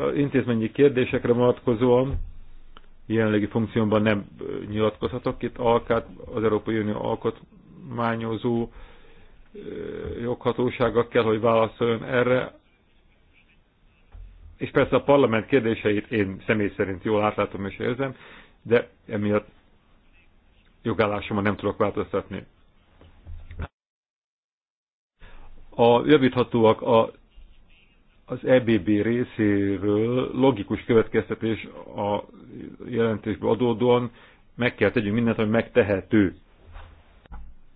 az intézményi kérdésekre vonatkozóan jelenlegi funkciómban nem nyilatkozhatok. Itt alkát az Európai Unió alkotmányozó joghatósága kell, hogy válaszoljon erre. És persze a parlament kérdéseit én személy szerint jól átlátom és érzem, de emiatt jogállásomat nem tudok változtatni. A javíthatóak a az EBB részéről logikus következtetés a jelentésből adódóan meg kell tegyünk mindent, ami megtehető.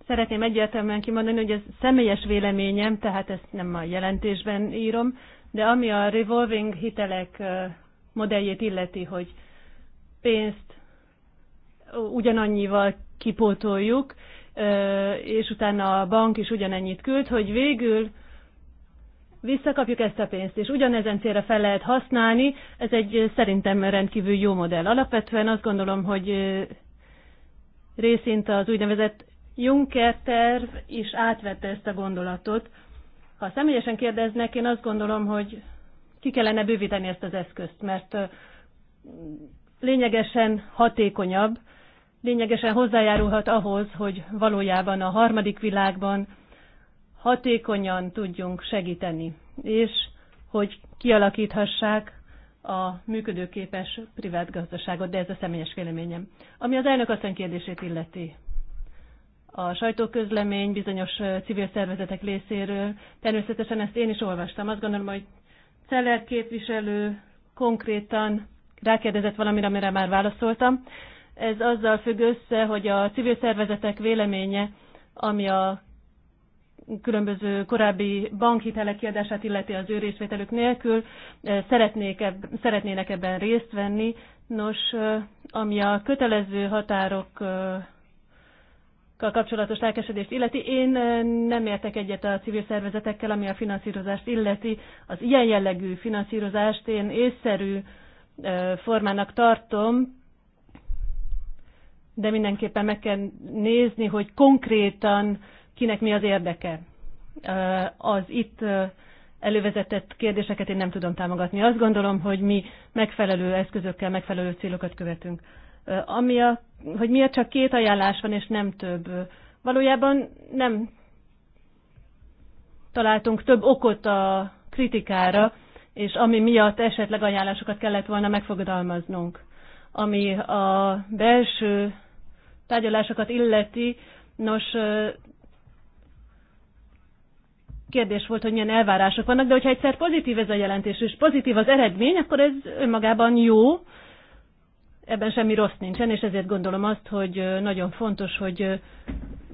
Szeretném egyértelműen kimondani, hogy ez személyes véleményem, tehát ezt nem a jelentésben írom, de ami a revolving hitelek modelljét illeti, hogy pénzt ugyanannyival kipótoljuk, és utána a bank is ugyanennyit küld, hogy végül visszakapjuk ezt a pénzt, és ugyanezen célra fel lehet használni, ez egy szerintem rendkívül jó modell. Alapvetően azt gondolom, hogy részint az úgynevezett Juncker terv is átvette ezt a gondolatot. Ha személyesen kérdeznek, én azt gondolom, hogy ki kellene bővíteni ezt az eszközt, mert lényegesen hatékonyabb, lényegesen hozzájárulhat ahhoz, hogy valójában a harmadik világban hatékonyan tudjunk segíteni, és hogy kialakíthassák a működőképes privát gazdaságot, de ez a személyes véleményem. Ami az elnök asszony kérdését illeti. A sajtóközlemény bizonyos civil szervezetek részéről, természetesen ezt én is olvastam. Azt gondolom, hogy Celler képviselő konkrétan rákérdezett valamire, amire már válaszoltam. Ez azzal függ össze, hogy a civil szervezetek véleménye, ami a különböző korábbi bankhitelek kiadását illeti az ő részvételük nélkül, eh, szeretnék eb- szeretnének ebben részt venni. Nos, eh, ami a kötelező határok eh, kapcsolatos lelkesedést illeti. Én nem értek egyet a civil szervezetekkel, ami a finanszírozást illeti. Az ilyen jellegű finanszírozást én észszerű formának tartom, de mindenképpen meg kell nézni, hogy konkrétan kinek mi az érdeke. Az itt elővezetett kérdéseket én nem tudom támogatni. Azt gondolom, hogy mi megfelelő eszközökkel megfelelő célokat követünk. Ami a, hogy miért csak két ajánlás van, és nem több. Valójában nem találtunk több okot a kritikára, és ami miatt esetleg ajánlásokat kellett volna megfogadalmaznunk. Ami a belső tárgyalásokat illeti, nos, kérdés volt, hogy milyen elvárások vannak, de hogyha egyszer pozitív ez a jelentés, és pozitív az eredmény, akkor ez önmagában jó, ebben semmi rossz nincsen, és ezért gondolom azt, hogy nagyon fontos, hogy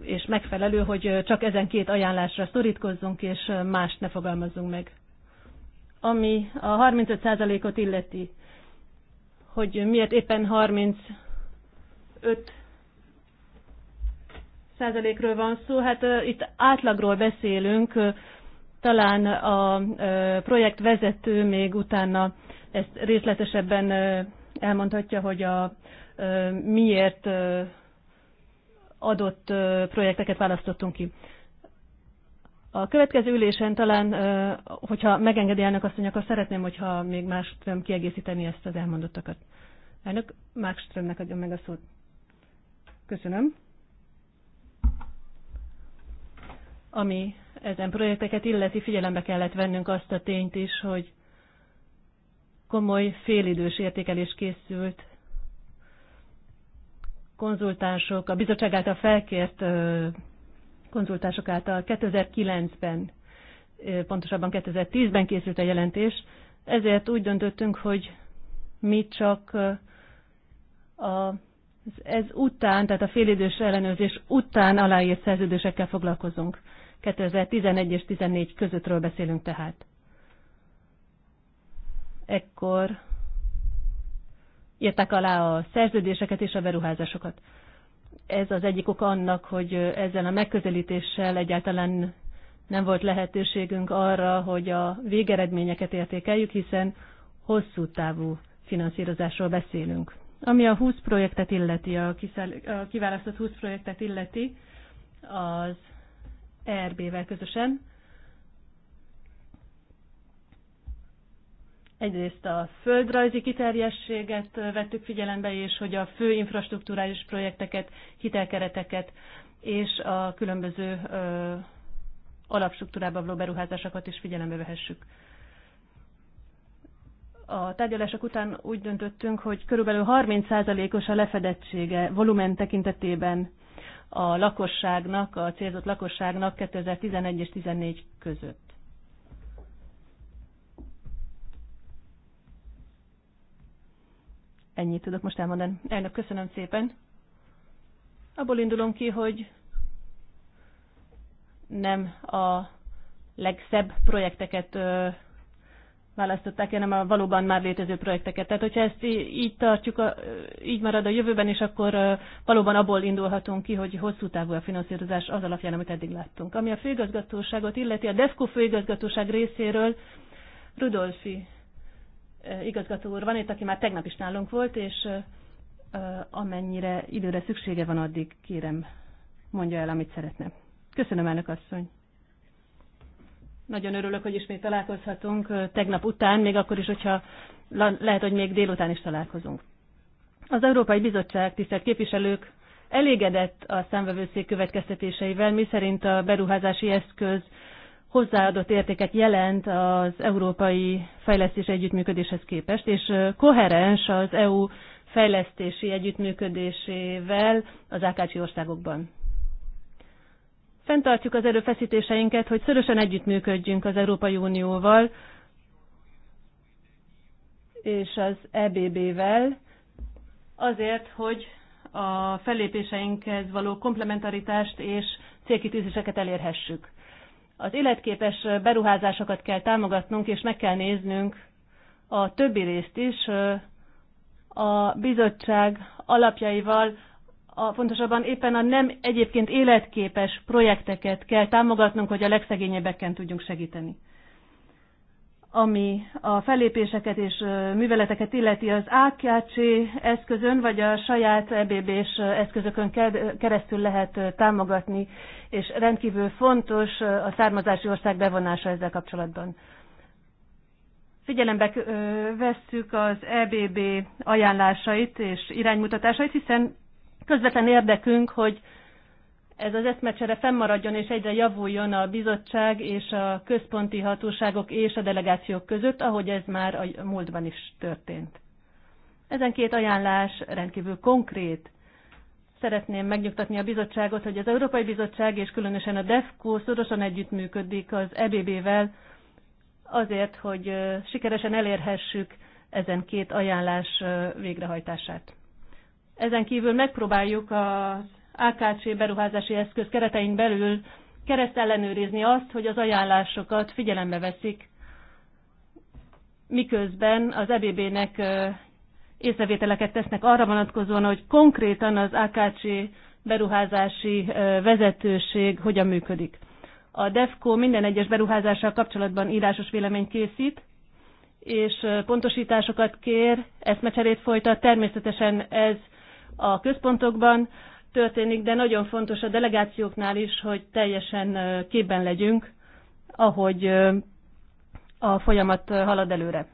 és megfelelő, hogy csak ezen két ajánlásra szorítkozzunk, és mást ne fogalmazzunk meg. Ami a 35%-ot illeti, hogy miért éppen 35 százalékről van szó, hát itt átlagról beszélünk, talán a projektvezető még utána ezt részletesebben elmondhatja, hogy a miért adott projekteket választottunk ki. A következő ülésen talán, hogyha megengedi elnök asszony, akkor szeretném, hogyha még Máström kiegészíteni ezt az elmondottakat. Elnök Máströmnek adjon meg a szót. Köszönöm. ami ezen projekteket illeti, figyelembe kellett vennünk azt a tényt is, hogy komoly félidős értékelés készült Konzultások, a bizottság által felkért konzultások által 2009-ben, pontosabban 2010-ben készült a jelentés, ezért úgy döntöttünk, hogy mi csak a, ez után, tehát a félidős ellenőrzés után aláírt szerződésekkel foglalkozunk. 2011 és 14 közöttről beszélünk tehát. Ekkor írták alá a szerződéseket és a beruházásokat. Ez az egyik ok annak, hogy ezzel a megközelítéssel egyáltalán nem volt lehetőségünk arra, hogy a végeredményeket értékeljük, hiszen hosszú távú finanszírozásról beszélünk. Ami a 20 projektet illeti, a, a kiválasztott 20 projektet illeti, az ERB-vel közösen. Egyrészt a földrajzi kiterjességet vettük figyelembe, és hogy a fő infrastruktúrális projekteket, hitelkereteket és a különböző ö, alapstruktúrába való beruházásokat is figyelembe vehessük. A tárgyalások után úgy döntöttünk, hogy körülbelül 30%-os a lefedettsége volumen tekintetében a lakosságnak, a célzott lakosságnak 2011 és 2014 között. Ennyit tudok most elmondani. Elnök, köszönöm szépen. Abból indulunk ki, hogy nem a legszebb projekteket választották, hanem a valóban már létező projekteket. Tehát, hogyha ezt így tartjuk, így marad a jövőben, és akkor valóban abból indulhatunk ki, hogy hosszú távú a finanszírozás az alapján, amit eddig láttunk. Ami a főigazgatóságot illeti, a DEFCO főigazgatóság részéről Rudolfi igazgató úr van itt, aki már tegnap is nálunk volt, és amennyire időre szüksége van, addig kérem, mondja el, amit szeretne. Köszönöm, elnök asszony. Nagyon örülök, hogy ismét találkozhatunk tegnap után, még akkor is, hogyha lehet, hogy még délután is találkozunk. Az Európai Bizottság, tisztelt képviselők, elégedett a számvevőszék következtetéseivel, miszerint a beruházási eszköz hozzáadott értéket jelent az európai fejlesztés együttműködéshez képest, és koherens az EU fejlesztési együttműködésével az ákácsi országokban. Fentartjuk az erőfeszítéseinket, hogy szorosan együttműködjünk az Európai Unióval és az EBB-vel azért, hogy a fellépéseinkhez való komplementaritást és célkitűzéseket elérhessük. Az életképes beruházásokat kell támogatnunk, és meg kell néznünk a többi részt is, a bizottság alapjaival a, pontosabban éppen a nem egyébként életképes projekteket kell támogatnunk, hogy a legszegényebbeken tudjunk segíteni. Ami a fellépéseket és műveleteket illeti az AKC eszközön, vagy a saját EBB-s eszközökön keresztül lehet támogatni, és rendkívül fontos a származási ország bevonása ezzel kapcsolatban. Figyelembe vesszük az EBB ajánlásait és iránymutatásait, hiszen közvetlen érdekünk, hogy ez az eszmecsere fennmaradjon és egyre javuljon a bizottság és a központi hatóságok és a delegációk között, ahogy ez már a múltban is történt. Ezen két ajánlás rendkívül konkrét. Szeretném megnyugtatni a bizottságot, hogy az Európai Bizottság és különösen a DEFCO szorosan együttműködik az EBB-vel azért, hogy sikeresen elérhessük ezen két ajánlás végrehajtását. Ezen kívül megpróbáljuk az AKC beruházási eszköz keretein belül kereszt ellenőrizni azt, hogy az ajánlásokat figyelembe veszik, miközben az EBB-nek észrevételeket tesznek arra vonatkozóan, hogy konkrétan az AKC beruházási vezetőség hogyan működik. A DEFCO minden egyes beruházással kapcsolatban írásos vélemény készít, és pontosításokat kér, eszmecserét folytat, természetesen ez a központokban történik, de nagyon fontos a delegációknál is, hogy teljesen képben legyünk, ahogy a folyamat halad előre.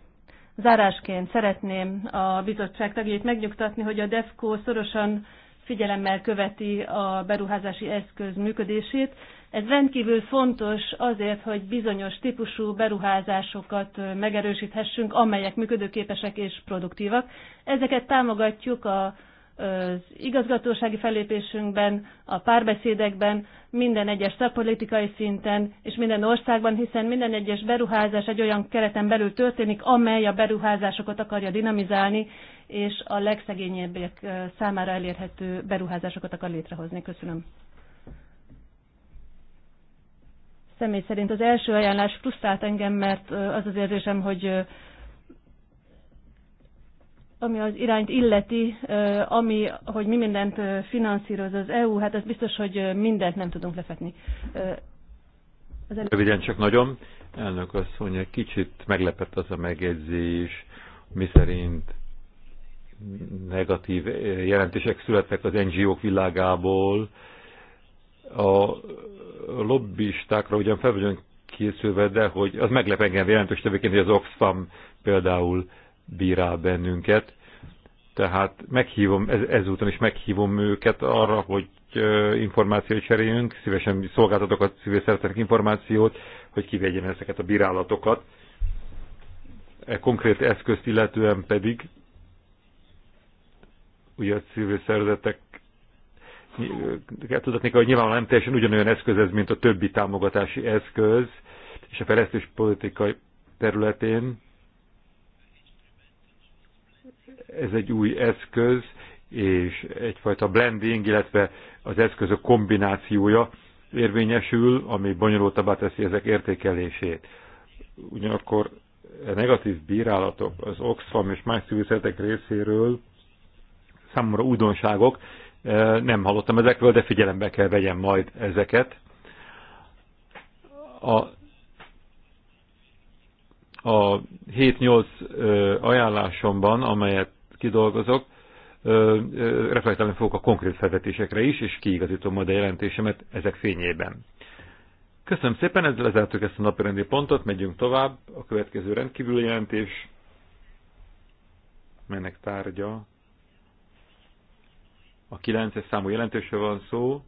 Zárásként szeretném a bizottság tagjait megnyugtatni, hogy a DEFCO szorosan figyelemmel követi a beruházási eszköz működését. Ez rendkívül fontos azért, hogy bizonyos típusú beruházásokat megerősíthessünk, amelyek működőképesek és produktívak. Ezeket támogatjuk a az igazgatósági fellépésünkben, a párbeszédekben, minden egyes szakpolitikai szinten és minden országban, hiszen minden egyes beruházás egy olyan kereten belül történik, amely a beruházásokat akarja dinamizálni, és a legszegényebbek számára elérhető beruházásokat akar létrehozni. Köszönöm. Személy szerint az első ajánlás frusztrált engem, mert az az érzésem, hogy ami az irányt illeti, ami, hogy mi mindent finanszíroz az EU, hát az biztos, hogy mindent nem tudunk lefetni. Röviden csak nagyon, elnök azt mondja, kicsit meglepett az a megjegyzés, mi szerint negatív jelentések születtek az NGO-k világából. A lobbistákra ugyan fel vagyunk készülve, de hogy az meglep engem jelentős tevékeny, hogy az Oxfam például bírál bennünket. Tehát meghívom, ez, ezúton is meghívom őket arra, hogy információt cseréljünk, szívesen szolgáltatok a civil szervezetek információt, hogy kivegyen ezeket a bírálatokat. E konkrét eszközt illetően pedig ugye a civil szervezetek kell tudatni, hogy nyilvánvalóan nem teljesen ugyanolyan eszköz ez, mint a többi támogatási eszköz, és a fejlesztés politikai területén Ez egy új eszköz, és egyfajta blending, illetve az eszközök kombinációja érvényesül, ami bonyolultabbá teszi ezek értékelését. Ugyanakkor a e negatív bírálatok az Oxfam és más szűzetek részéről számomra újdonságok, e, nem hallottam ezekről, de figyelembe kell vegyem majd ezeket. A, a 7-8 ajánlásomban, amelyet kidolgozok, reflektálni fogok a konkrét felvetésekre is, és kiigazítom majd a jelentésemet ezek fényében. Köszönöm szépen, ezzel lezártuk ezt a napirendi pontot, megyünk tovább. A következő rendkívül jelentés, melynek tárgya a 9-es számú jelentésről van szó,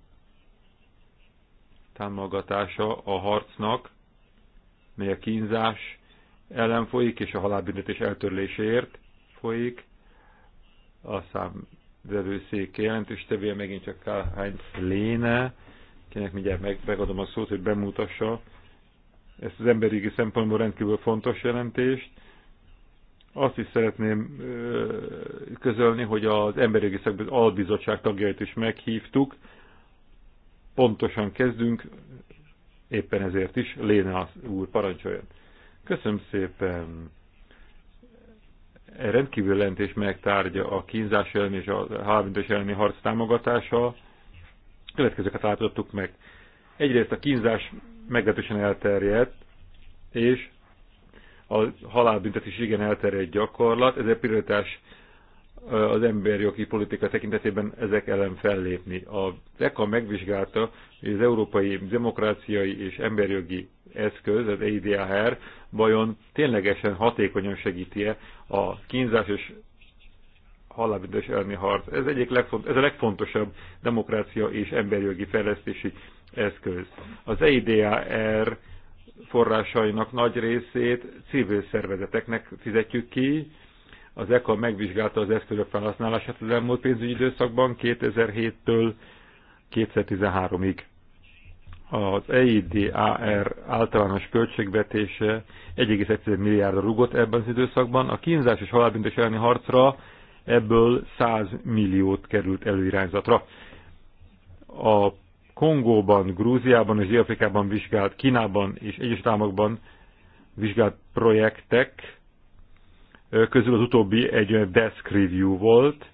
támogatása a harcnak, mely a kínzás ellen folyik, és a halálbüntetés eltörléséért folyik a számvevőszék jelentéstevője megint csak Karl-Heinz Léne, akinek mindjárt meg, megadom a szót, hogy bemutassa ezt az emberi szempontból rendkívül fontos jelentést. Azt is szeretném közölni, hogy az emberi albizottság tagjait is meghívtuk. Pontosan kezdünk, éppen ezért is Léne úr parancsoljon. Köszönöm szépen! rendkívül jelentés megtárgya a kínzás elleni és a halálbüntetés elleni harc támogatása. Következőket látottuk meg. Egyrészt a kínzás meglehetősen elterjedt, és a halálbüntetés igen elterjedt gyakorlat, ezért prioritás az emberjogi politika tekintetében ezek ellen fellépni. A ECA megvizsgálta, hogy az európai demokráciai és emberjogi eszköz, az EIDHR, vajon ténylegesen hatékonyan segíti-e a kínzás és halálbüntetés elmi harc. Ez, egyik legfont, ez a legfontosabb demokrácia és emberjogi fejlesztési eszköz. Az EIDAR forrásainak nagy részét civil szervezeteknek fizetjük ki. Az ECA megvizsgálta az eszközök felhasználását az elmúlt pénzügyi időszakban 2007-től 2013-ig az EIDAR általános költségvetése 1,1 milliárdra rugott ebben az időszakban, a kínzás és halálbüntés elleni harcra ebből 100 milliót került előirányzatra. A Kongóban, Grúziában és afrikában vizsgált, Kínában és Egyesült Államokban vizsgált projektek közül az utóbbi egy olyan desk review volt.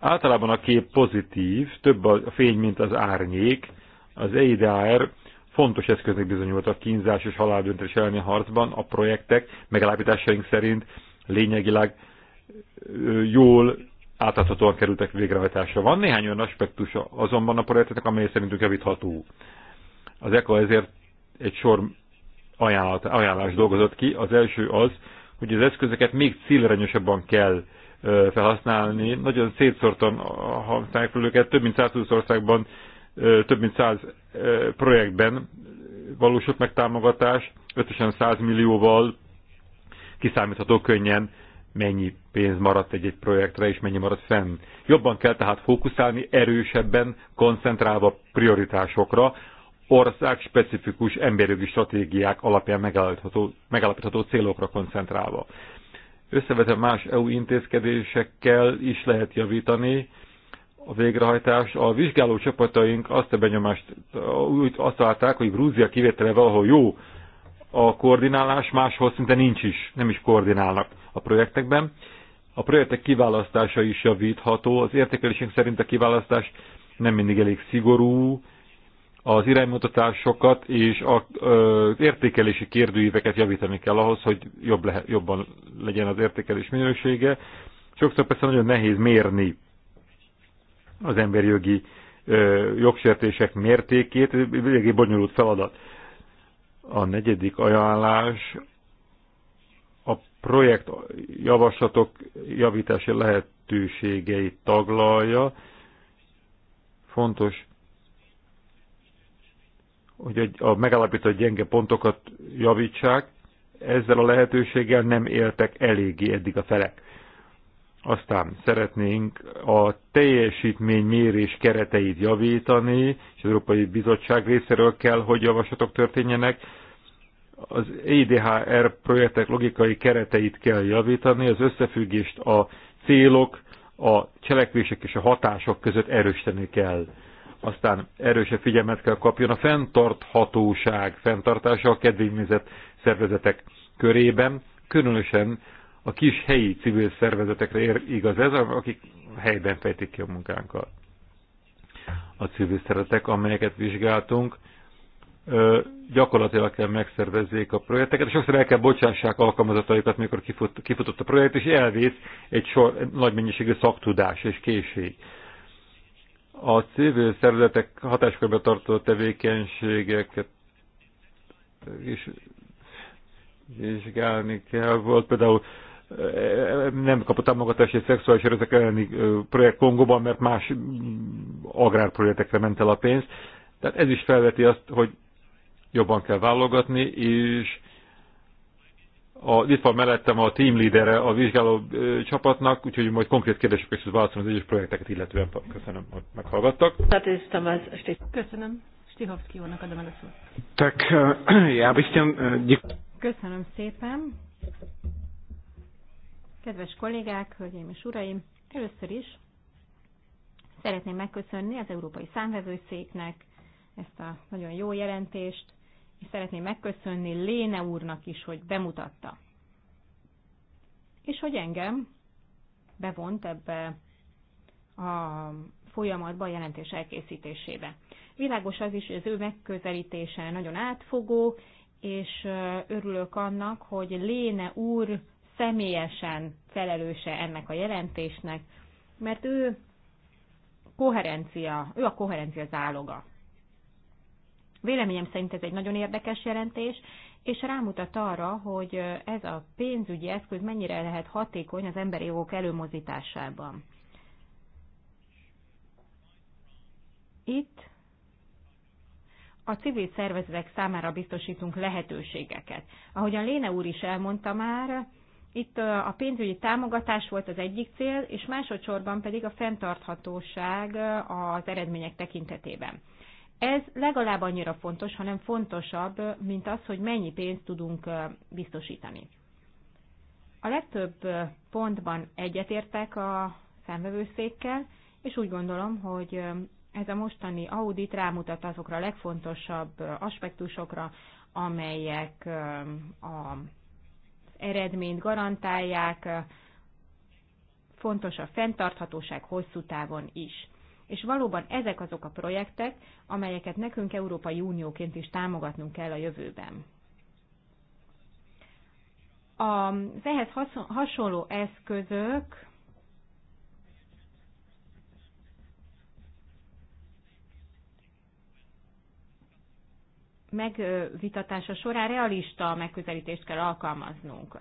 Általában a kép pozitív, több a fény, mint az árnyék, az EIDAR fontos eszköznek bizonyult a kínzás és haláldöntés elleni harcban, a projektek megállapításaink szerint lényegileg jól átláthatóan kerültek végrehajtásra. Van néhány olyan aspektus azonban a projekteknek, amely szerintünk javítható. Az ECO ezért egy sor ajánlat, ajánlás dolgozott ki. Az első az, hogy az eszközeket még célirányosabban kell felhasználni. Nagyon szétszórtan a őket, több mint 120 országban több mint 100 projektben valósult meg támogatás, ötösen 100 millióval kiszámítható könnyen, mennyi pénz maradt egy-egy projektre, és mennyi maradt fenn. Jobban kell tehát fókuszálni, erősebben, koncentrálva prioritásokra, ország-specifikus specifikus emberjogi stratégiák alapján megállapítható célokra koncentrálva. Összevetve más EU intézkedésekkel is lehet javítani, a végrehajtás. A vizsgáló csapataink azt a benyomást, úgy azt állták hogy Grúzia kivétele valahol jó a koordinálás, máshol szinte nincs is, nem is koordinálnak a projektekben. A projektek kiválasztása is javítható, az értékelésünk szerint a kiválasztás nem mindig elég szigorú, az iránymutatásokat és az értékelési kérdőíveket javítani kell ahhoz, hogy jobb lehet, jobban legyen az értékelés minősége. Sokszor persze nagyon nehéz mérni az ö, jogsértések mértékét, ez eléggé bonyolult feladat. A negyedik ajánlás a projekt javaslatok javítási lehetőségeit taglalja. Fontos, hogy a megállapított gyenge pontokat javítsák, ezzel a lehetőséggel nem éltek eléggé eddig a felek. Aztán szeretnénk a teljesítménymérés kereteit javítani, és az Európai Bizottság részéről kell, hogy javaslatok történjenek. Az EIDHR projektek logikai kereteit kell javítani, az összefüggést a célok, a cselekvések és a hatások között erősíteni kell. Aztán erősebb figyelmet kell kapjon a fenntarthatóság fenntartása a kedvényezett szervezetek körében, különösen a kis helyi civil szervezetekre ér, igaz ez, akik helyben fejtik ki a munkánkat. A civil szervezetek, amelyeket vizsgáltunk, gyakorlatilag kell megszervezzék a projekteket, és sokszor el kell bocsássák alkalmazataikat, mikor kifut, kifutott a projekt, és elvész egy sor egy nagy mennyiségű szaktudás és készség. A civil szervezetek hatáskörbe tartó tevékenységeket is vizsgálni kell. Volt például nem kapott támogatást egy szexuális erőszak elleni projekt Kongóban, mert más agrárprojektekre ment el a pénz. Tehát ez is felveti azt, hogy jobban kell válogatni, és a, itt van mellettem a team leadere a vizsgáló ö, csapatnak, úgyhogy majd konkrét kérdésekre is válaszolom az egyes projekteket illetően. Köszönöm, hogy meghallgattak. Köszönöm. Stihovszki úrnak adom el a szót. Tak, já bych chtěl... Köszönöm szépen. Kedves kollégák, hölgyeim és uraim, először is szeretném megköszönni az Európai Számvevőszéknek ezt a nagyon jó jelentést, és szeretném megköszönni Léne úrnak is, hogy bemutatta. És hogy engem bevont ebbe a folyamatba, a jelentés elkészítésébe. Világos az is, hogy az ő megközelítése nagyon átfogó, és örülök annak, hogy Léne úr személyesen felelőse ennek a jelentésnek, mert ő koherencia, ő a koherencia záloga. Véleményem szerint ez egy nagyon érdekes jelentés, és rámutat arra, hogy ez a pénzügyi eszköz mennyire lehet hatékony az emberi jogok előmozításában. Itt a civil szervezetek számára biztosítunk lehetőségeket. Ahogyan Léne úr is elmondta már, itt a pénzügyi támogatás volt az egyik cél, és másodszorban pedig a fenntarthatóság az eredmények tekintetében. Ez legalább annyira fontos, hanem fontosabb, mint az, hogy mennyi pénzt tudunk biztosítani. A legtöbb pontban egyetértek a számvevőszékkel, és úgy gondolom, hogy ez a mostani audit rámutat azokra a legfontosabb aspektusokra, amelyek a eredményt garantálják, fontos a fenntarthatóság hosszú távon is. És valóban ezek azok a projektek, amelyeket nekünk Európai Unióként is támogatnunk kell a jövőben. Az ehhez hasonló eszközök megvitatása során realista megközelítést kell alkalmaznunk.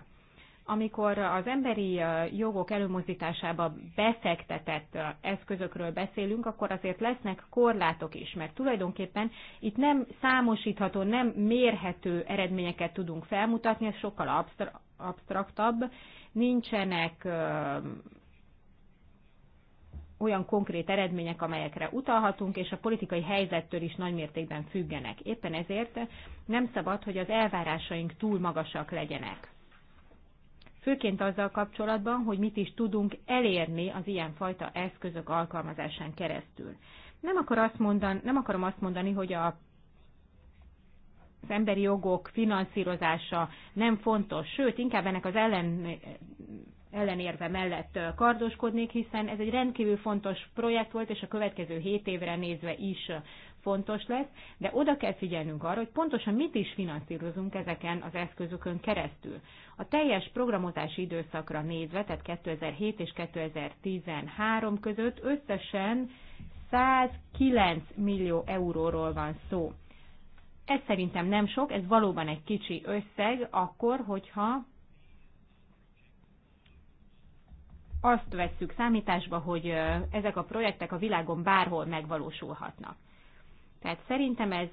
Amikor az emberi jogok előmozdításába befektetett eszközökről beszélünk, akkor azért lesznek korlátok is, mert tulajdonképpen itt nem számosítható, nem mérhető eredményeket tudunk felmutatni, ez sokkal absztraktabb, nincsenek olyan konkrét eredmények, amelyekre utalhatunk, és a politikai helyzettől is nagymértékben függenek. Éppen ezért nem szabad, hogy az elvárásaink túl magasak legyenek. Főként azzal kapcsolatban, hogy mit is tudunk elérni az ilyenfajta eszközök alkalmazásán keresztül. Nem, akar azt mondani, nem akarom azt mondani, hogy a az emberi jogok finanszírozása nem fontos, sőt, inkább ennek az ellen ellenérve mellett kardoskodnék, hiszen ez egy rendkívül fontos projekt volt, és a következő 7 évre nézve is fontos lesz, de oda kell figyelnünk arra, hogy pontosan mit is finanszírozunk ezeken az eszközökön keresztül. A teljes programozási időszakra nézve, tehát 2007 és 2013 között összesen 109 millió euróról van szó. Ez szerintem nem sok, ez valóban egy kicsi összeg, akkor, hogyha azt vesszük számításba, hogy ezek a projektek a világon bárhol megvalósulhatnak. Tehát szerintem ez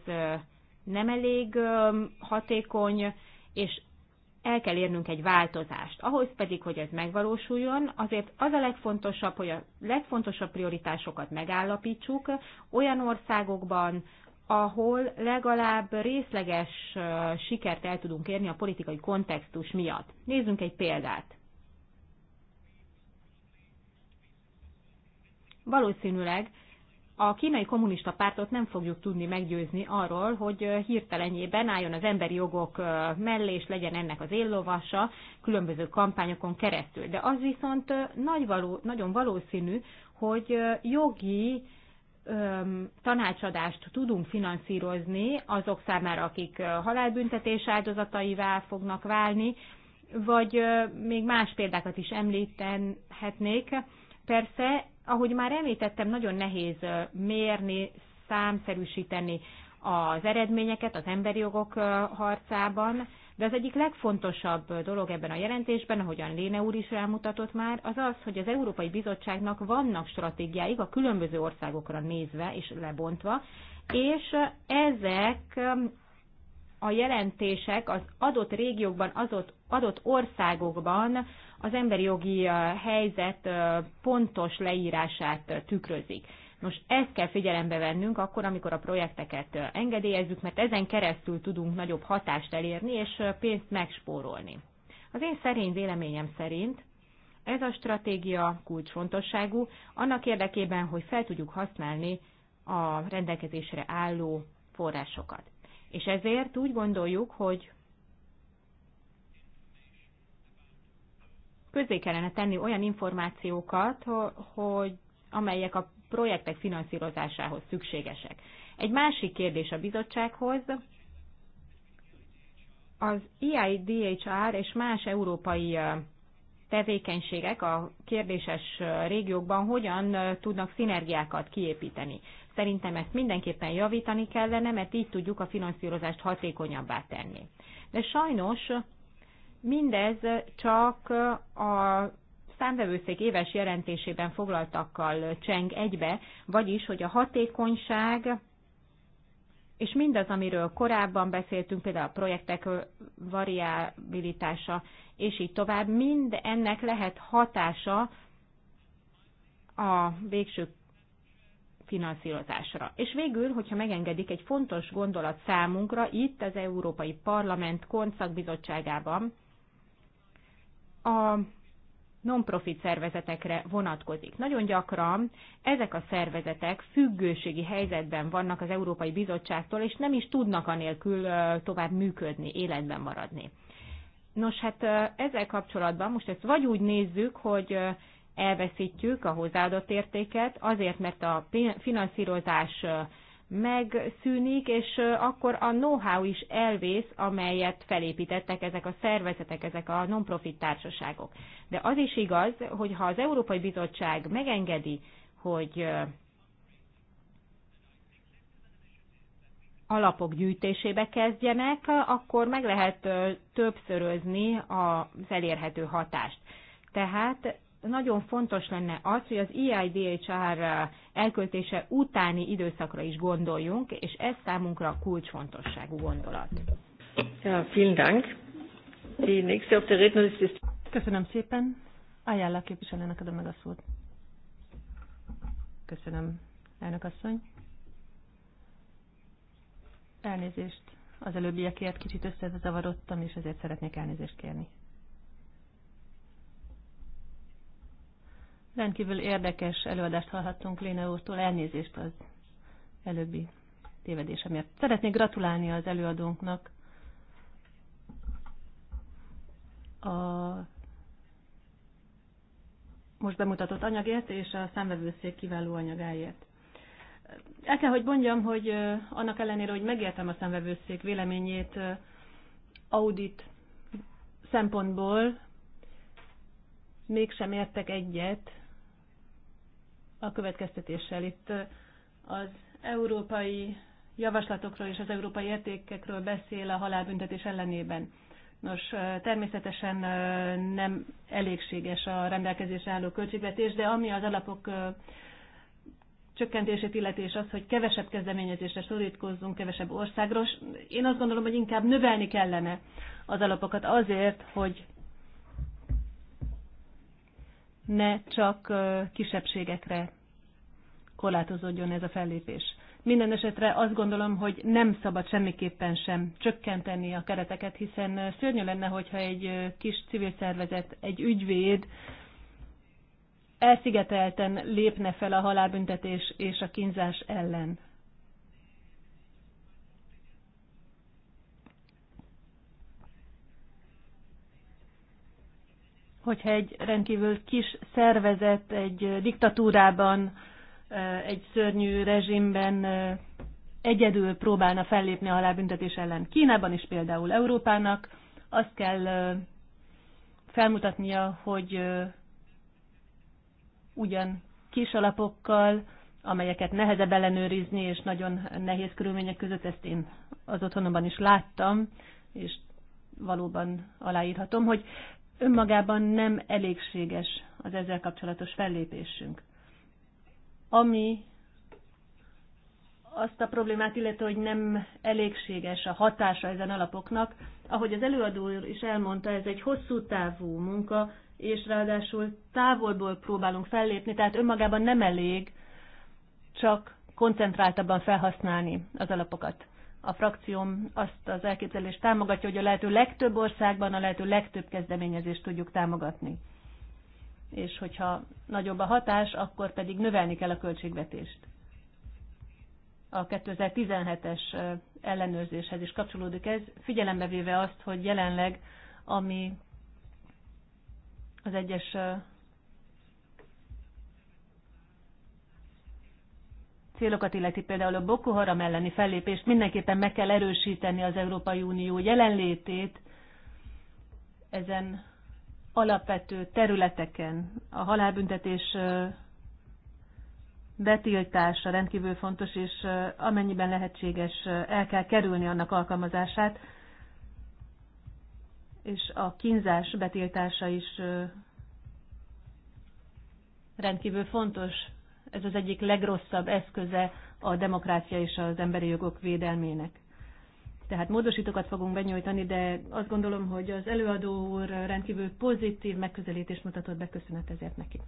nem elég hatékony, és el kell érnünk egy változást. Ahhoz pedig, hogy ez megvalósuljon, azért az a legfontosabb, hogy a legfontosabb prioritásokat megállapítsuk olyan országokban, ahol legalább részleges sikert el tudunk érni a politikai kontextus miatt. Nézzünk egy példát. valószínűleg a kínai kommunista pártot nem fogjuk tudni meggyőzni arról, hogy hirtelenjében álljon az emberi jogok mellé, és legyen ennek az éllovasa különböző kampányokon keresztül. De az viszont nagy való, nagyon valószínű, hogy jogi tanácsadást tudunk finanszírozni azok számára, akik halálbüntetés áldozataivá fognak válni, vagy még más példákat is említenhetnék. Persze ahogy már említettem, nagyon nehéz mérni, számszerűsíteni az eredményeket az emberi jogok harcában, de az egyik legfontosabb dolog ebben a jelentésben, ahogyan Léne úr is elmutatott már, az az, hogy az Európai Bizottságnak vannak stratégiáik a különböző országokra nézve és lebontva, és ezek a jelentések az adott régiókban, az adott országokban az emberi jogi helyzet pontos leírását tükrözik. Nos, ezt kell figyelembe vennünk akkor, amikor a projekteket engedélyezzük, mert ezen keresztül tudunk nagyobb hatást elérni és pénzt megspórolni. Az én szerény véleményem szerint ez a stratégia kulcsfontosságú, annak érdekében, hogy fel tudjuk használni a rendelkezésre álló forrásokat. És ezért úgy gondoljuk, hogy közé kellene tenni olyan információkat, hogy amelyek a projektek finanszírozásához szükségesek. Egy másik kérdés a bizottsághoz. Az EIDHR és más európai tevékenységek a kérdéses régiókban hogyan tudnak szinergiákat kiépíteni. Szerintem ezt mindenképpen javítani kellene, mert így tudjuk a finanszírozást hatékonyabbá tenni. De sajnos Mindez csak a számvevőszék éves jelentésében foglaltakkal cseng egybe, vagyis, hogy a hatékonyság és mindaz, amiről korábban beszéltünk, például a projektek variabilitása, és így tovább, mind ennek lehet hatása a végső finanszírozásra. És végül, hogyha megengedik, egy fontos gondolat számunkra itt az Európai Parlament Kontszakbizottságában, a non-profit szervezetekre vonatkozik. Nagyon gyakran ezek a szervezetek függőségi helyzetben vannak az Európai Bizottságtól, és nem is tudnak anélkül tovább működni, életben maradni. Nos, hát ezzel kapcsolatban most ezt vagy úgy nézzük, hogy elveszítjük a hozzáadott értéket, azért, mert a finanszírozás megszűnik, és akkor a know-how is elvész, amelyet felépítettek ezek a szervezetek, ezek a non-profit társaságok. De az is igaz, hogy ha az Európai Bizottság megengedi, hogy alapok gyűjtésébe kezdjenek, akkor meg lehet többszörözni az elérhető hatást. Tehát nagyon fontos lenne az, hogy az EIDHR elköltése utáni időszakra is gondoljunk, és ez számunkra a kulcsfontosságú gondolat. Ja, vielen Dank. Die nächste auf der Köszönöm szépen. Ajánlá képviselőnek adom meg a szót. Köszönöm, elnök asszony. Elnézést. Az előbbiekért kicsit összezavarodtam, és ezért szeretnék elnézést kérni. Rendkívül érdekes előadást hallhattunk Léna úrtól, elnézést az előbbi tévedése miatt. Szeretnék gratulálni az előadónknak a most bemutatott anyagért és a számvevőszék kiváló anyagáért. El kell, hogy mondjam, hogy annak ellenére, hogy megértem a számvevőszék véleményét audit szempontból, mégsem értek egyet a következtetéssel. Itt az európai javaslatokról és az európai értékekről beszél a halálbüntetés ellenében. Nos, természetesen nem elégséges a rendelkezésre álló költségvetés, de ami az alapok csökkentését illeti, és az, hogy kevesebb kezdeményezésre szorítkozzunk, kevesebb országról. Én azt gondolom, hogy inkább növelni kellene az alapokat azért, hogy ne csak kisebbségekre korlátozódjon ez a fellépés. Minden esetre azt gondolom, hogy nem szabad semmiképpen sem csökkenteni a kereteket, hiszen szörnyű lenne, hogyha egy kis civil szervezet, egy ügyvéd elszigetelten lépne fel a halálbüntetés és a kínzás ellen. hogyha egy rendkívül kis szervezet egy diktatúrában, egy szörnyű rezsimben egyedül próbálna fellépni a halálbüntetés ellen. Kínában is például Európának azt kell felmutatnia, hogy ugyan kis alapokkal, amelyeket nehezebb ellenőrizni, és nagyon nehéz körülmények között, ezt én az otthonomban is láttam, és valóban aláírhatom, hogy önmagában nem elégséges az ezzel kapcsolatos fellépésünk. Ami azt a problémát illető, hogy nem elégséges a hatása ezen alapoknak. Ahogy az előadó is elmondta, ez egy hosszú távú munka, és ráadásul távolból próbálunk fellépni, tehát önmagában nem elég csak koncentráltabban felhasználni az alapokat a frakcióm azt az elképzelést támogatja, hogy a lehető legtöbb országban a lehető legtöbb kezdeményezést tudjuk támogatni. És hogyha nagyobb a hatás, akkor pedig növelni kell a költségvetést. A 2017-es ellenőrzéshez is kapcsolódik ez, figyelembe véve azt, hogy jelenleg, ami az egyes célokat illeti például a Boko Haram elleni fellépést, mindenképpen meg kell erősíteni az Európai Unió jelenlétét ezen alapvető területeken. A halálbüntetés betiltása rendkívül fontos, és amennyiben lehetséges, el kell kerülni annak alkalmazását, és a kínzás betiltása is rendkívül fontos ez az egyik legrosszabb eszköze a demokrácia és az emberi jogok védelmének. Tehát módosítókat fogunk benyújtani, de azt gondolom, hogy az előadó úr rendkívül pozitív megközelítést mutatott be, köszönet ezért neki.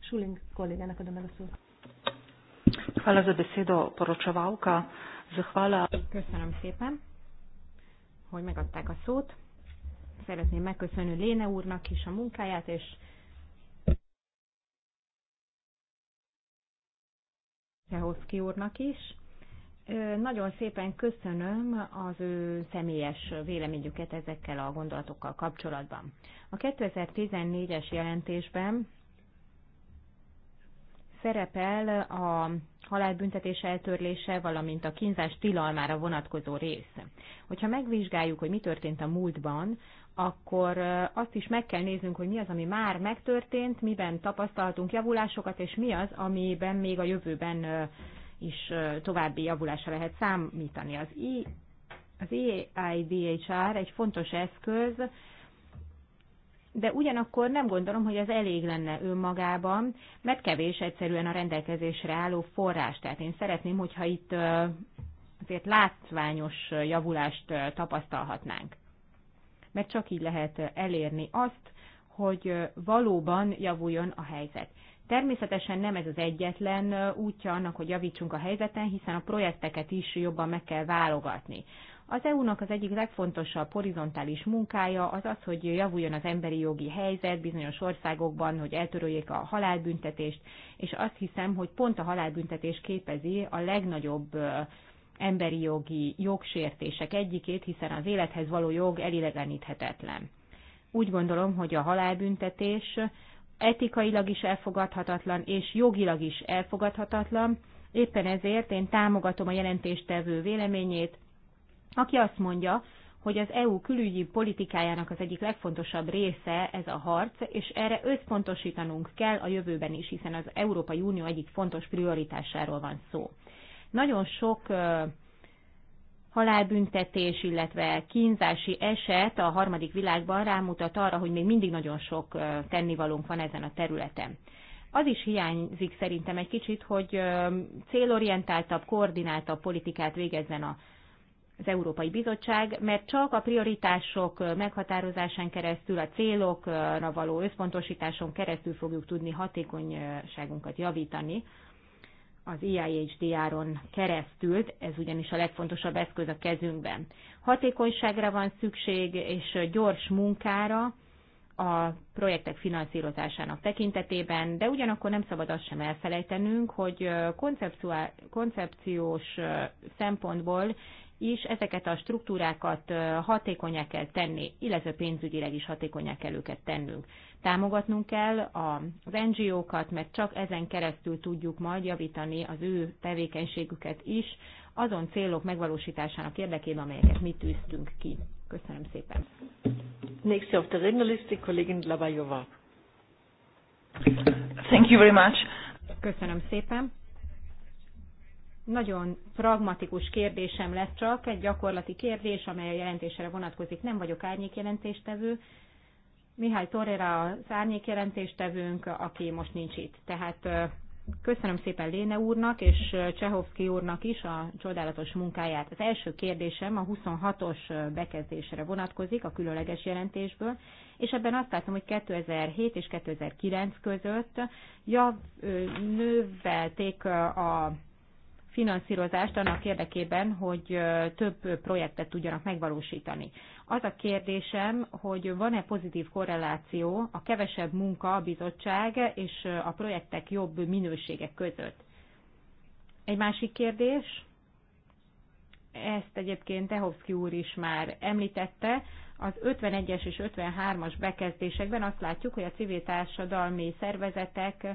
Schuling kollégának adom meg a szót. Hvala za besedo, poročevalka. Zahvala. Köszönöm szépen, hogy megadták a szót. Szeretném megköszönni Léne úrnak is a munkáját, és Csehoszki úrnak is. Nagyon szépen köszönöm az ő személyes véleményüket ezekkel a gondolatokkal kapcsolatban. A 2014-es jelentésben szerepel a halálbüntetés eltörlése, valamint a kínzás tilalmára vonatkozó rész. Hogyha megvizsgáljuk, hogy mi történt a múltban, akkor azt is meg kell néznünk, hogy mi az, ami már megtörtént, miben tapasztalhatunk javulásokat, és mi az, amiben még a jövőben is további javulásra lehet számítani. Az, I, az EIDHR egy fontos eszköz, de ugyanakkor nem gondolom, hogy ez elég lenne önmagában, mert kevés egyszerűen a rendelkezésre álló forrás. Tehát én szeretném, hogyha itt azért látványos javulást tapasztalhatnánk mert csak így lehet elérni azt, hogy valóban javuljon a helyzet. Természetesen nem ez az egyetlen útja annak, hogy javítsunk a helyzeten, hiszen a projekteket is jobban meg kell válogatni. Az EU-nak az egyik legfontosabb horizontális munkája az az, hogy javuljon az emberi jogi helyzet bizonyos országokban, hogy eltöröljék a halálbüntetést, és azt hiszem, hogy pont a halálbüntetés képezi a legnagyobb emberi jogi jogsértések egyikét, hiszen az élethez való jog elidegeníthetetlen. Úgy gondolom, hogy a halálbüntetés etikailag is elfogadhatatlan, és jogilag is elfogadhatatlan, éppen ezért én támogatom a jelentéstevő véleményét, aki azt mondja, hogy az EU külügyi politikájának az egyik legfontosabb része ez a harc, és erre összpontosítanunk kell a jövőben is, hiszen az Európai Unió egyik fontos prioritásáról van szó. Nagyon sok halálbüntetés, illetve kínzási eset a harmadik világban rámutat arra, hogy még mindig nagyon sok tennivalónk van ezen a területen. Az is hiányzik szerintem egy kicsit, hogy célorientáltabb, koordináltabb politikát végezzen a az Európai Bizottság, mert csak a prioritások meghatározásán keresztül, a célokra való összpontosításon keresztül fogjuk tudni hatékonyságunkat javítani az EIHDR-on keresztül, ez ugyanis a legfontosabb eszköz a kezünkben. Hatékonyságra van szükség, és gyors munkára a projektek finanszírozásának tekintetében, de ugyanakkor nem szabad azt sem elfelejtenünk, hogy koncepciós szempontból is ezeket a struktúrákat hatékonyá kell tenni, illetve pénzügyileg is hatékonyá kell őket tennünk. Támogatnunk kell az NGO-kat, mert csak ezen keresztül tudjuk majd javítani az ő tevékenységüket is, azon célok megvalósításának érdekében, amelyeket mi tűztünk ki. Köszönöm szépen. Nächste auf der Rednerliste, Kollegin Labajova. Thank you very much. Köszönöm szépen. Nagyon pragmatikus kérdésem lesz csak, egy gyakorlati kérdés, amely a jelentésre vonatkozik. Nem vagyok árnyékjelentéstevő. Mihály Torrera az árnyékjelentéstevőnk, aki most nincs itt. Tehát köszönöm szépen Léne úrnak és Csehovszki úrnak is a csodálatos munkáját. Az első kérdésem a 26-os bekezdésre vonatkozik a különleges jelentésből, és ebben azt látom, hogy 2007 és 2009 között jav, nővelték a finanszírozást annak érdekében, hogy több projektet tudjanak megvalósítani. Az a kérdésem, hogy van-e pozitív korreláció a kevesebb munka a bizottság és a projektek jobb minősége között? Egy másik kérdés, ezt egyébként Tehovszki úr is már említette, az 51-es és 53-as bekezdésekben azt látjuk, hogy a civil társadalmi szervezetek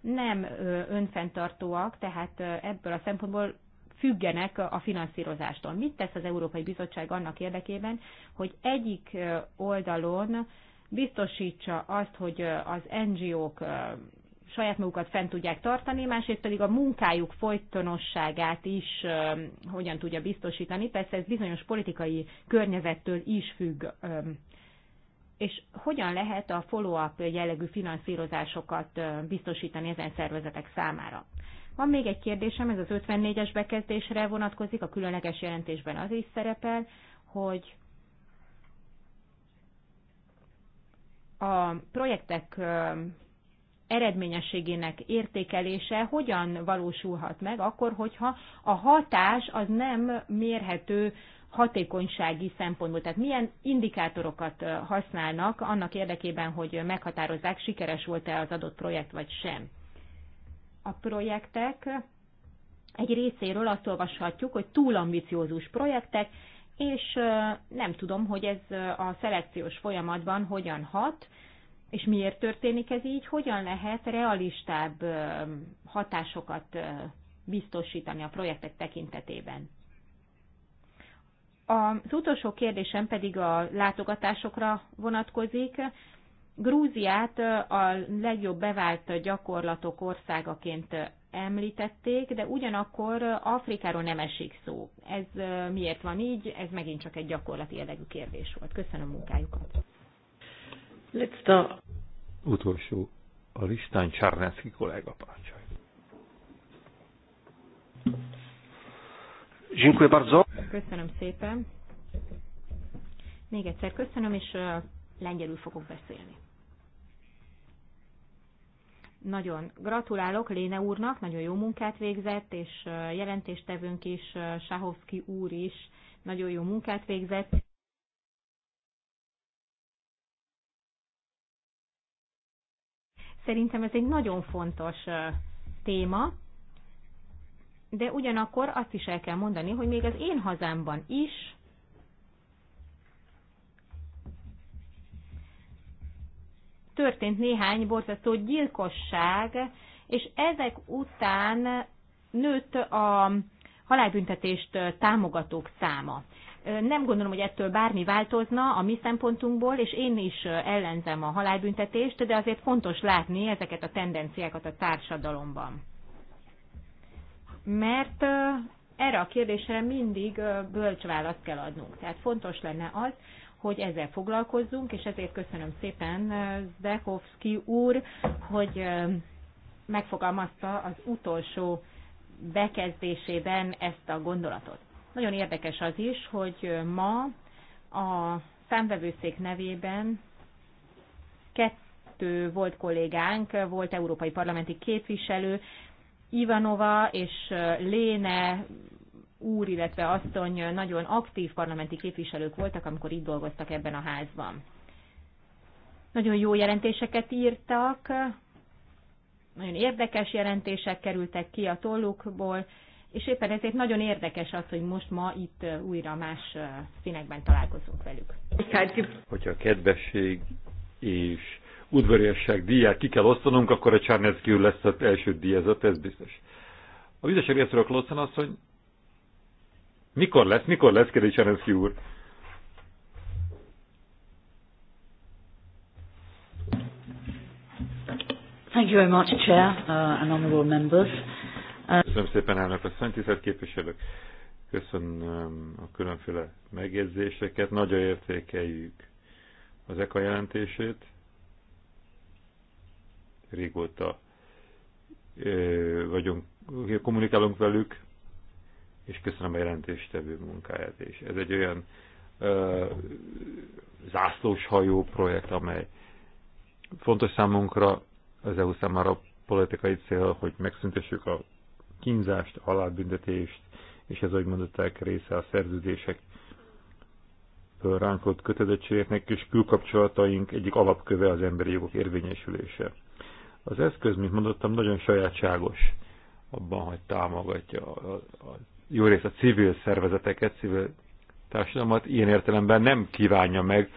nem önfenntartóak, tehát ebből a szempontból függenek a finanszírozástól. Mit tesz az Európai Bizottság annak érdekében, hogy egyik oldalon biztosítsa azt, hogy az NGO-k saját magukat fent tudják tartani, másrészt pedig a munkájuk folytonosságát is hogyan tudja biztosítani. Persze ez bizonyos politikai környezettől is függ és hogyan lehet a follow-up jellegű finanszírozásokat biztosítani ezen szervezetek számára. Van még egy kérdésem, ez az 54-es bekezdésre vonatkozik, a különleges jelentésben az is szerepel, hogy a projektek eredményességének értékelése hogyan valósulhat meg akkor, hogyha a hatás az nem mérhető hatékonysági szempontból, tehát milyen indikátorokat használnak annak érdekében, hogy meghatározzák, sikeres volt-e az adott projekt vagy sem. A projektek egy részéről azt olvashatjuk, hogy túl ambiciózus projektek, és nem tudom, hogy ez a szelekciós folyamatban hogyan hat, és miért történik ez így, hogyan lehet realistább hatásokat biztosítani a projektek tekintetében. Az utolsó kérdésem pedig a látogatásokra vonatkozik. Grúziát a legjobb bevált gyakorlatok országaként említették, de ugyanakkor Afrikáról nem esik szó. Ez miért van így? Ez megint csak egy gyakorlati jellegű kérdés volt. Köszönöm a munkájukat. Let's start. Utolsó a listán Csárnánszki kolléga parancsolja. Dziękuję bardzo. Köszönöm szépen. Még egyszer köszönöm, és lengyelül fogok beszélni. Nagyon gratulálok Léne úrnak, nagyon jó munkát végzett, és jelentéstevőnk is, Sahovszki úr is nagyon jó munkát végzett. Szerintem ez egy nagyon fontos téma, de ugyanakkor azt is el kell mondani, hogy még az én hazámban is történt néhány borzasztó gyilkosság, és ezek után nőtt a halálbüntetést támogatók száma. Nem gondolom, hogy ettől bármi változna a mi szempontunkból, és én is ellenzem a halálbüntetést, de azért fontos látni ezeket a tendenciákat a társadalomban mert erre a kérdésre mindig bölcs választ kell adnunk. Tehát fontos lenne az, hogy ezzel foglalkozzunk, és ezért köszönöm szépen Zdekovszki úr, hogy megfogalmazta az utolsó bekezdésében ezt a gondolatot. Nagyon érdekes az is, hogy ma a számvevőszék nevében kettő volt kollégánk, volt európai parlamenti képviselő, Ivanova és Léne úr, illetve asszony nagyon aktív parlamenti képviselők voltak, amikor itt dolgoztak ebben a házban. Nagyon jó jelentéseket írtak, nagyon érdekes jelentések kerültek ki a tollukból, és éppen ezért nagyon érdekes az, hogy most ma itt újra más színekben találkozunk velük. Hogyha a kedvesség és udvariasság díját ki kell osztanunk, akkor a Csárnecki úr lesz az első díjazat, ez biztos. A bizottság részéről Klotzen azt, hogy mikor lesz, mikor lesz, kérdés Csárnecki úr. Thank you very much, Chair uh, and honorable members. Uh... Köszönöm szépen, elnök a tisztelt képviselők. Köszönöm a különféle megjegyzéseket, nagyon értékeljük az EKA jelentését régóta vagyunk, kommunikálunk velük, és köszönöm a jelentéstevő munkáját is. Ez egy olyan ö, zászlós hajó projekt, amely fontos számunkra, az EU számára politikai cél, hogy megszüntessük a kínzást, a halálbüntetést, és ez, ahogy mondották, része a szerződések ránkolt kötelezettségeknek és külkapcsolataink egyik alapköve az emberi jogok érvényesülése. Az eszköz, mint mondottam, nagyon sajátságos abban, hogy támogatja a, a, jó rész a civil szervezeteket, civil társadalmat, ilyen értelemben nem kívánja meg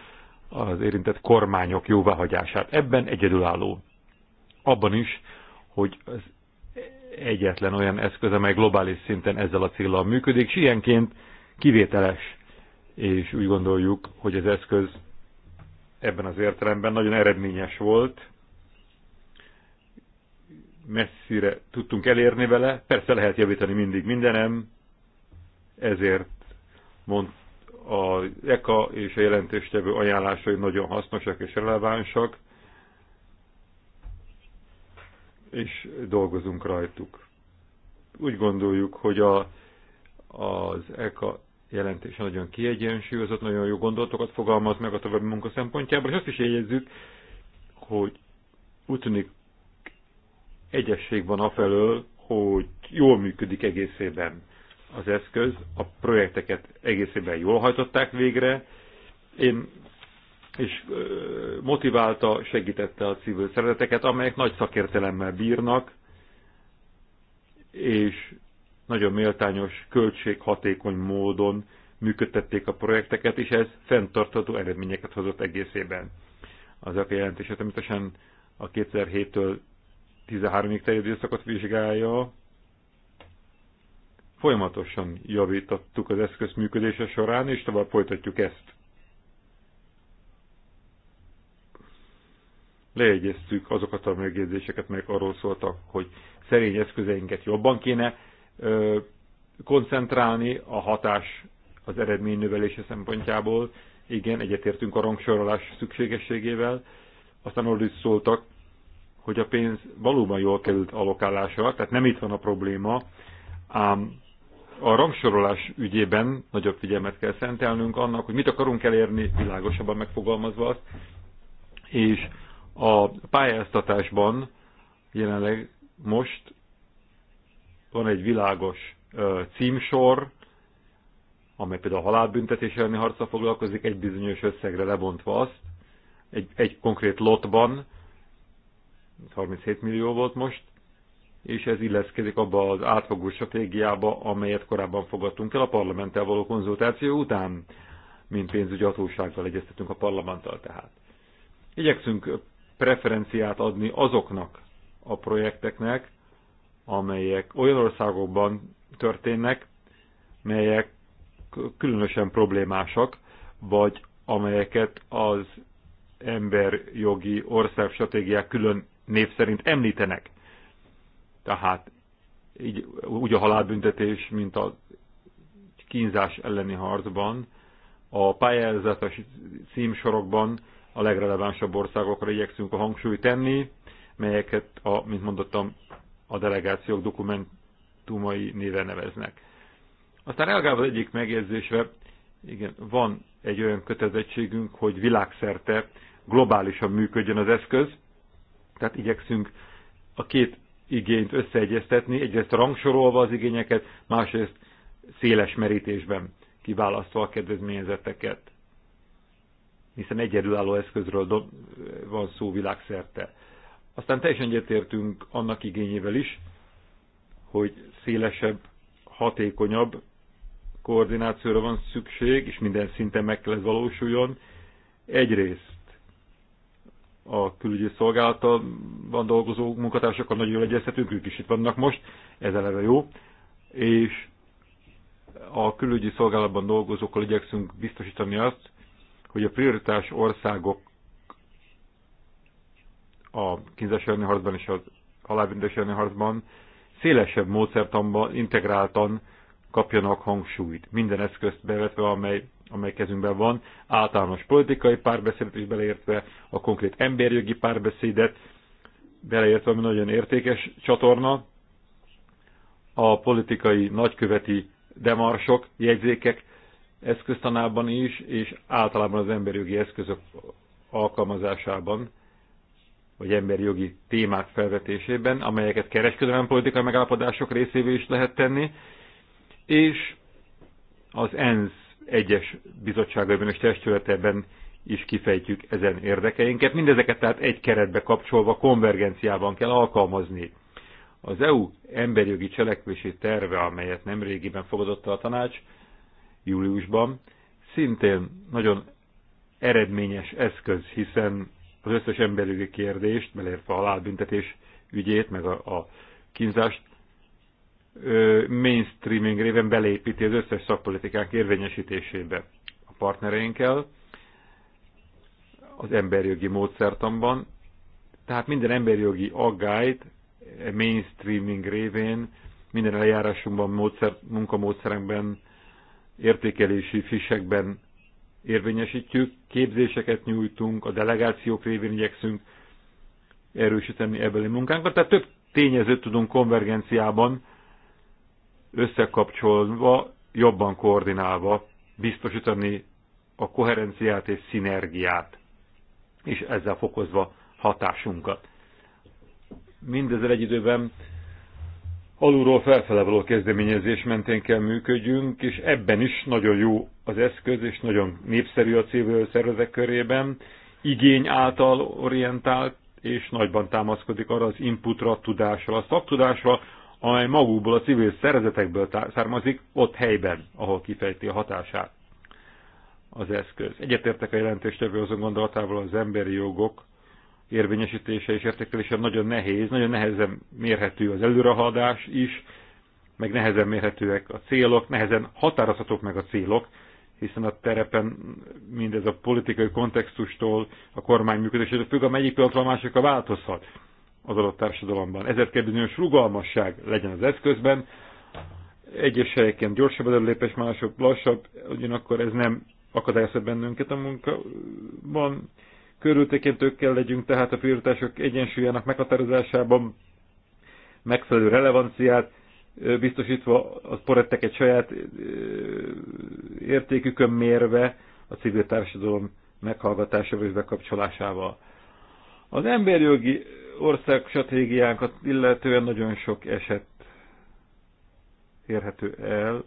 az érintett kormányok jóváhagyását. Ebben egyedülálló. Abban is, hogy az egyetlen olyan eszköz, amely globális szinten ezzel a célral működik, és ilyenként kivételes. És úgy gondoljuk, hogy az eszköz ebben az értelemben nagyon eredményes volt, messzire tudtunk elérni vele, persze lehet javítani mindig mindenem, ezért mond a ECA és a jelentéstevő ajánlásai nagyon hasznosak és relevánsak, és dolgozunk rajtuk. Úgy gondoljuk, hogy a, az ECA jelentése nagyon kiegyensúlyozott, nagyon jó gondolatokat fogalmaz meg a további munka szempontjából, és azt is jegyezzük, hogy úgy tűnik egyesség van afelől, hogy jól működik egészében az eszköz, a projekteket egészében jól hajtották végre, én, és motiválta, segítette a civil szervezeteket, amelyek nagy szakértelemmel bírnak, és nagyon méltányos, költséghatékony módon működtették a projekteket, és ez fenntartható eredményeket hozott egészében. Az a jelentés, természetesen a 2007-től 13-ig terjedő időszakot vizsgálja. Folyamatosan javítottuk az eszköz működése során, és tovább folytatjuk ezt. Lejegyeztük azokat a megjegyzéseket, melyek arról szóltak, hogy szerény eszközeinket jobban kéne ö, koncentrálni a hatás az eredmény növelése szempontjából. Igen, egyetértünk a rangsorolás szükségességével. Aztán arról is szóltak, hogy a pénz valóban jól került alokálásra, tehát nem itt van a probléma, ám a rangsorolás ügyében nagyobb figyelmet kell szentelnünk annak, hogy mit akarunk elérni, világosabban megfogalmazva azt, és a pályáztatásban jelenleg most van egy világos címsor, amely például a halálbüntetés elleni harca foglalkozik, egy bizonyos összegre lebontva azt, egy, egy konkrét lotban, 37 millió volt most, és ez illeszkedik abba az átfogó stratégiába, amelyet korábban fogadtunk el a parlamenttel való konzultáció után, mint pénzügyi hatósággal egyeztetünk a parlamenttal tehát. Igyekszünk preferenciát adni azoknak a projekteknek, amelyek olyan országokban történnek, melyek különösen problémásak, vagy amelyeket az emberjogi országstratégiák külön név szerint említenek. Tehát így, úgy a halálbüntetés, mint a kínzás elleni harcban, a pályázatos címsorokban a legrelevánsabb országokra igyekszünk a hangsúlyt tenni, melyeket, a, mint mondottam, a delegációk dokumentumai néven neveznek. Aztán elgább az egyik megjegyzésre, igen, van egy olyan kötelezettségünk, hogy világszerte globálisan működjön az eszköz, tehát igyekszünk a két igényt összeegyeztetni, egyrészt rangsorolva az igényeket, másrészt széles merítésben kiválasztva a kedvezményezeteket. Hiszen egyedülálló eszközről van szó világszerte. Aztán teljesen egyetértünk annak igényével is, hogy szélesebb, hatékonyabb koordinációra van szükség, és minden szinten meg kell ez valósuljon. Egyrészt a külügyi szolgálatban dolgozó munkatársakkal nagyon jól egyeztetünk, ők is itt vannak most, ez eleve jó, és a külügyi szolgálatban dolgozókkal igyekszünk biztosítani azt, hogy a prioritás országok a kínzás elleni harcban és a halálbüntetés elleni harcban szélesebb módszertanban integráltan kapjanak hangsúlyt, minden eszközt bevetve, amely amely kezünkben van, általános politikai párbeszédet is beleértve, a konkrét emberjogi párbeszédet beleértve, ami nagyon értékes csatorna, a politikai nagyköveti demarsok, jegyzékek eszköztanában is, és általában az emberjogi eszközök alkalmazásában, vagy emberjogi témák felvetésében, amelyeket kereskedelmi politikai megállapodások részévé is lehet tenni, és az ENSZ egyes bizottságaiban és testületeben is kifejtjük ezen érdekeinket. Mindezeket tehát egy keretbe kapcsolva konvergenciában kell alkalmazni. Az EU emberjogi cselekvési terve, amelyet nemrégiben fogadott a tanács, júliusban, szintén nagyon eredményes eszköz, hiszen az összes emberjogi kérdést, beleértve a halálbüntetés ügyét, meg a, a kínzást mainstreaming réven belépíti az összes szakpolitikák érvényesítésébe a partnereinkkel, az emberjogi módszertamban. Tehát minden emberjogi aggályt e mainstreaming révén, minden eljárásunkban, módszer, munkamódszerekben, értékelési fisekben érvényesítjük, képzéseket nyújtunk, a delegációk révén igyekszünk erősíteni ebből a munkánkat. Tehát több tényezőt tudunk konvergenciában összekapcsolva, jobban koordinálva biztosítani a koherenciát és szinergiát, és ezzel fokozva hatásunkat. Mindezzel egy időben alulról felfele való kezdeményezés mentén kell működjünk, és ebben is nagyon jó az eszköz, és nagyon népszerű a civil szervezek körében, igény által orientált, és nagyban támaszkodik arra az inputra, tudásra, a szaktudásra, amely magukból a civil szervezetekből származik, ott helyben, ahol kifejti a hatását az eszköz. Egyetértek a jelentéstevő azon gondolatával az emberi jogok érvényesítése és értékelése nagyon nehéz, nagyon nehezen mérhető az előrehaladás is, meg nehezen mérhetőek a célok, nehezen határozhatók meg a célok, hiszen a terepen mindez a politikai kontextustól, a kormány működésétől függ, amelyik pillanatban a másikra változhat az adott társadalomban. Ezért kell bizonyos rugalmasság legyen az eszközben. Egyes helyeken gyorsabb előlépés, mások lassabb, ugyanakkor ez nem akadályozza bennünket a munkában. Körültekintők kell legyünk, tehát a prioritások egyensúlyának meghatározásában megfelelő relevanciát, biztosítva az projekteket saját értékükön mérve a civil társadalom meghallgatásával és bekapcsolásával. Az emberjogi ország stratégiánkat illetően nagyon sok eset érhető el,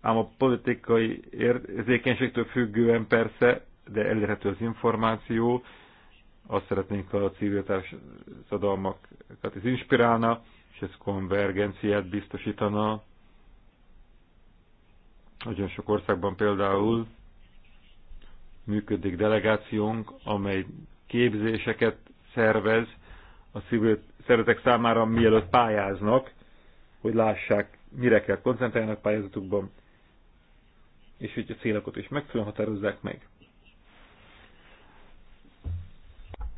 ám a politikai érzékenységtől függően persze, de elérhető az információ, azt szeretnénk, ha a civil társadalmakat is inspirálna, és ez konvergenciát biztosítana. Nagyon sok országban például működik delegációnk, amely képzéseket szervez a civil szervezetek számára, mielőtt pályáznak, hogy lássák, mire kell koncentrálnak pályázatukban, és hogy a célokat is megfelelően határozzák meg.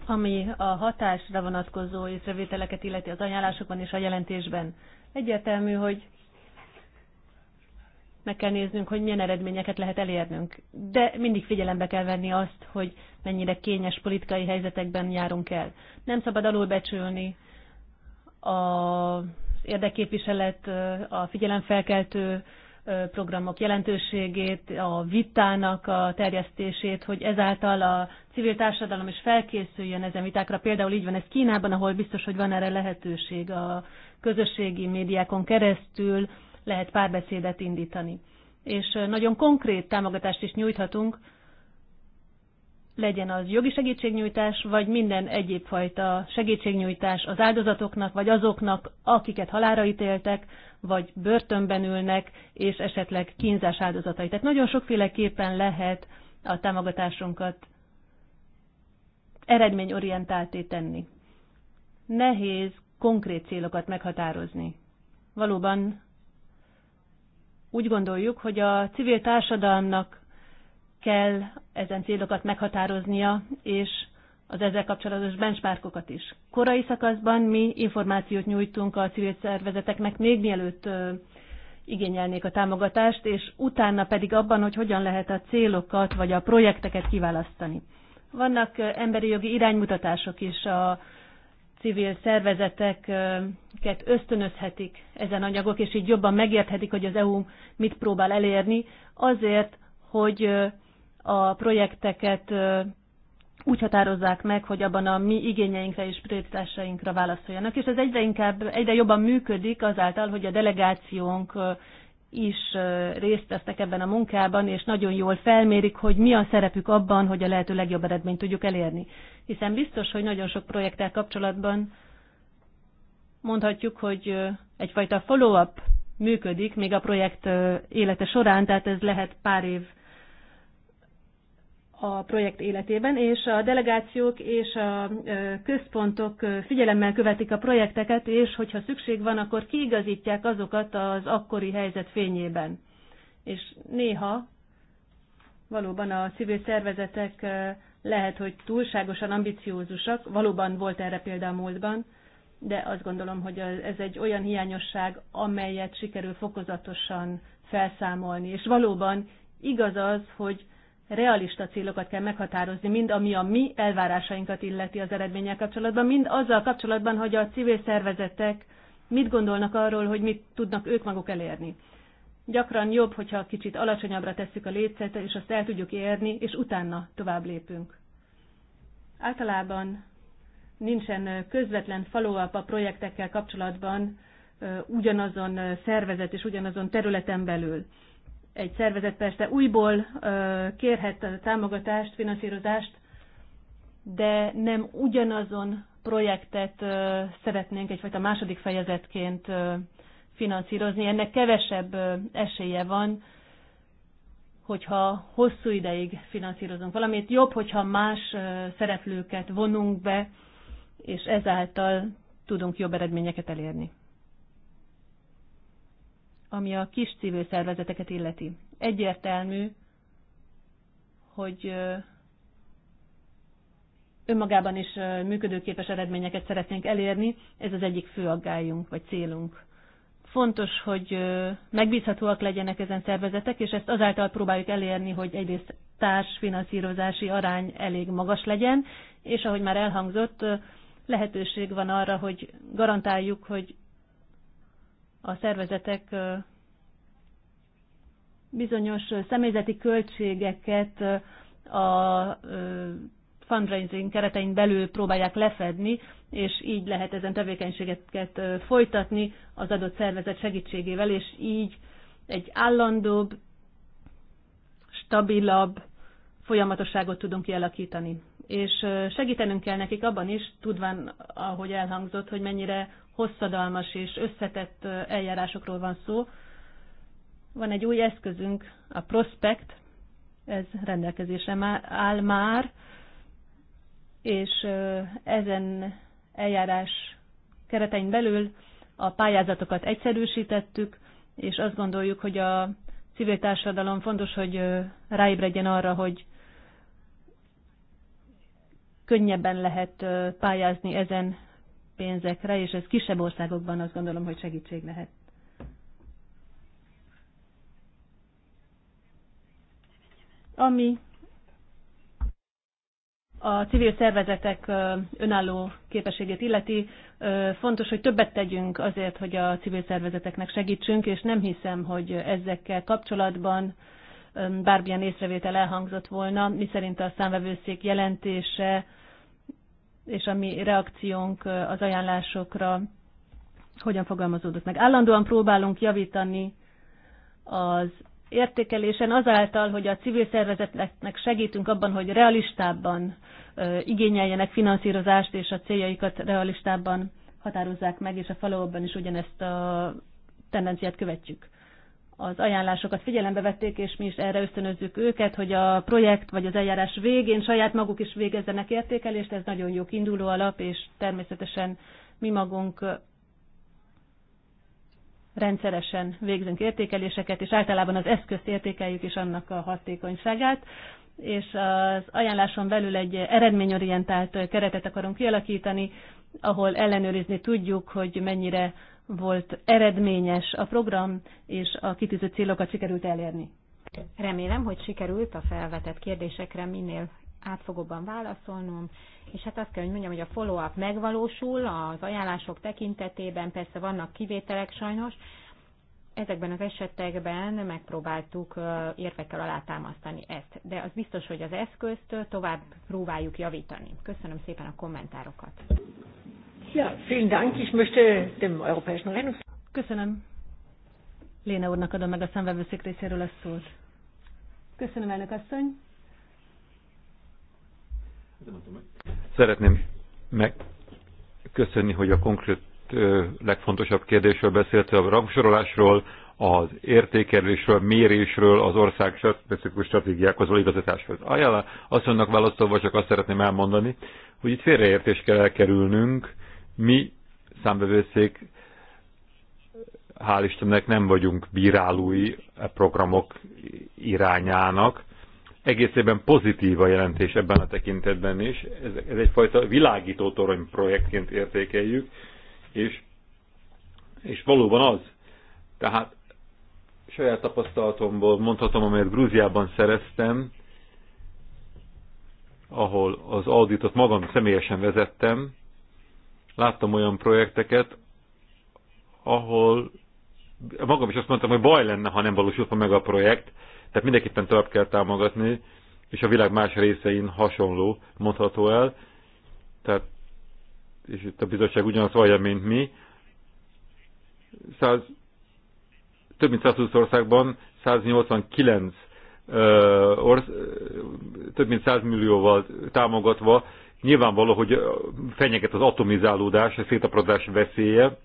Ami a hatásra vonatkozó észrevételeket illeti az ajánlásokban és a jelentésben, egyértelmű, hogy meg kell néznünk, hogy milyen eredményeket lehet elérnünk. De mindig figyelembe kell venni azt, hogy mennyire kényes politikai helyzetekben járunk el. Nem szabad alulbecsülni az érdekképviselet, a figyelemfelkeltő programok jelentőségét, a vitának a terjesztését, hogy ezáltal a civil társadalom is felkészüljön ezen vitákra. Például így van ez Kínában, ahol biztos, hogy van erre lehetőség a közösségi médiákon keresztül, lehet párbeszédet indítani. És nagyon konkrét támogatást is nyújthatunk, legyen az jogi segítségnyújtás, vagy minden egyéb fajta segítségnyújtás az áldozatoknak, vagy azoknak, akiket halára ítéltek, vagy börtönben ülnek, és esetleg kínzás áldozatai. Tehát nagyon sokféleképpen lehet a támogatásunkat eredményorientálté tenni. Nehéz konkrét célokat meghatározni. Valóban úgy gondoljuk, hogy a civil társadalomnak kell ezen célokat meghatároznia, és az ezzel kapcsolatos benchmarkokat is. Korai szakaszban mi információt nyújtunk a civil szervezeteknek, még mielőtt igényelnék a támogatást, és utána pedig abban, hogy hogyan lehet a célokat vagy a projekteket kiválasztani. Vannak emberi jogi iránymutatások is a civil szervezeteket ösztönözhetik ezen anyagok, és így jobban megérthetik, hogy az EU mit próbál elérni, azért, hogy a projekteket úgy határozzák meg, hogy abban a mi igényeinkre és prioritásainkra válaszoljanak. És ez egyre inkább, egyre jobban működik azáltal, hogy a delegációnk is részt vesznek ebben a munkában, és nagyon jól felmérik, hogy mi a szerepük abban, hogy a lehető legjobb eredményt tudjuk elérni. Hiszen biztos, hogy nagyon sok projekttel kapcsolatban mondhatjuk, hogy egyfajta follow-up működik még a projekt élete során, tehát ez lehet pár év a projekt életében, és a delegációk és a központok figyelemmel követik a projekteket, és hogyha szükség van, akkor kiigazítják azokat az akkori helyzet fényében. És néha valóban a civil szervezetek lehet, hogy túlságosan ambiciózusak, valóban volt erre példa a múltban, de azt gondolom, hogy ez egy olyan hiányosság, amelyet sikerül fokozatosan felszámolni. És valóban igaz az, hogy realista célokat kell meghatározni, mind ami a mi elvárásainkat illeti az eredménnyel kapcsolatban, mind azzal kapcsolatban, hogy a civil szervezetek mit gondolnak arról, hogy mit tudnak ők maguk elérni. Gyakran jobb, hogyha kicsit alacsonyabbra tesszük a létszete, és azt el tudjuk érni, és utána tovább lépünk. Általában nincsen közvetlen follow-up a projektekkel kapcsolatban ugyanazon szervezet és ugyanazon területen belül egy szervezet persze újból kérhet támogatást, finanszírozást, de nem ugyanazon projektet szeretnénk egyfajta második fejezetként finanszírozni. Ennek kevesebb esélye van, hogyha hosszú ideig finanszírozunk valamit. Jobb, hogyha más szereplőket vonunk be, és ezáltal tudunk jobb eredményeket elérni ami a kis civil szervezeteket illeti. Egyértelmű, hogy önmagában is működőképes eredményeket szeretnénk elérni, ez az egyik fő aggályunk vagy célunk. Fontos, hogy megbízhatóak legyenek ezen szervezetek, és ezt azáltal próbáljuk elérni, hogy egyrészt társfinanszírozási arány elég magas legyen, és ahogy már elhangzott, lehetőség van arra, hogy garantáljuk, hogy a szervezetek bizonyos személyzeti költségeket a fundraising keretein belül próbálják lefedni, és így lehet ezen tevékenységeket folytatni az adott szervezet segítségével, és így egy állandóbb, stabilabb folyamatosságot tudunk kialakítani. És segítenünk kell nekik abban is, tudván, ahogy elhangzott, hogy mennyire hosszadalmas és összetett eljárásokról van szó. Van egy új eszközünk, a Prospect, ez rendelkezésre áll már, és ezen eljárás keretein belül a pályázatokat egyszerűsítettük, és azt gondoljuk, hogy a civil társadalom fontos, hogy ráébredjen arra, hogy könnyebben lehet pályázni ezen pénzekre, és ez kisebb országokban azt gondolom, hogy segítség lehet. Ami a civil szervezetek önálló képességét illeti, fontos, hogy többet tegyünk azért, hogy a civil szervezeteknek segítsünk, és nem hiszem, hogy ezekkel kapcsolatban bármilyen észrevétel elhangzott volna, miszerint a számvevőszék jelentése és a mi reakciónk az ajánlásokra hogyan fogalmazódott meg. Állandóan próbálunk javítani az értékelésen azáltal, hogy a civil szervezeteknek segítünk abban, hogy realistábban igényeljenek finanszírozást, és a céljaikat realistábban határozzák meg, és a follow is ugyanezt a tendenciát követjük az ajánlásokat figyelembe vették, és mi is erre ösztönözzük őket, hogy a projekt vagy az eljárás végén saját maguk is végezzenek értékelést, ez nagyon jó kiinduló alap, és természetesen mi magunk rendszeresen végzünk értékeléseket, és általában az eszközt értékeljük és annak a hatékonyságát, és az ajánláson belül egy eredményorientált keretet akarunk kialakítani, ahol ellenőrizni tudjuk, hogy mennyire volt eredményes a program, és a kitűzött célokat sikerült elérni. Remélem, hogy sikerült a felvetett kérdésekre minél átfogóbban válaszolnom, és hát azt kell, hogy mondjam, hogy a follow-up megvalósul az ajánlások tekintetében, persze vannak kivételek sajnos, ezekben az esetekben megpróbáltuk érvekkel alátámasztani ezt, de az biztos, hogy az eszközt tovább próbáljuk javítani. Köszönöm szépen a kommentárokat. Ja, vielen Dank. Ich möchte dem Europäischen Rechnungshof. Köszönöm. Léna úrnak adom meg a számvevőszék részéről a szót. Köszönöm, elnök asszony. Szeretném megköszönni, hogy a konkrét legfontosabb kérdésről beszélt, a rangsorolásról, az értékelésről, mérésről, az ország specifikus stratégiákhoz való igazításhoz. Ajánlá, azt mondnak választóval csak azt szeretném elmondani, hogy itt félreértés kell elkerülnünk, mi számbevőszék hál' Istennek nem vagyunk bírálói e programok irányának. Egészében pozitív a jelentés ebben a tekintetben is. Ez, ez egyfajta világító torony projektként értékeljük, és, és valóban az. Tehát saját tapasztalatomból mondhatom, amelyet Grúziában szereztem, ahol az auditot magam személyesen vezettem, láttam olyan projekteket, ahol magam is azt mondtam, hogy baj lenne, ha nem valósult meg a projekt, tehát mindenképpen tovább kell támogatni, és a világ más részein hasonló mondható el, tehát és itt a bizottság ugyanaz vallja, mint mi. 100, több mint 120 országban 189 ö, orsz, több mint 100 millióval támogatva Nyilvánvaló, hogy fenyeget az atomizálódás, a szétaprodás veszélye,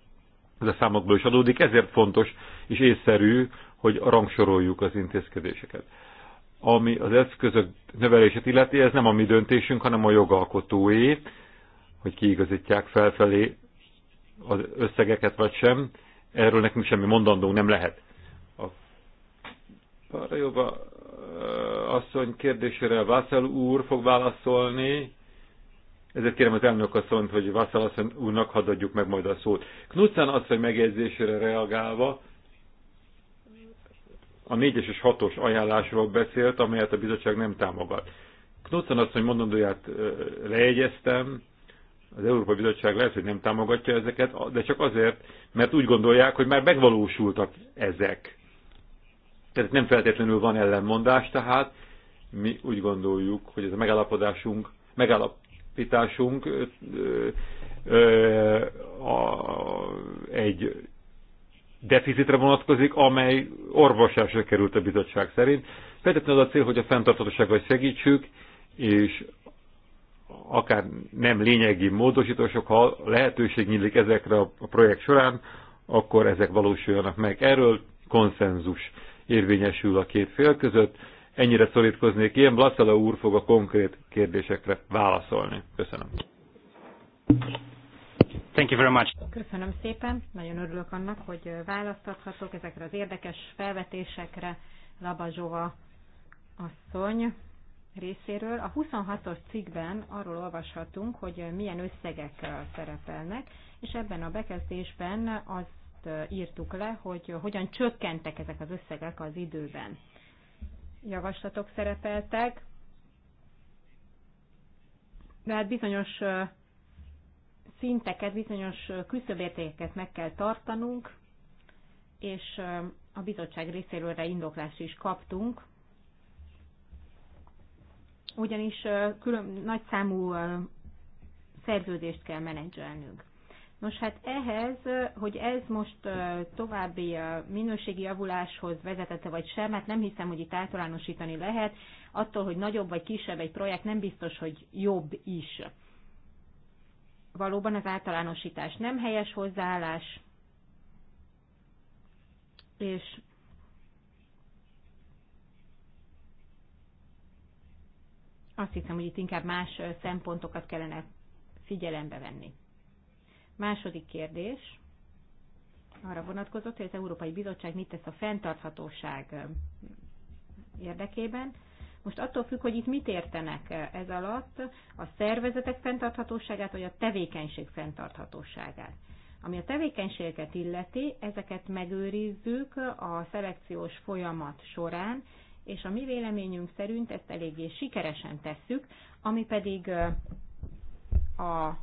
ez a számokból is adódik, ezért fontos és észszerű, hogy rangsoroljuk az intézkedéseket. Ami az eszközök növelését illeti, ez nem a mi döntésünk, hanem a jogalkotóé, hogy kiigazítják felfelé az összegeket vagy sem. Erről nekünk semmi mondandó nem lehet. A Parajóba asszony kérdésére Vászel úr fog válaszolni, ezért kérem az elnök asszonyt, hogy Vassal asszony úrnak hadd adjuk meg majd a szót. Knudsen asszony megjegyzésére reagálva a 4-es és 6-os ajánlásról beszélt, amelyet a bizottság nem támogat. Knudsen asszony mondandóját lejegyeztem, az Európai Bizottság lehet, hogy nem támogatja ezeket, de csak azért, mert úgy gondolják, hogy már megvalósultak ezek. Tehát nem feltétlenül van ellenmondás, tehát mi úgy gondoljuk, hogy ez a megállapodásunk, megállap, megállapításunk egy deficitre vonatkozik, amely orvosásra került a bizottság szerint. Feltétlenül az a cél, hogy a fenntarthatóságot segítsük, és akár nem lényegi módosítások, ha lehetőség nyílik ezekre a projekt során, akkor ezek valósuljanak meg. Erről konszenzus érvényesül a két fél között ennyire szorítkoznék ilyen. Blaszala úr fog a konkrét kérdésekre válaszolni. Köszönöm. Thank you very much. Köszönöm szépen, nagyon örülök annak, hogy választathatok ezekre az érdekes felvetésekre Labazsova asszony részéről. A 26-os cikkben arról olvashatunk, hogy milyen összegek szerepelnek, és ebben a bekezdésben azt írtuk le, hogy hogyan csökkentek ezek az összegek az időben javaslatok szerepeltek, de hát bizonyos szinteket, bizonyos küszöbértékeket meg kell tartanunk, és a bizottság részéről indoklást is kaptunk, ugyanis külön, számú szerződést kell menedzselnünk. Nos hát ehhez, hogy ez most további minőségi javuláshoz vezetette vagy sem, hát nem hiszem, hogy itt általánosítani lehet. Attól, hogy nagyobb vagy kisebb egy projekt, nem biztos, hogy jobb is. Valóban az általánosítás nem helyes hozzáállás, és azt hiszem, hogy itt inkább más szempontokat kellene figyelembe venni. Második kérdés arra vonatkozott, hogy az Európai Bizottság mit tesz a fenntarthatóság érdekében. Most attól függ, hogy itt mit értenek ez alatt, a szervezetek fenntarthatóságát, vagy a tevékenység fenntarthatóságát. Ami a tevékenységeket illeti, ezeket megőrizzük a szelekciós folyamat során, és a mi véleményünk szerint ezt eléggé sikeresen tesszük, ami pedig a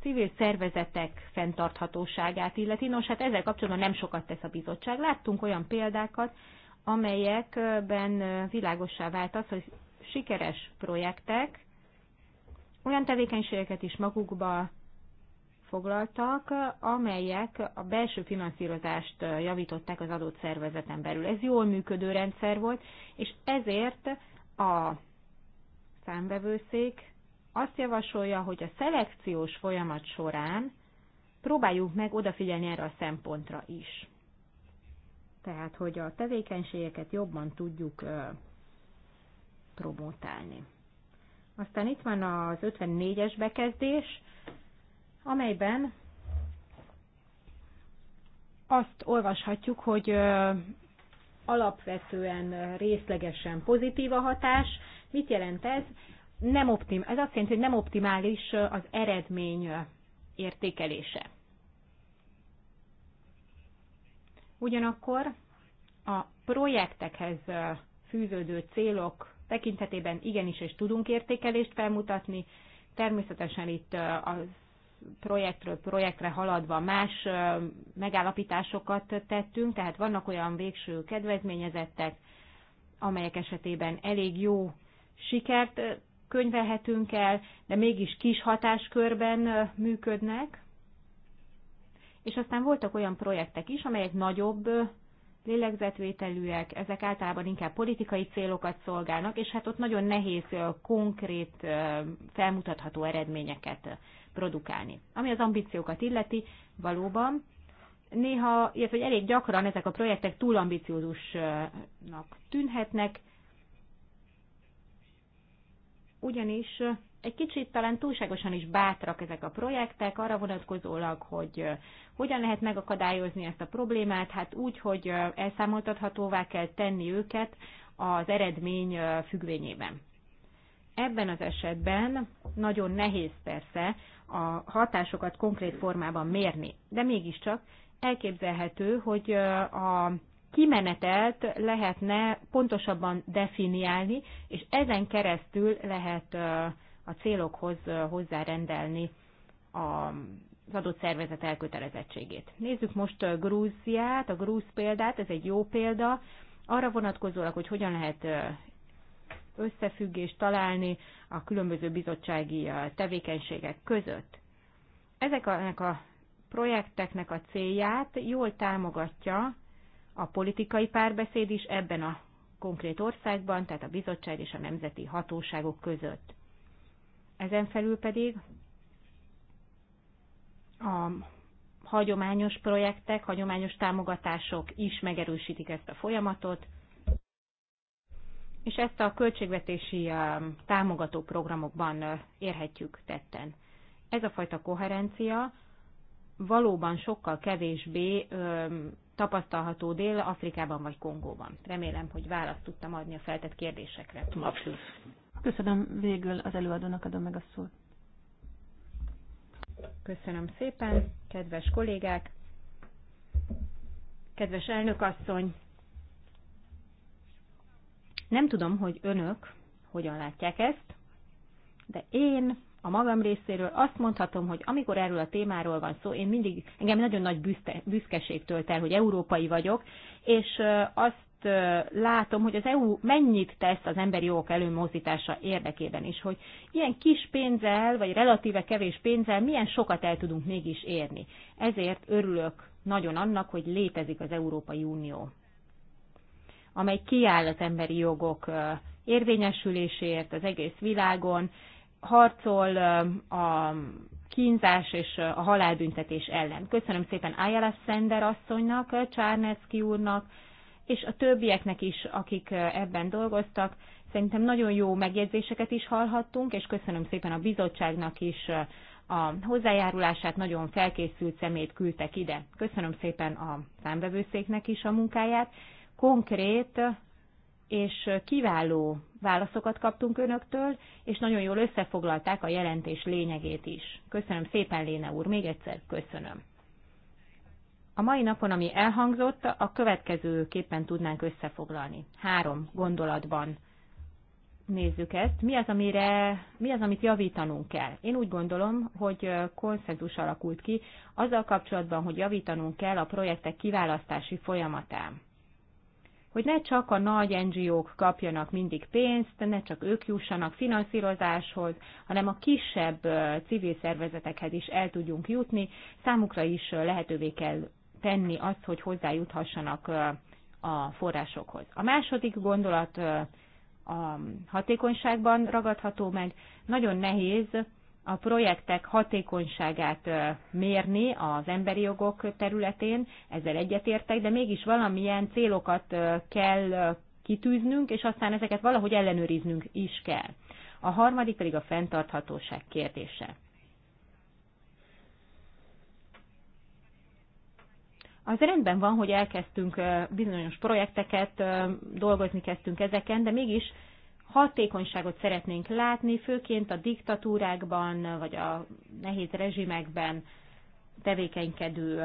civil szervezetek fenntarthatóságát illeti. Nos, hát ezzel kapcsolatban nem sokat tesz a bizottság. Láttunk olyan példákat, amelyekben világossá vált az, hogy sikeres projektek olyan tevékenységeket is magukba foglaltak, amelyek a belső finanszírozást javították az adott szervezeten belül. Ez jól működő rendszer volt, és ezért a számbevőszék azt javasolja, hogy a szelekciós folyamat során próbáljuk meg odafigyelni erre a szempontra is. Tehát, hogy a tevékenységeket jobban tudjuk promotálni. Aztán itt van az 54-es bekezdés, amelyben azt olvashatjuk, hogy alapvetően részlegesen pozitív a hatás. Mit jelent ez? nem optim, ez azt jelenti, hogy nem optimális az eredmény értékelése. Ugyanakkor a projektekhez fűződő célok tekintetében igenis és tudunk értékelést felmutatni. Természetesen itt a projektről projektre haladva más megállapításokat tettünk, tehát vannak olyan végső kedvezményezettek, amelyek esetében elég jó sikert könyvelhetünk el, de mégis kis hatáskörben működnek. És aztán voltak olyan projektek is, amelyek nagyobb lélegzetvételűek, ezek általában inkább politikai célokat szolgálnak, és hát ott nagyon nehéz konkrét, felmutatható eredményeket produkálni. Ami az ambíciókat illeti, valóban néha, illetve elég gyakran ezek a projektek túlambiciózusnak tűnhetnek, ugyanis egy kicsit talán túlságosan is bátrak ezek a projektek, arra vonatkozólag, hogy hogyan lehet megakadályozni ezt a problémát, hát úgy, hogy elszámoltathatóvá kell tenni őket az eredmény függvényében. Ebben az esetben nagyon nehéz persze a hatásokat konkrét formában mérni, de mégiscsak elképzelhető, hogy a kimenetelt lehetne pontosabban definiálni, és ezen keresztül lehet a célokhoz hozzárendelni az adott szervezet elkötelezettségét. Nézzük most Grúziát, a grúz példát, ez egy jó példa, arra vonatkozólag, hogy hogyan lehet összefüggést találni a különböző bizottsági tevékenységek között. Ezeknek a projekteknek a célját jól támogatja a politikai párbeszéd is ebben a konkrét országban, tehát a bizottság és a nemzeti hatóságok között. Ezen felül pedig a hagyományos projektek, hagyományos támogatások is megerősítik ezt a folyamatot, és ezt a költségvetési támogató programokban érhetjük tetten. Ez a fajta koherencia valóban sokkal kevésbé tapasztalható Dél-Afrikában vagy Kongóban. Remélem, hogy választ tudtam adni a feltett kérdésekre. Abszolút. Köszönöm végül az előadónak adom meg a szót. Köszönöm szépen, kedves kollégák, kedves elnökasszony. Nem tudom, hogy önök hogyan látják ezt, de én a magam részéről azt mondhatom, hogy amikor erről a témáról van szó, én mindig, engem nagyon nagy büszke, büszkeség tölt el, hogy európai vagyok, és azt látom, hogy az EU mennyit tesz az emberi jogok előmozdítása érdekében is, hogy ilyen kis pénzzel, vagy relatíve kevés pénzzel milyen sokat el tudunk mégis érni. Ezért örülök nagyon annak, hogy létezik az Európai Unió, amely kiáll az emberi jogok érvényesüléséért az egész világon, harcol a kínzás és a halálbüntetés ellen. Köszönöm szépen Ayala Sender asszonynak, Csárnecki úrnak, és a többieknek is, akik ebben dolgoztak. Szerintem nagyon jó megjegyzéseket is hallhattunk, és köszönöm szépen a bizottságnak is a hozzájárulását, nagyon felkészült szemét küldtek ide. Köszönöm szépen a számbevőszéknek is a munkáját. Konkrét és kiváló válaszokat kaptunk önöktől, és nagyon jól összefoglalták a jelentés lényegét is. Köszönöm szépen, Léne úr, még egyszer köszönöm. A mai napon, ami elhangzott, a következőképpen tudnánk összefoglalni. Három gondolatban nézzük ezt. Mi az, amire, mi az, amit javítanunk kell? Én úgy gondolom, hogy konszenzus alakult ki azzal kapcsolatban, hogy javítanunk kell a projektek kiválasztási folyamatán hogy ne csak a nagy NGO-k kapjanak mindig pénzt, ne csak ők jussanak finanszírozáshoz, hanem a kisebb civil szervezetekhez is el tudjunk jutni. Számukra is lehetővé kell tenni azt, hogy hozzájuthassanak a forrásokhoz. A második gondolat a hatékonyságban ragadható meg. Nagyon nehéz a projektek hatékonyságát mérni az emberi jogok területén, ezzel egyetértek, de mégis valamilyen célokat kell kitűznünk, és aztán ezeket valahogy ellenőriznünk is kell. A harmadik pedig a fenntarthatóság kérdése. Az rendben van, hogy elkezdtünk bizonyos projekteket, dolgozni kezdtünk ezeken, de mégis hatékonyságot szeretnénk látni, főként a diktatúrákban vagy a nehéz rezsimekben tevékenykedő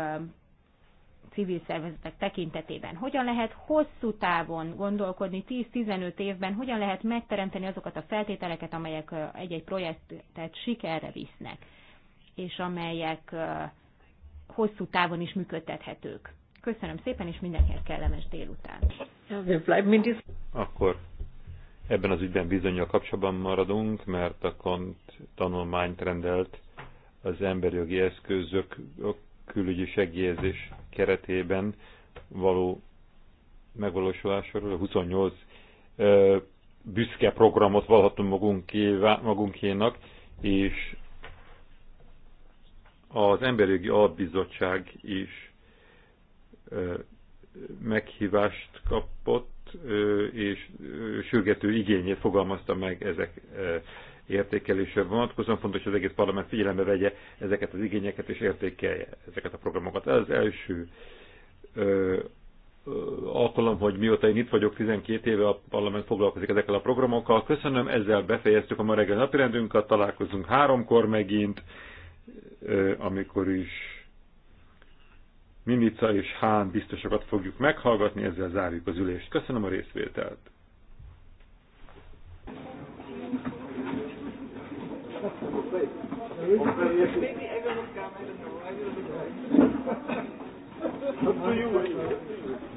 civil szervezetek tekintetében. Hogyan lehet hosszú távon gondolkodni, 10-15 évben, hogyan lehet megteremteni azokat a feltételeket, amelyek egy-egy projektet sikerre visznek, és amelyek hosszú távon is működtethetők. Köszönöm szépen, és mindenkinek kellemes délután. Akkor ebben az ügyben bizonyal kapcsolatban maradunk, mert a Kant tanulmányt rendelt az emberjogi eszközök a külügyi segélyezés keretében való megvalósulásról, 28 ö, büszke programot valhatunk magunkévá, magunkénak, és az Emberjogi Albizottság is meghívást kapott és sürgető igényét fogalmazta meg ezek értékelésre vonatkozóan. Fontos, hogy az egész parlament figyelembe vegye ezeket az igényeket és értékelje ezeket a programokat. Ez az első alkalom, hogy mióta én itt vagyok, 12 éve a parlament foglalkozik ezekkel a programokkal. Köszönöm, ezzel befejeztük a ma reggel napirendünket, találkozunk háromkor megint, amikor is Mimica és Hán biztosokat fogjuk meghallgatni, ezzel zárjuk az ülést. Köszönöm a részvételt! Maybe everyone will you.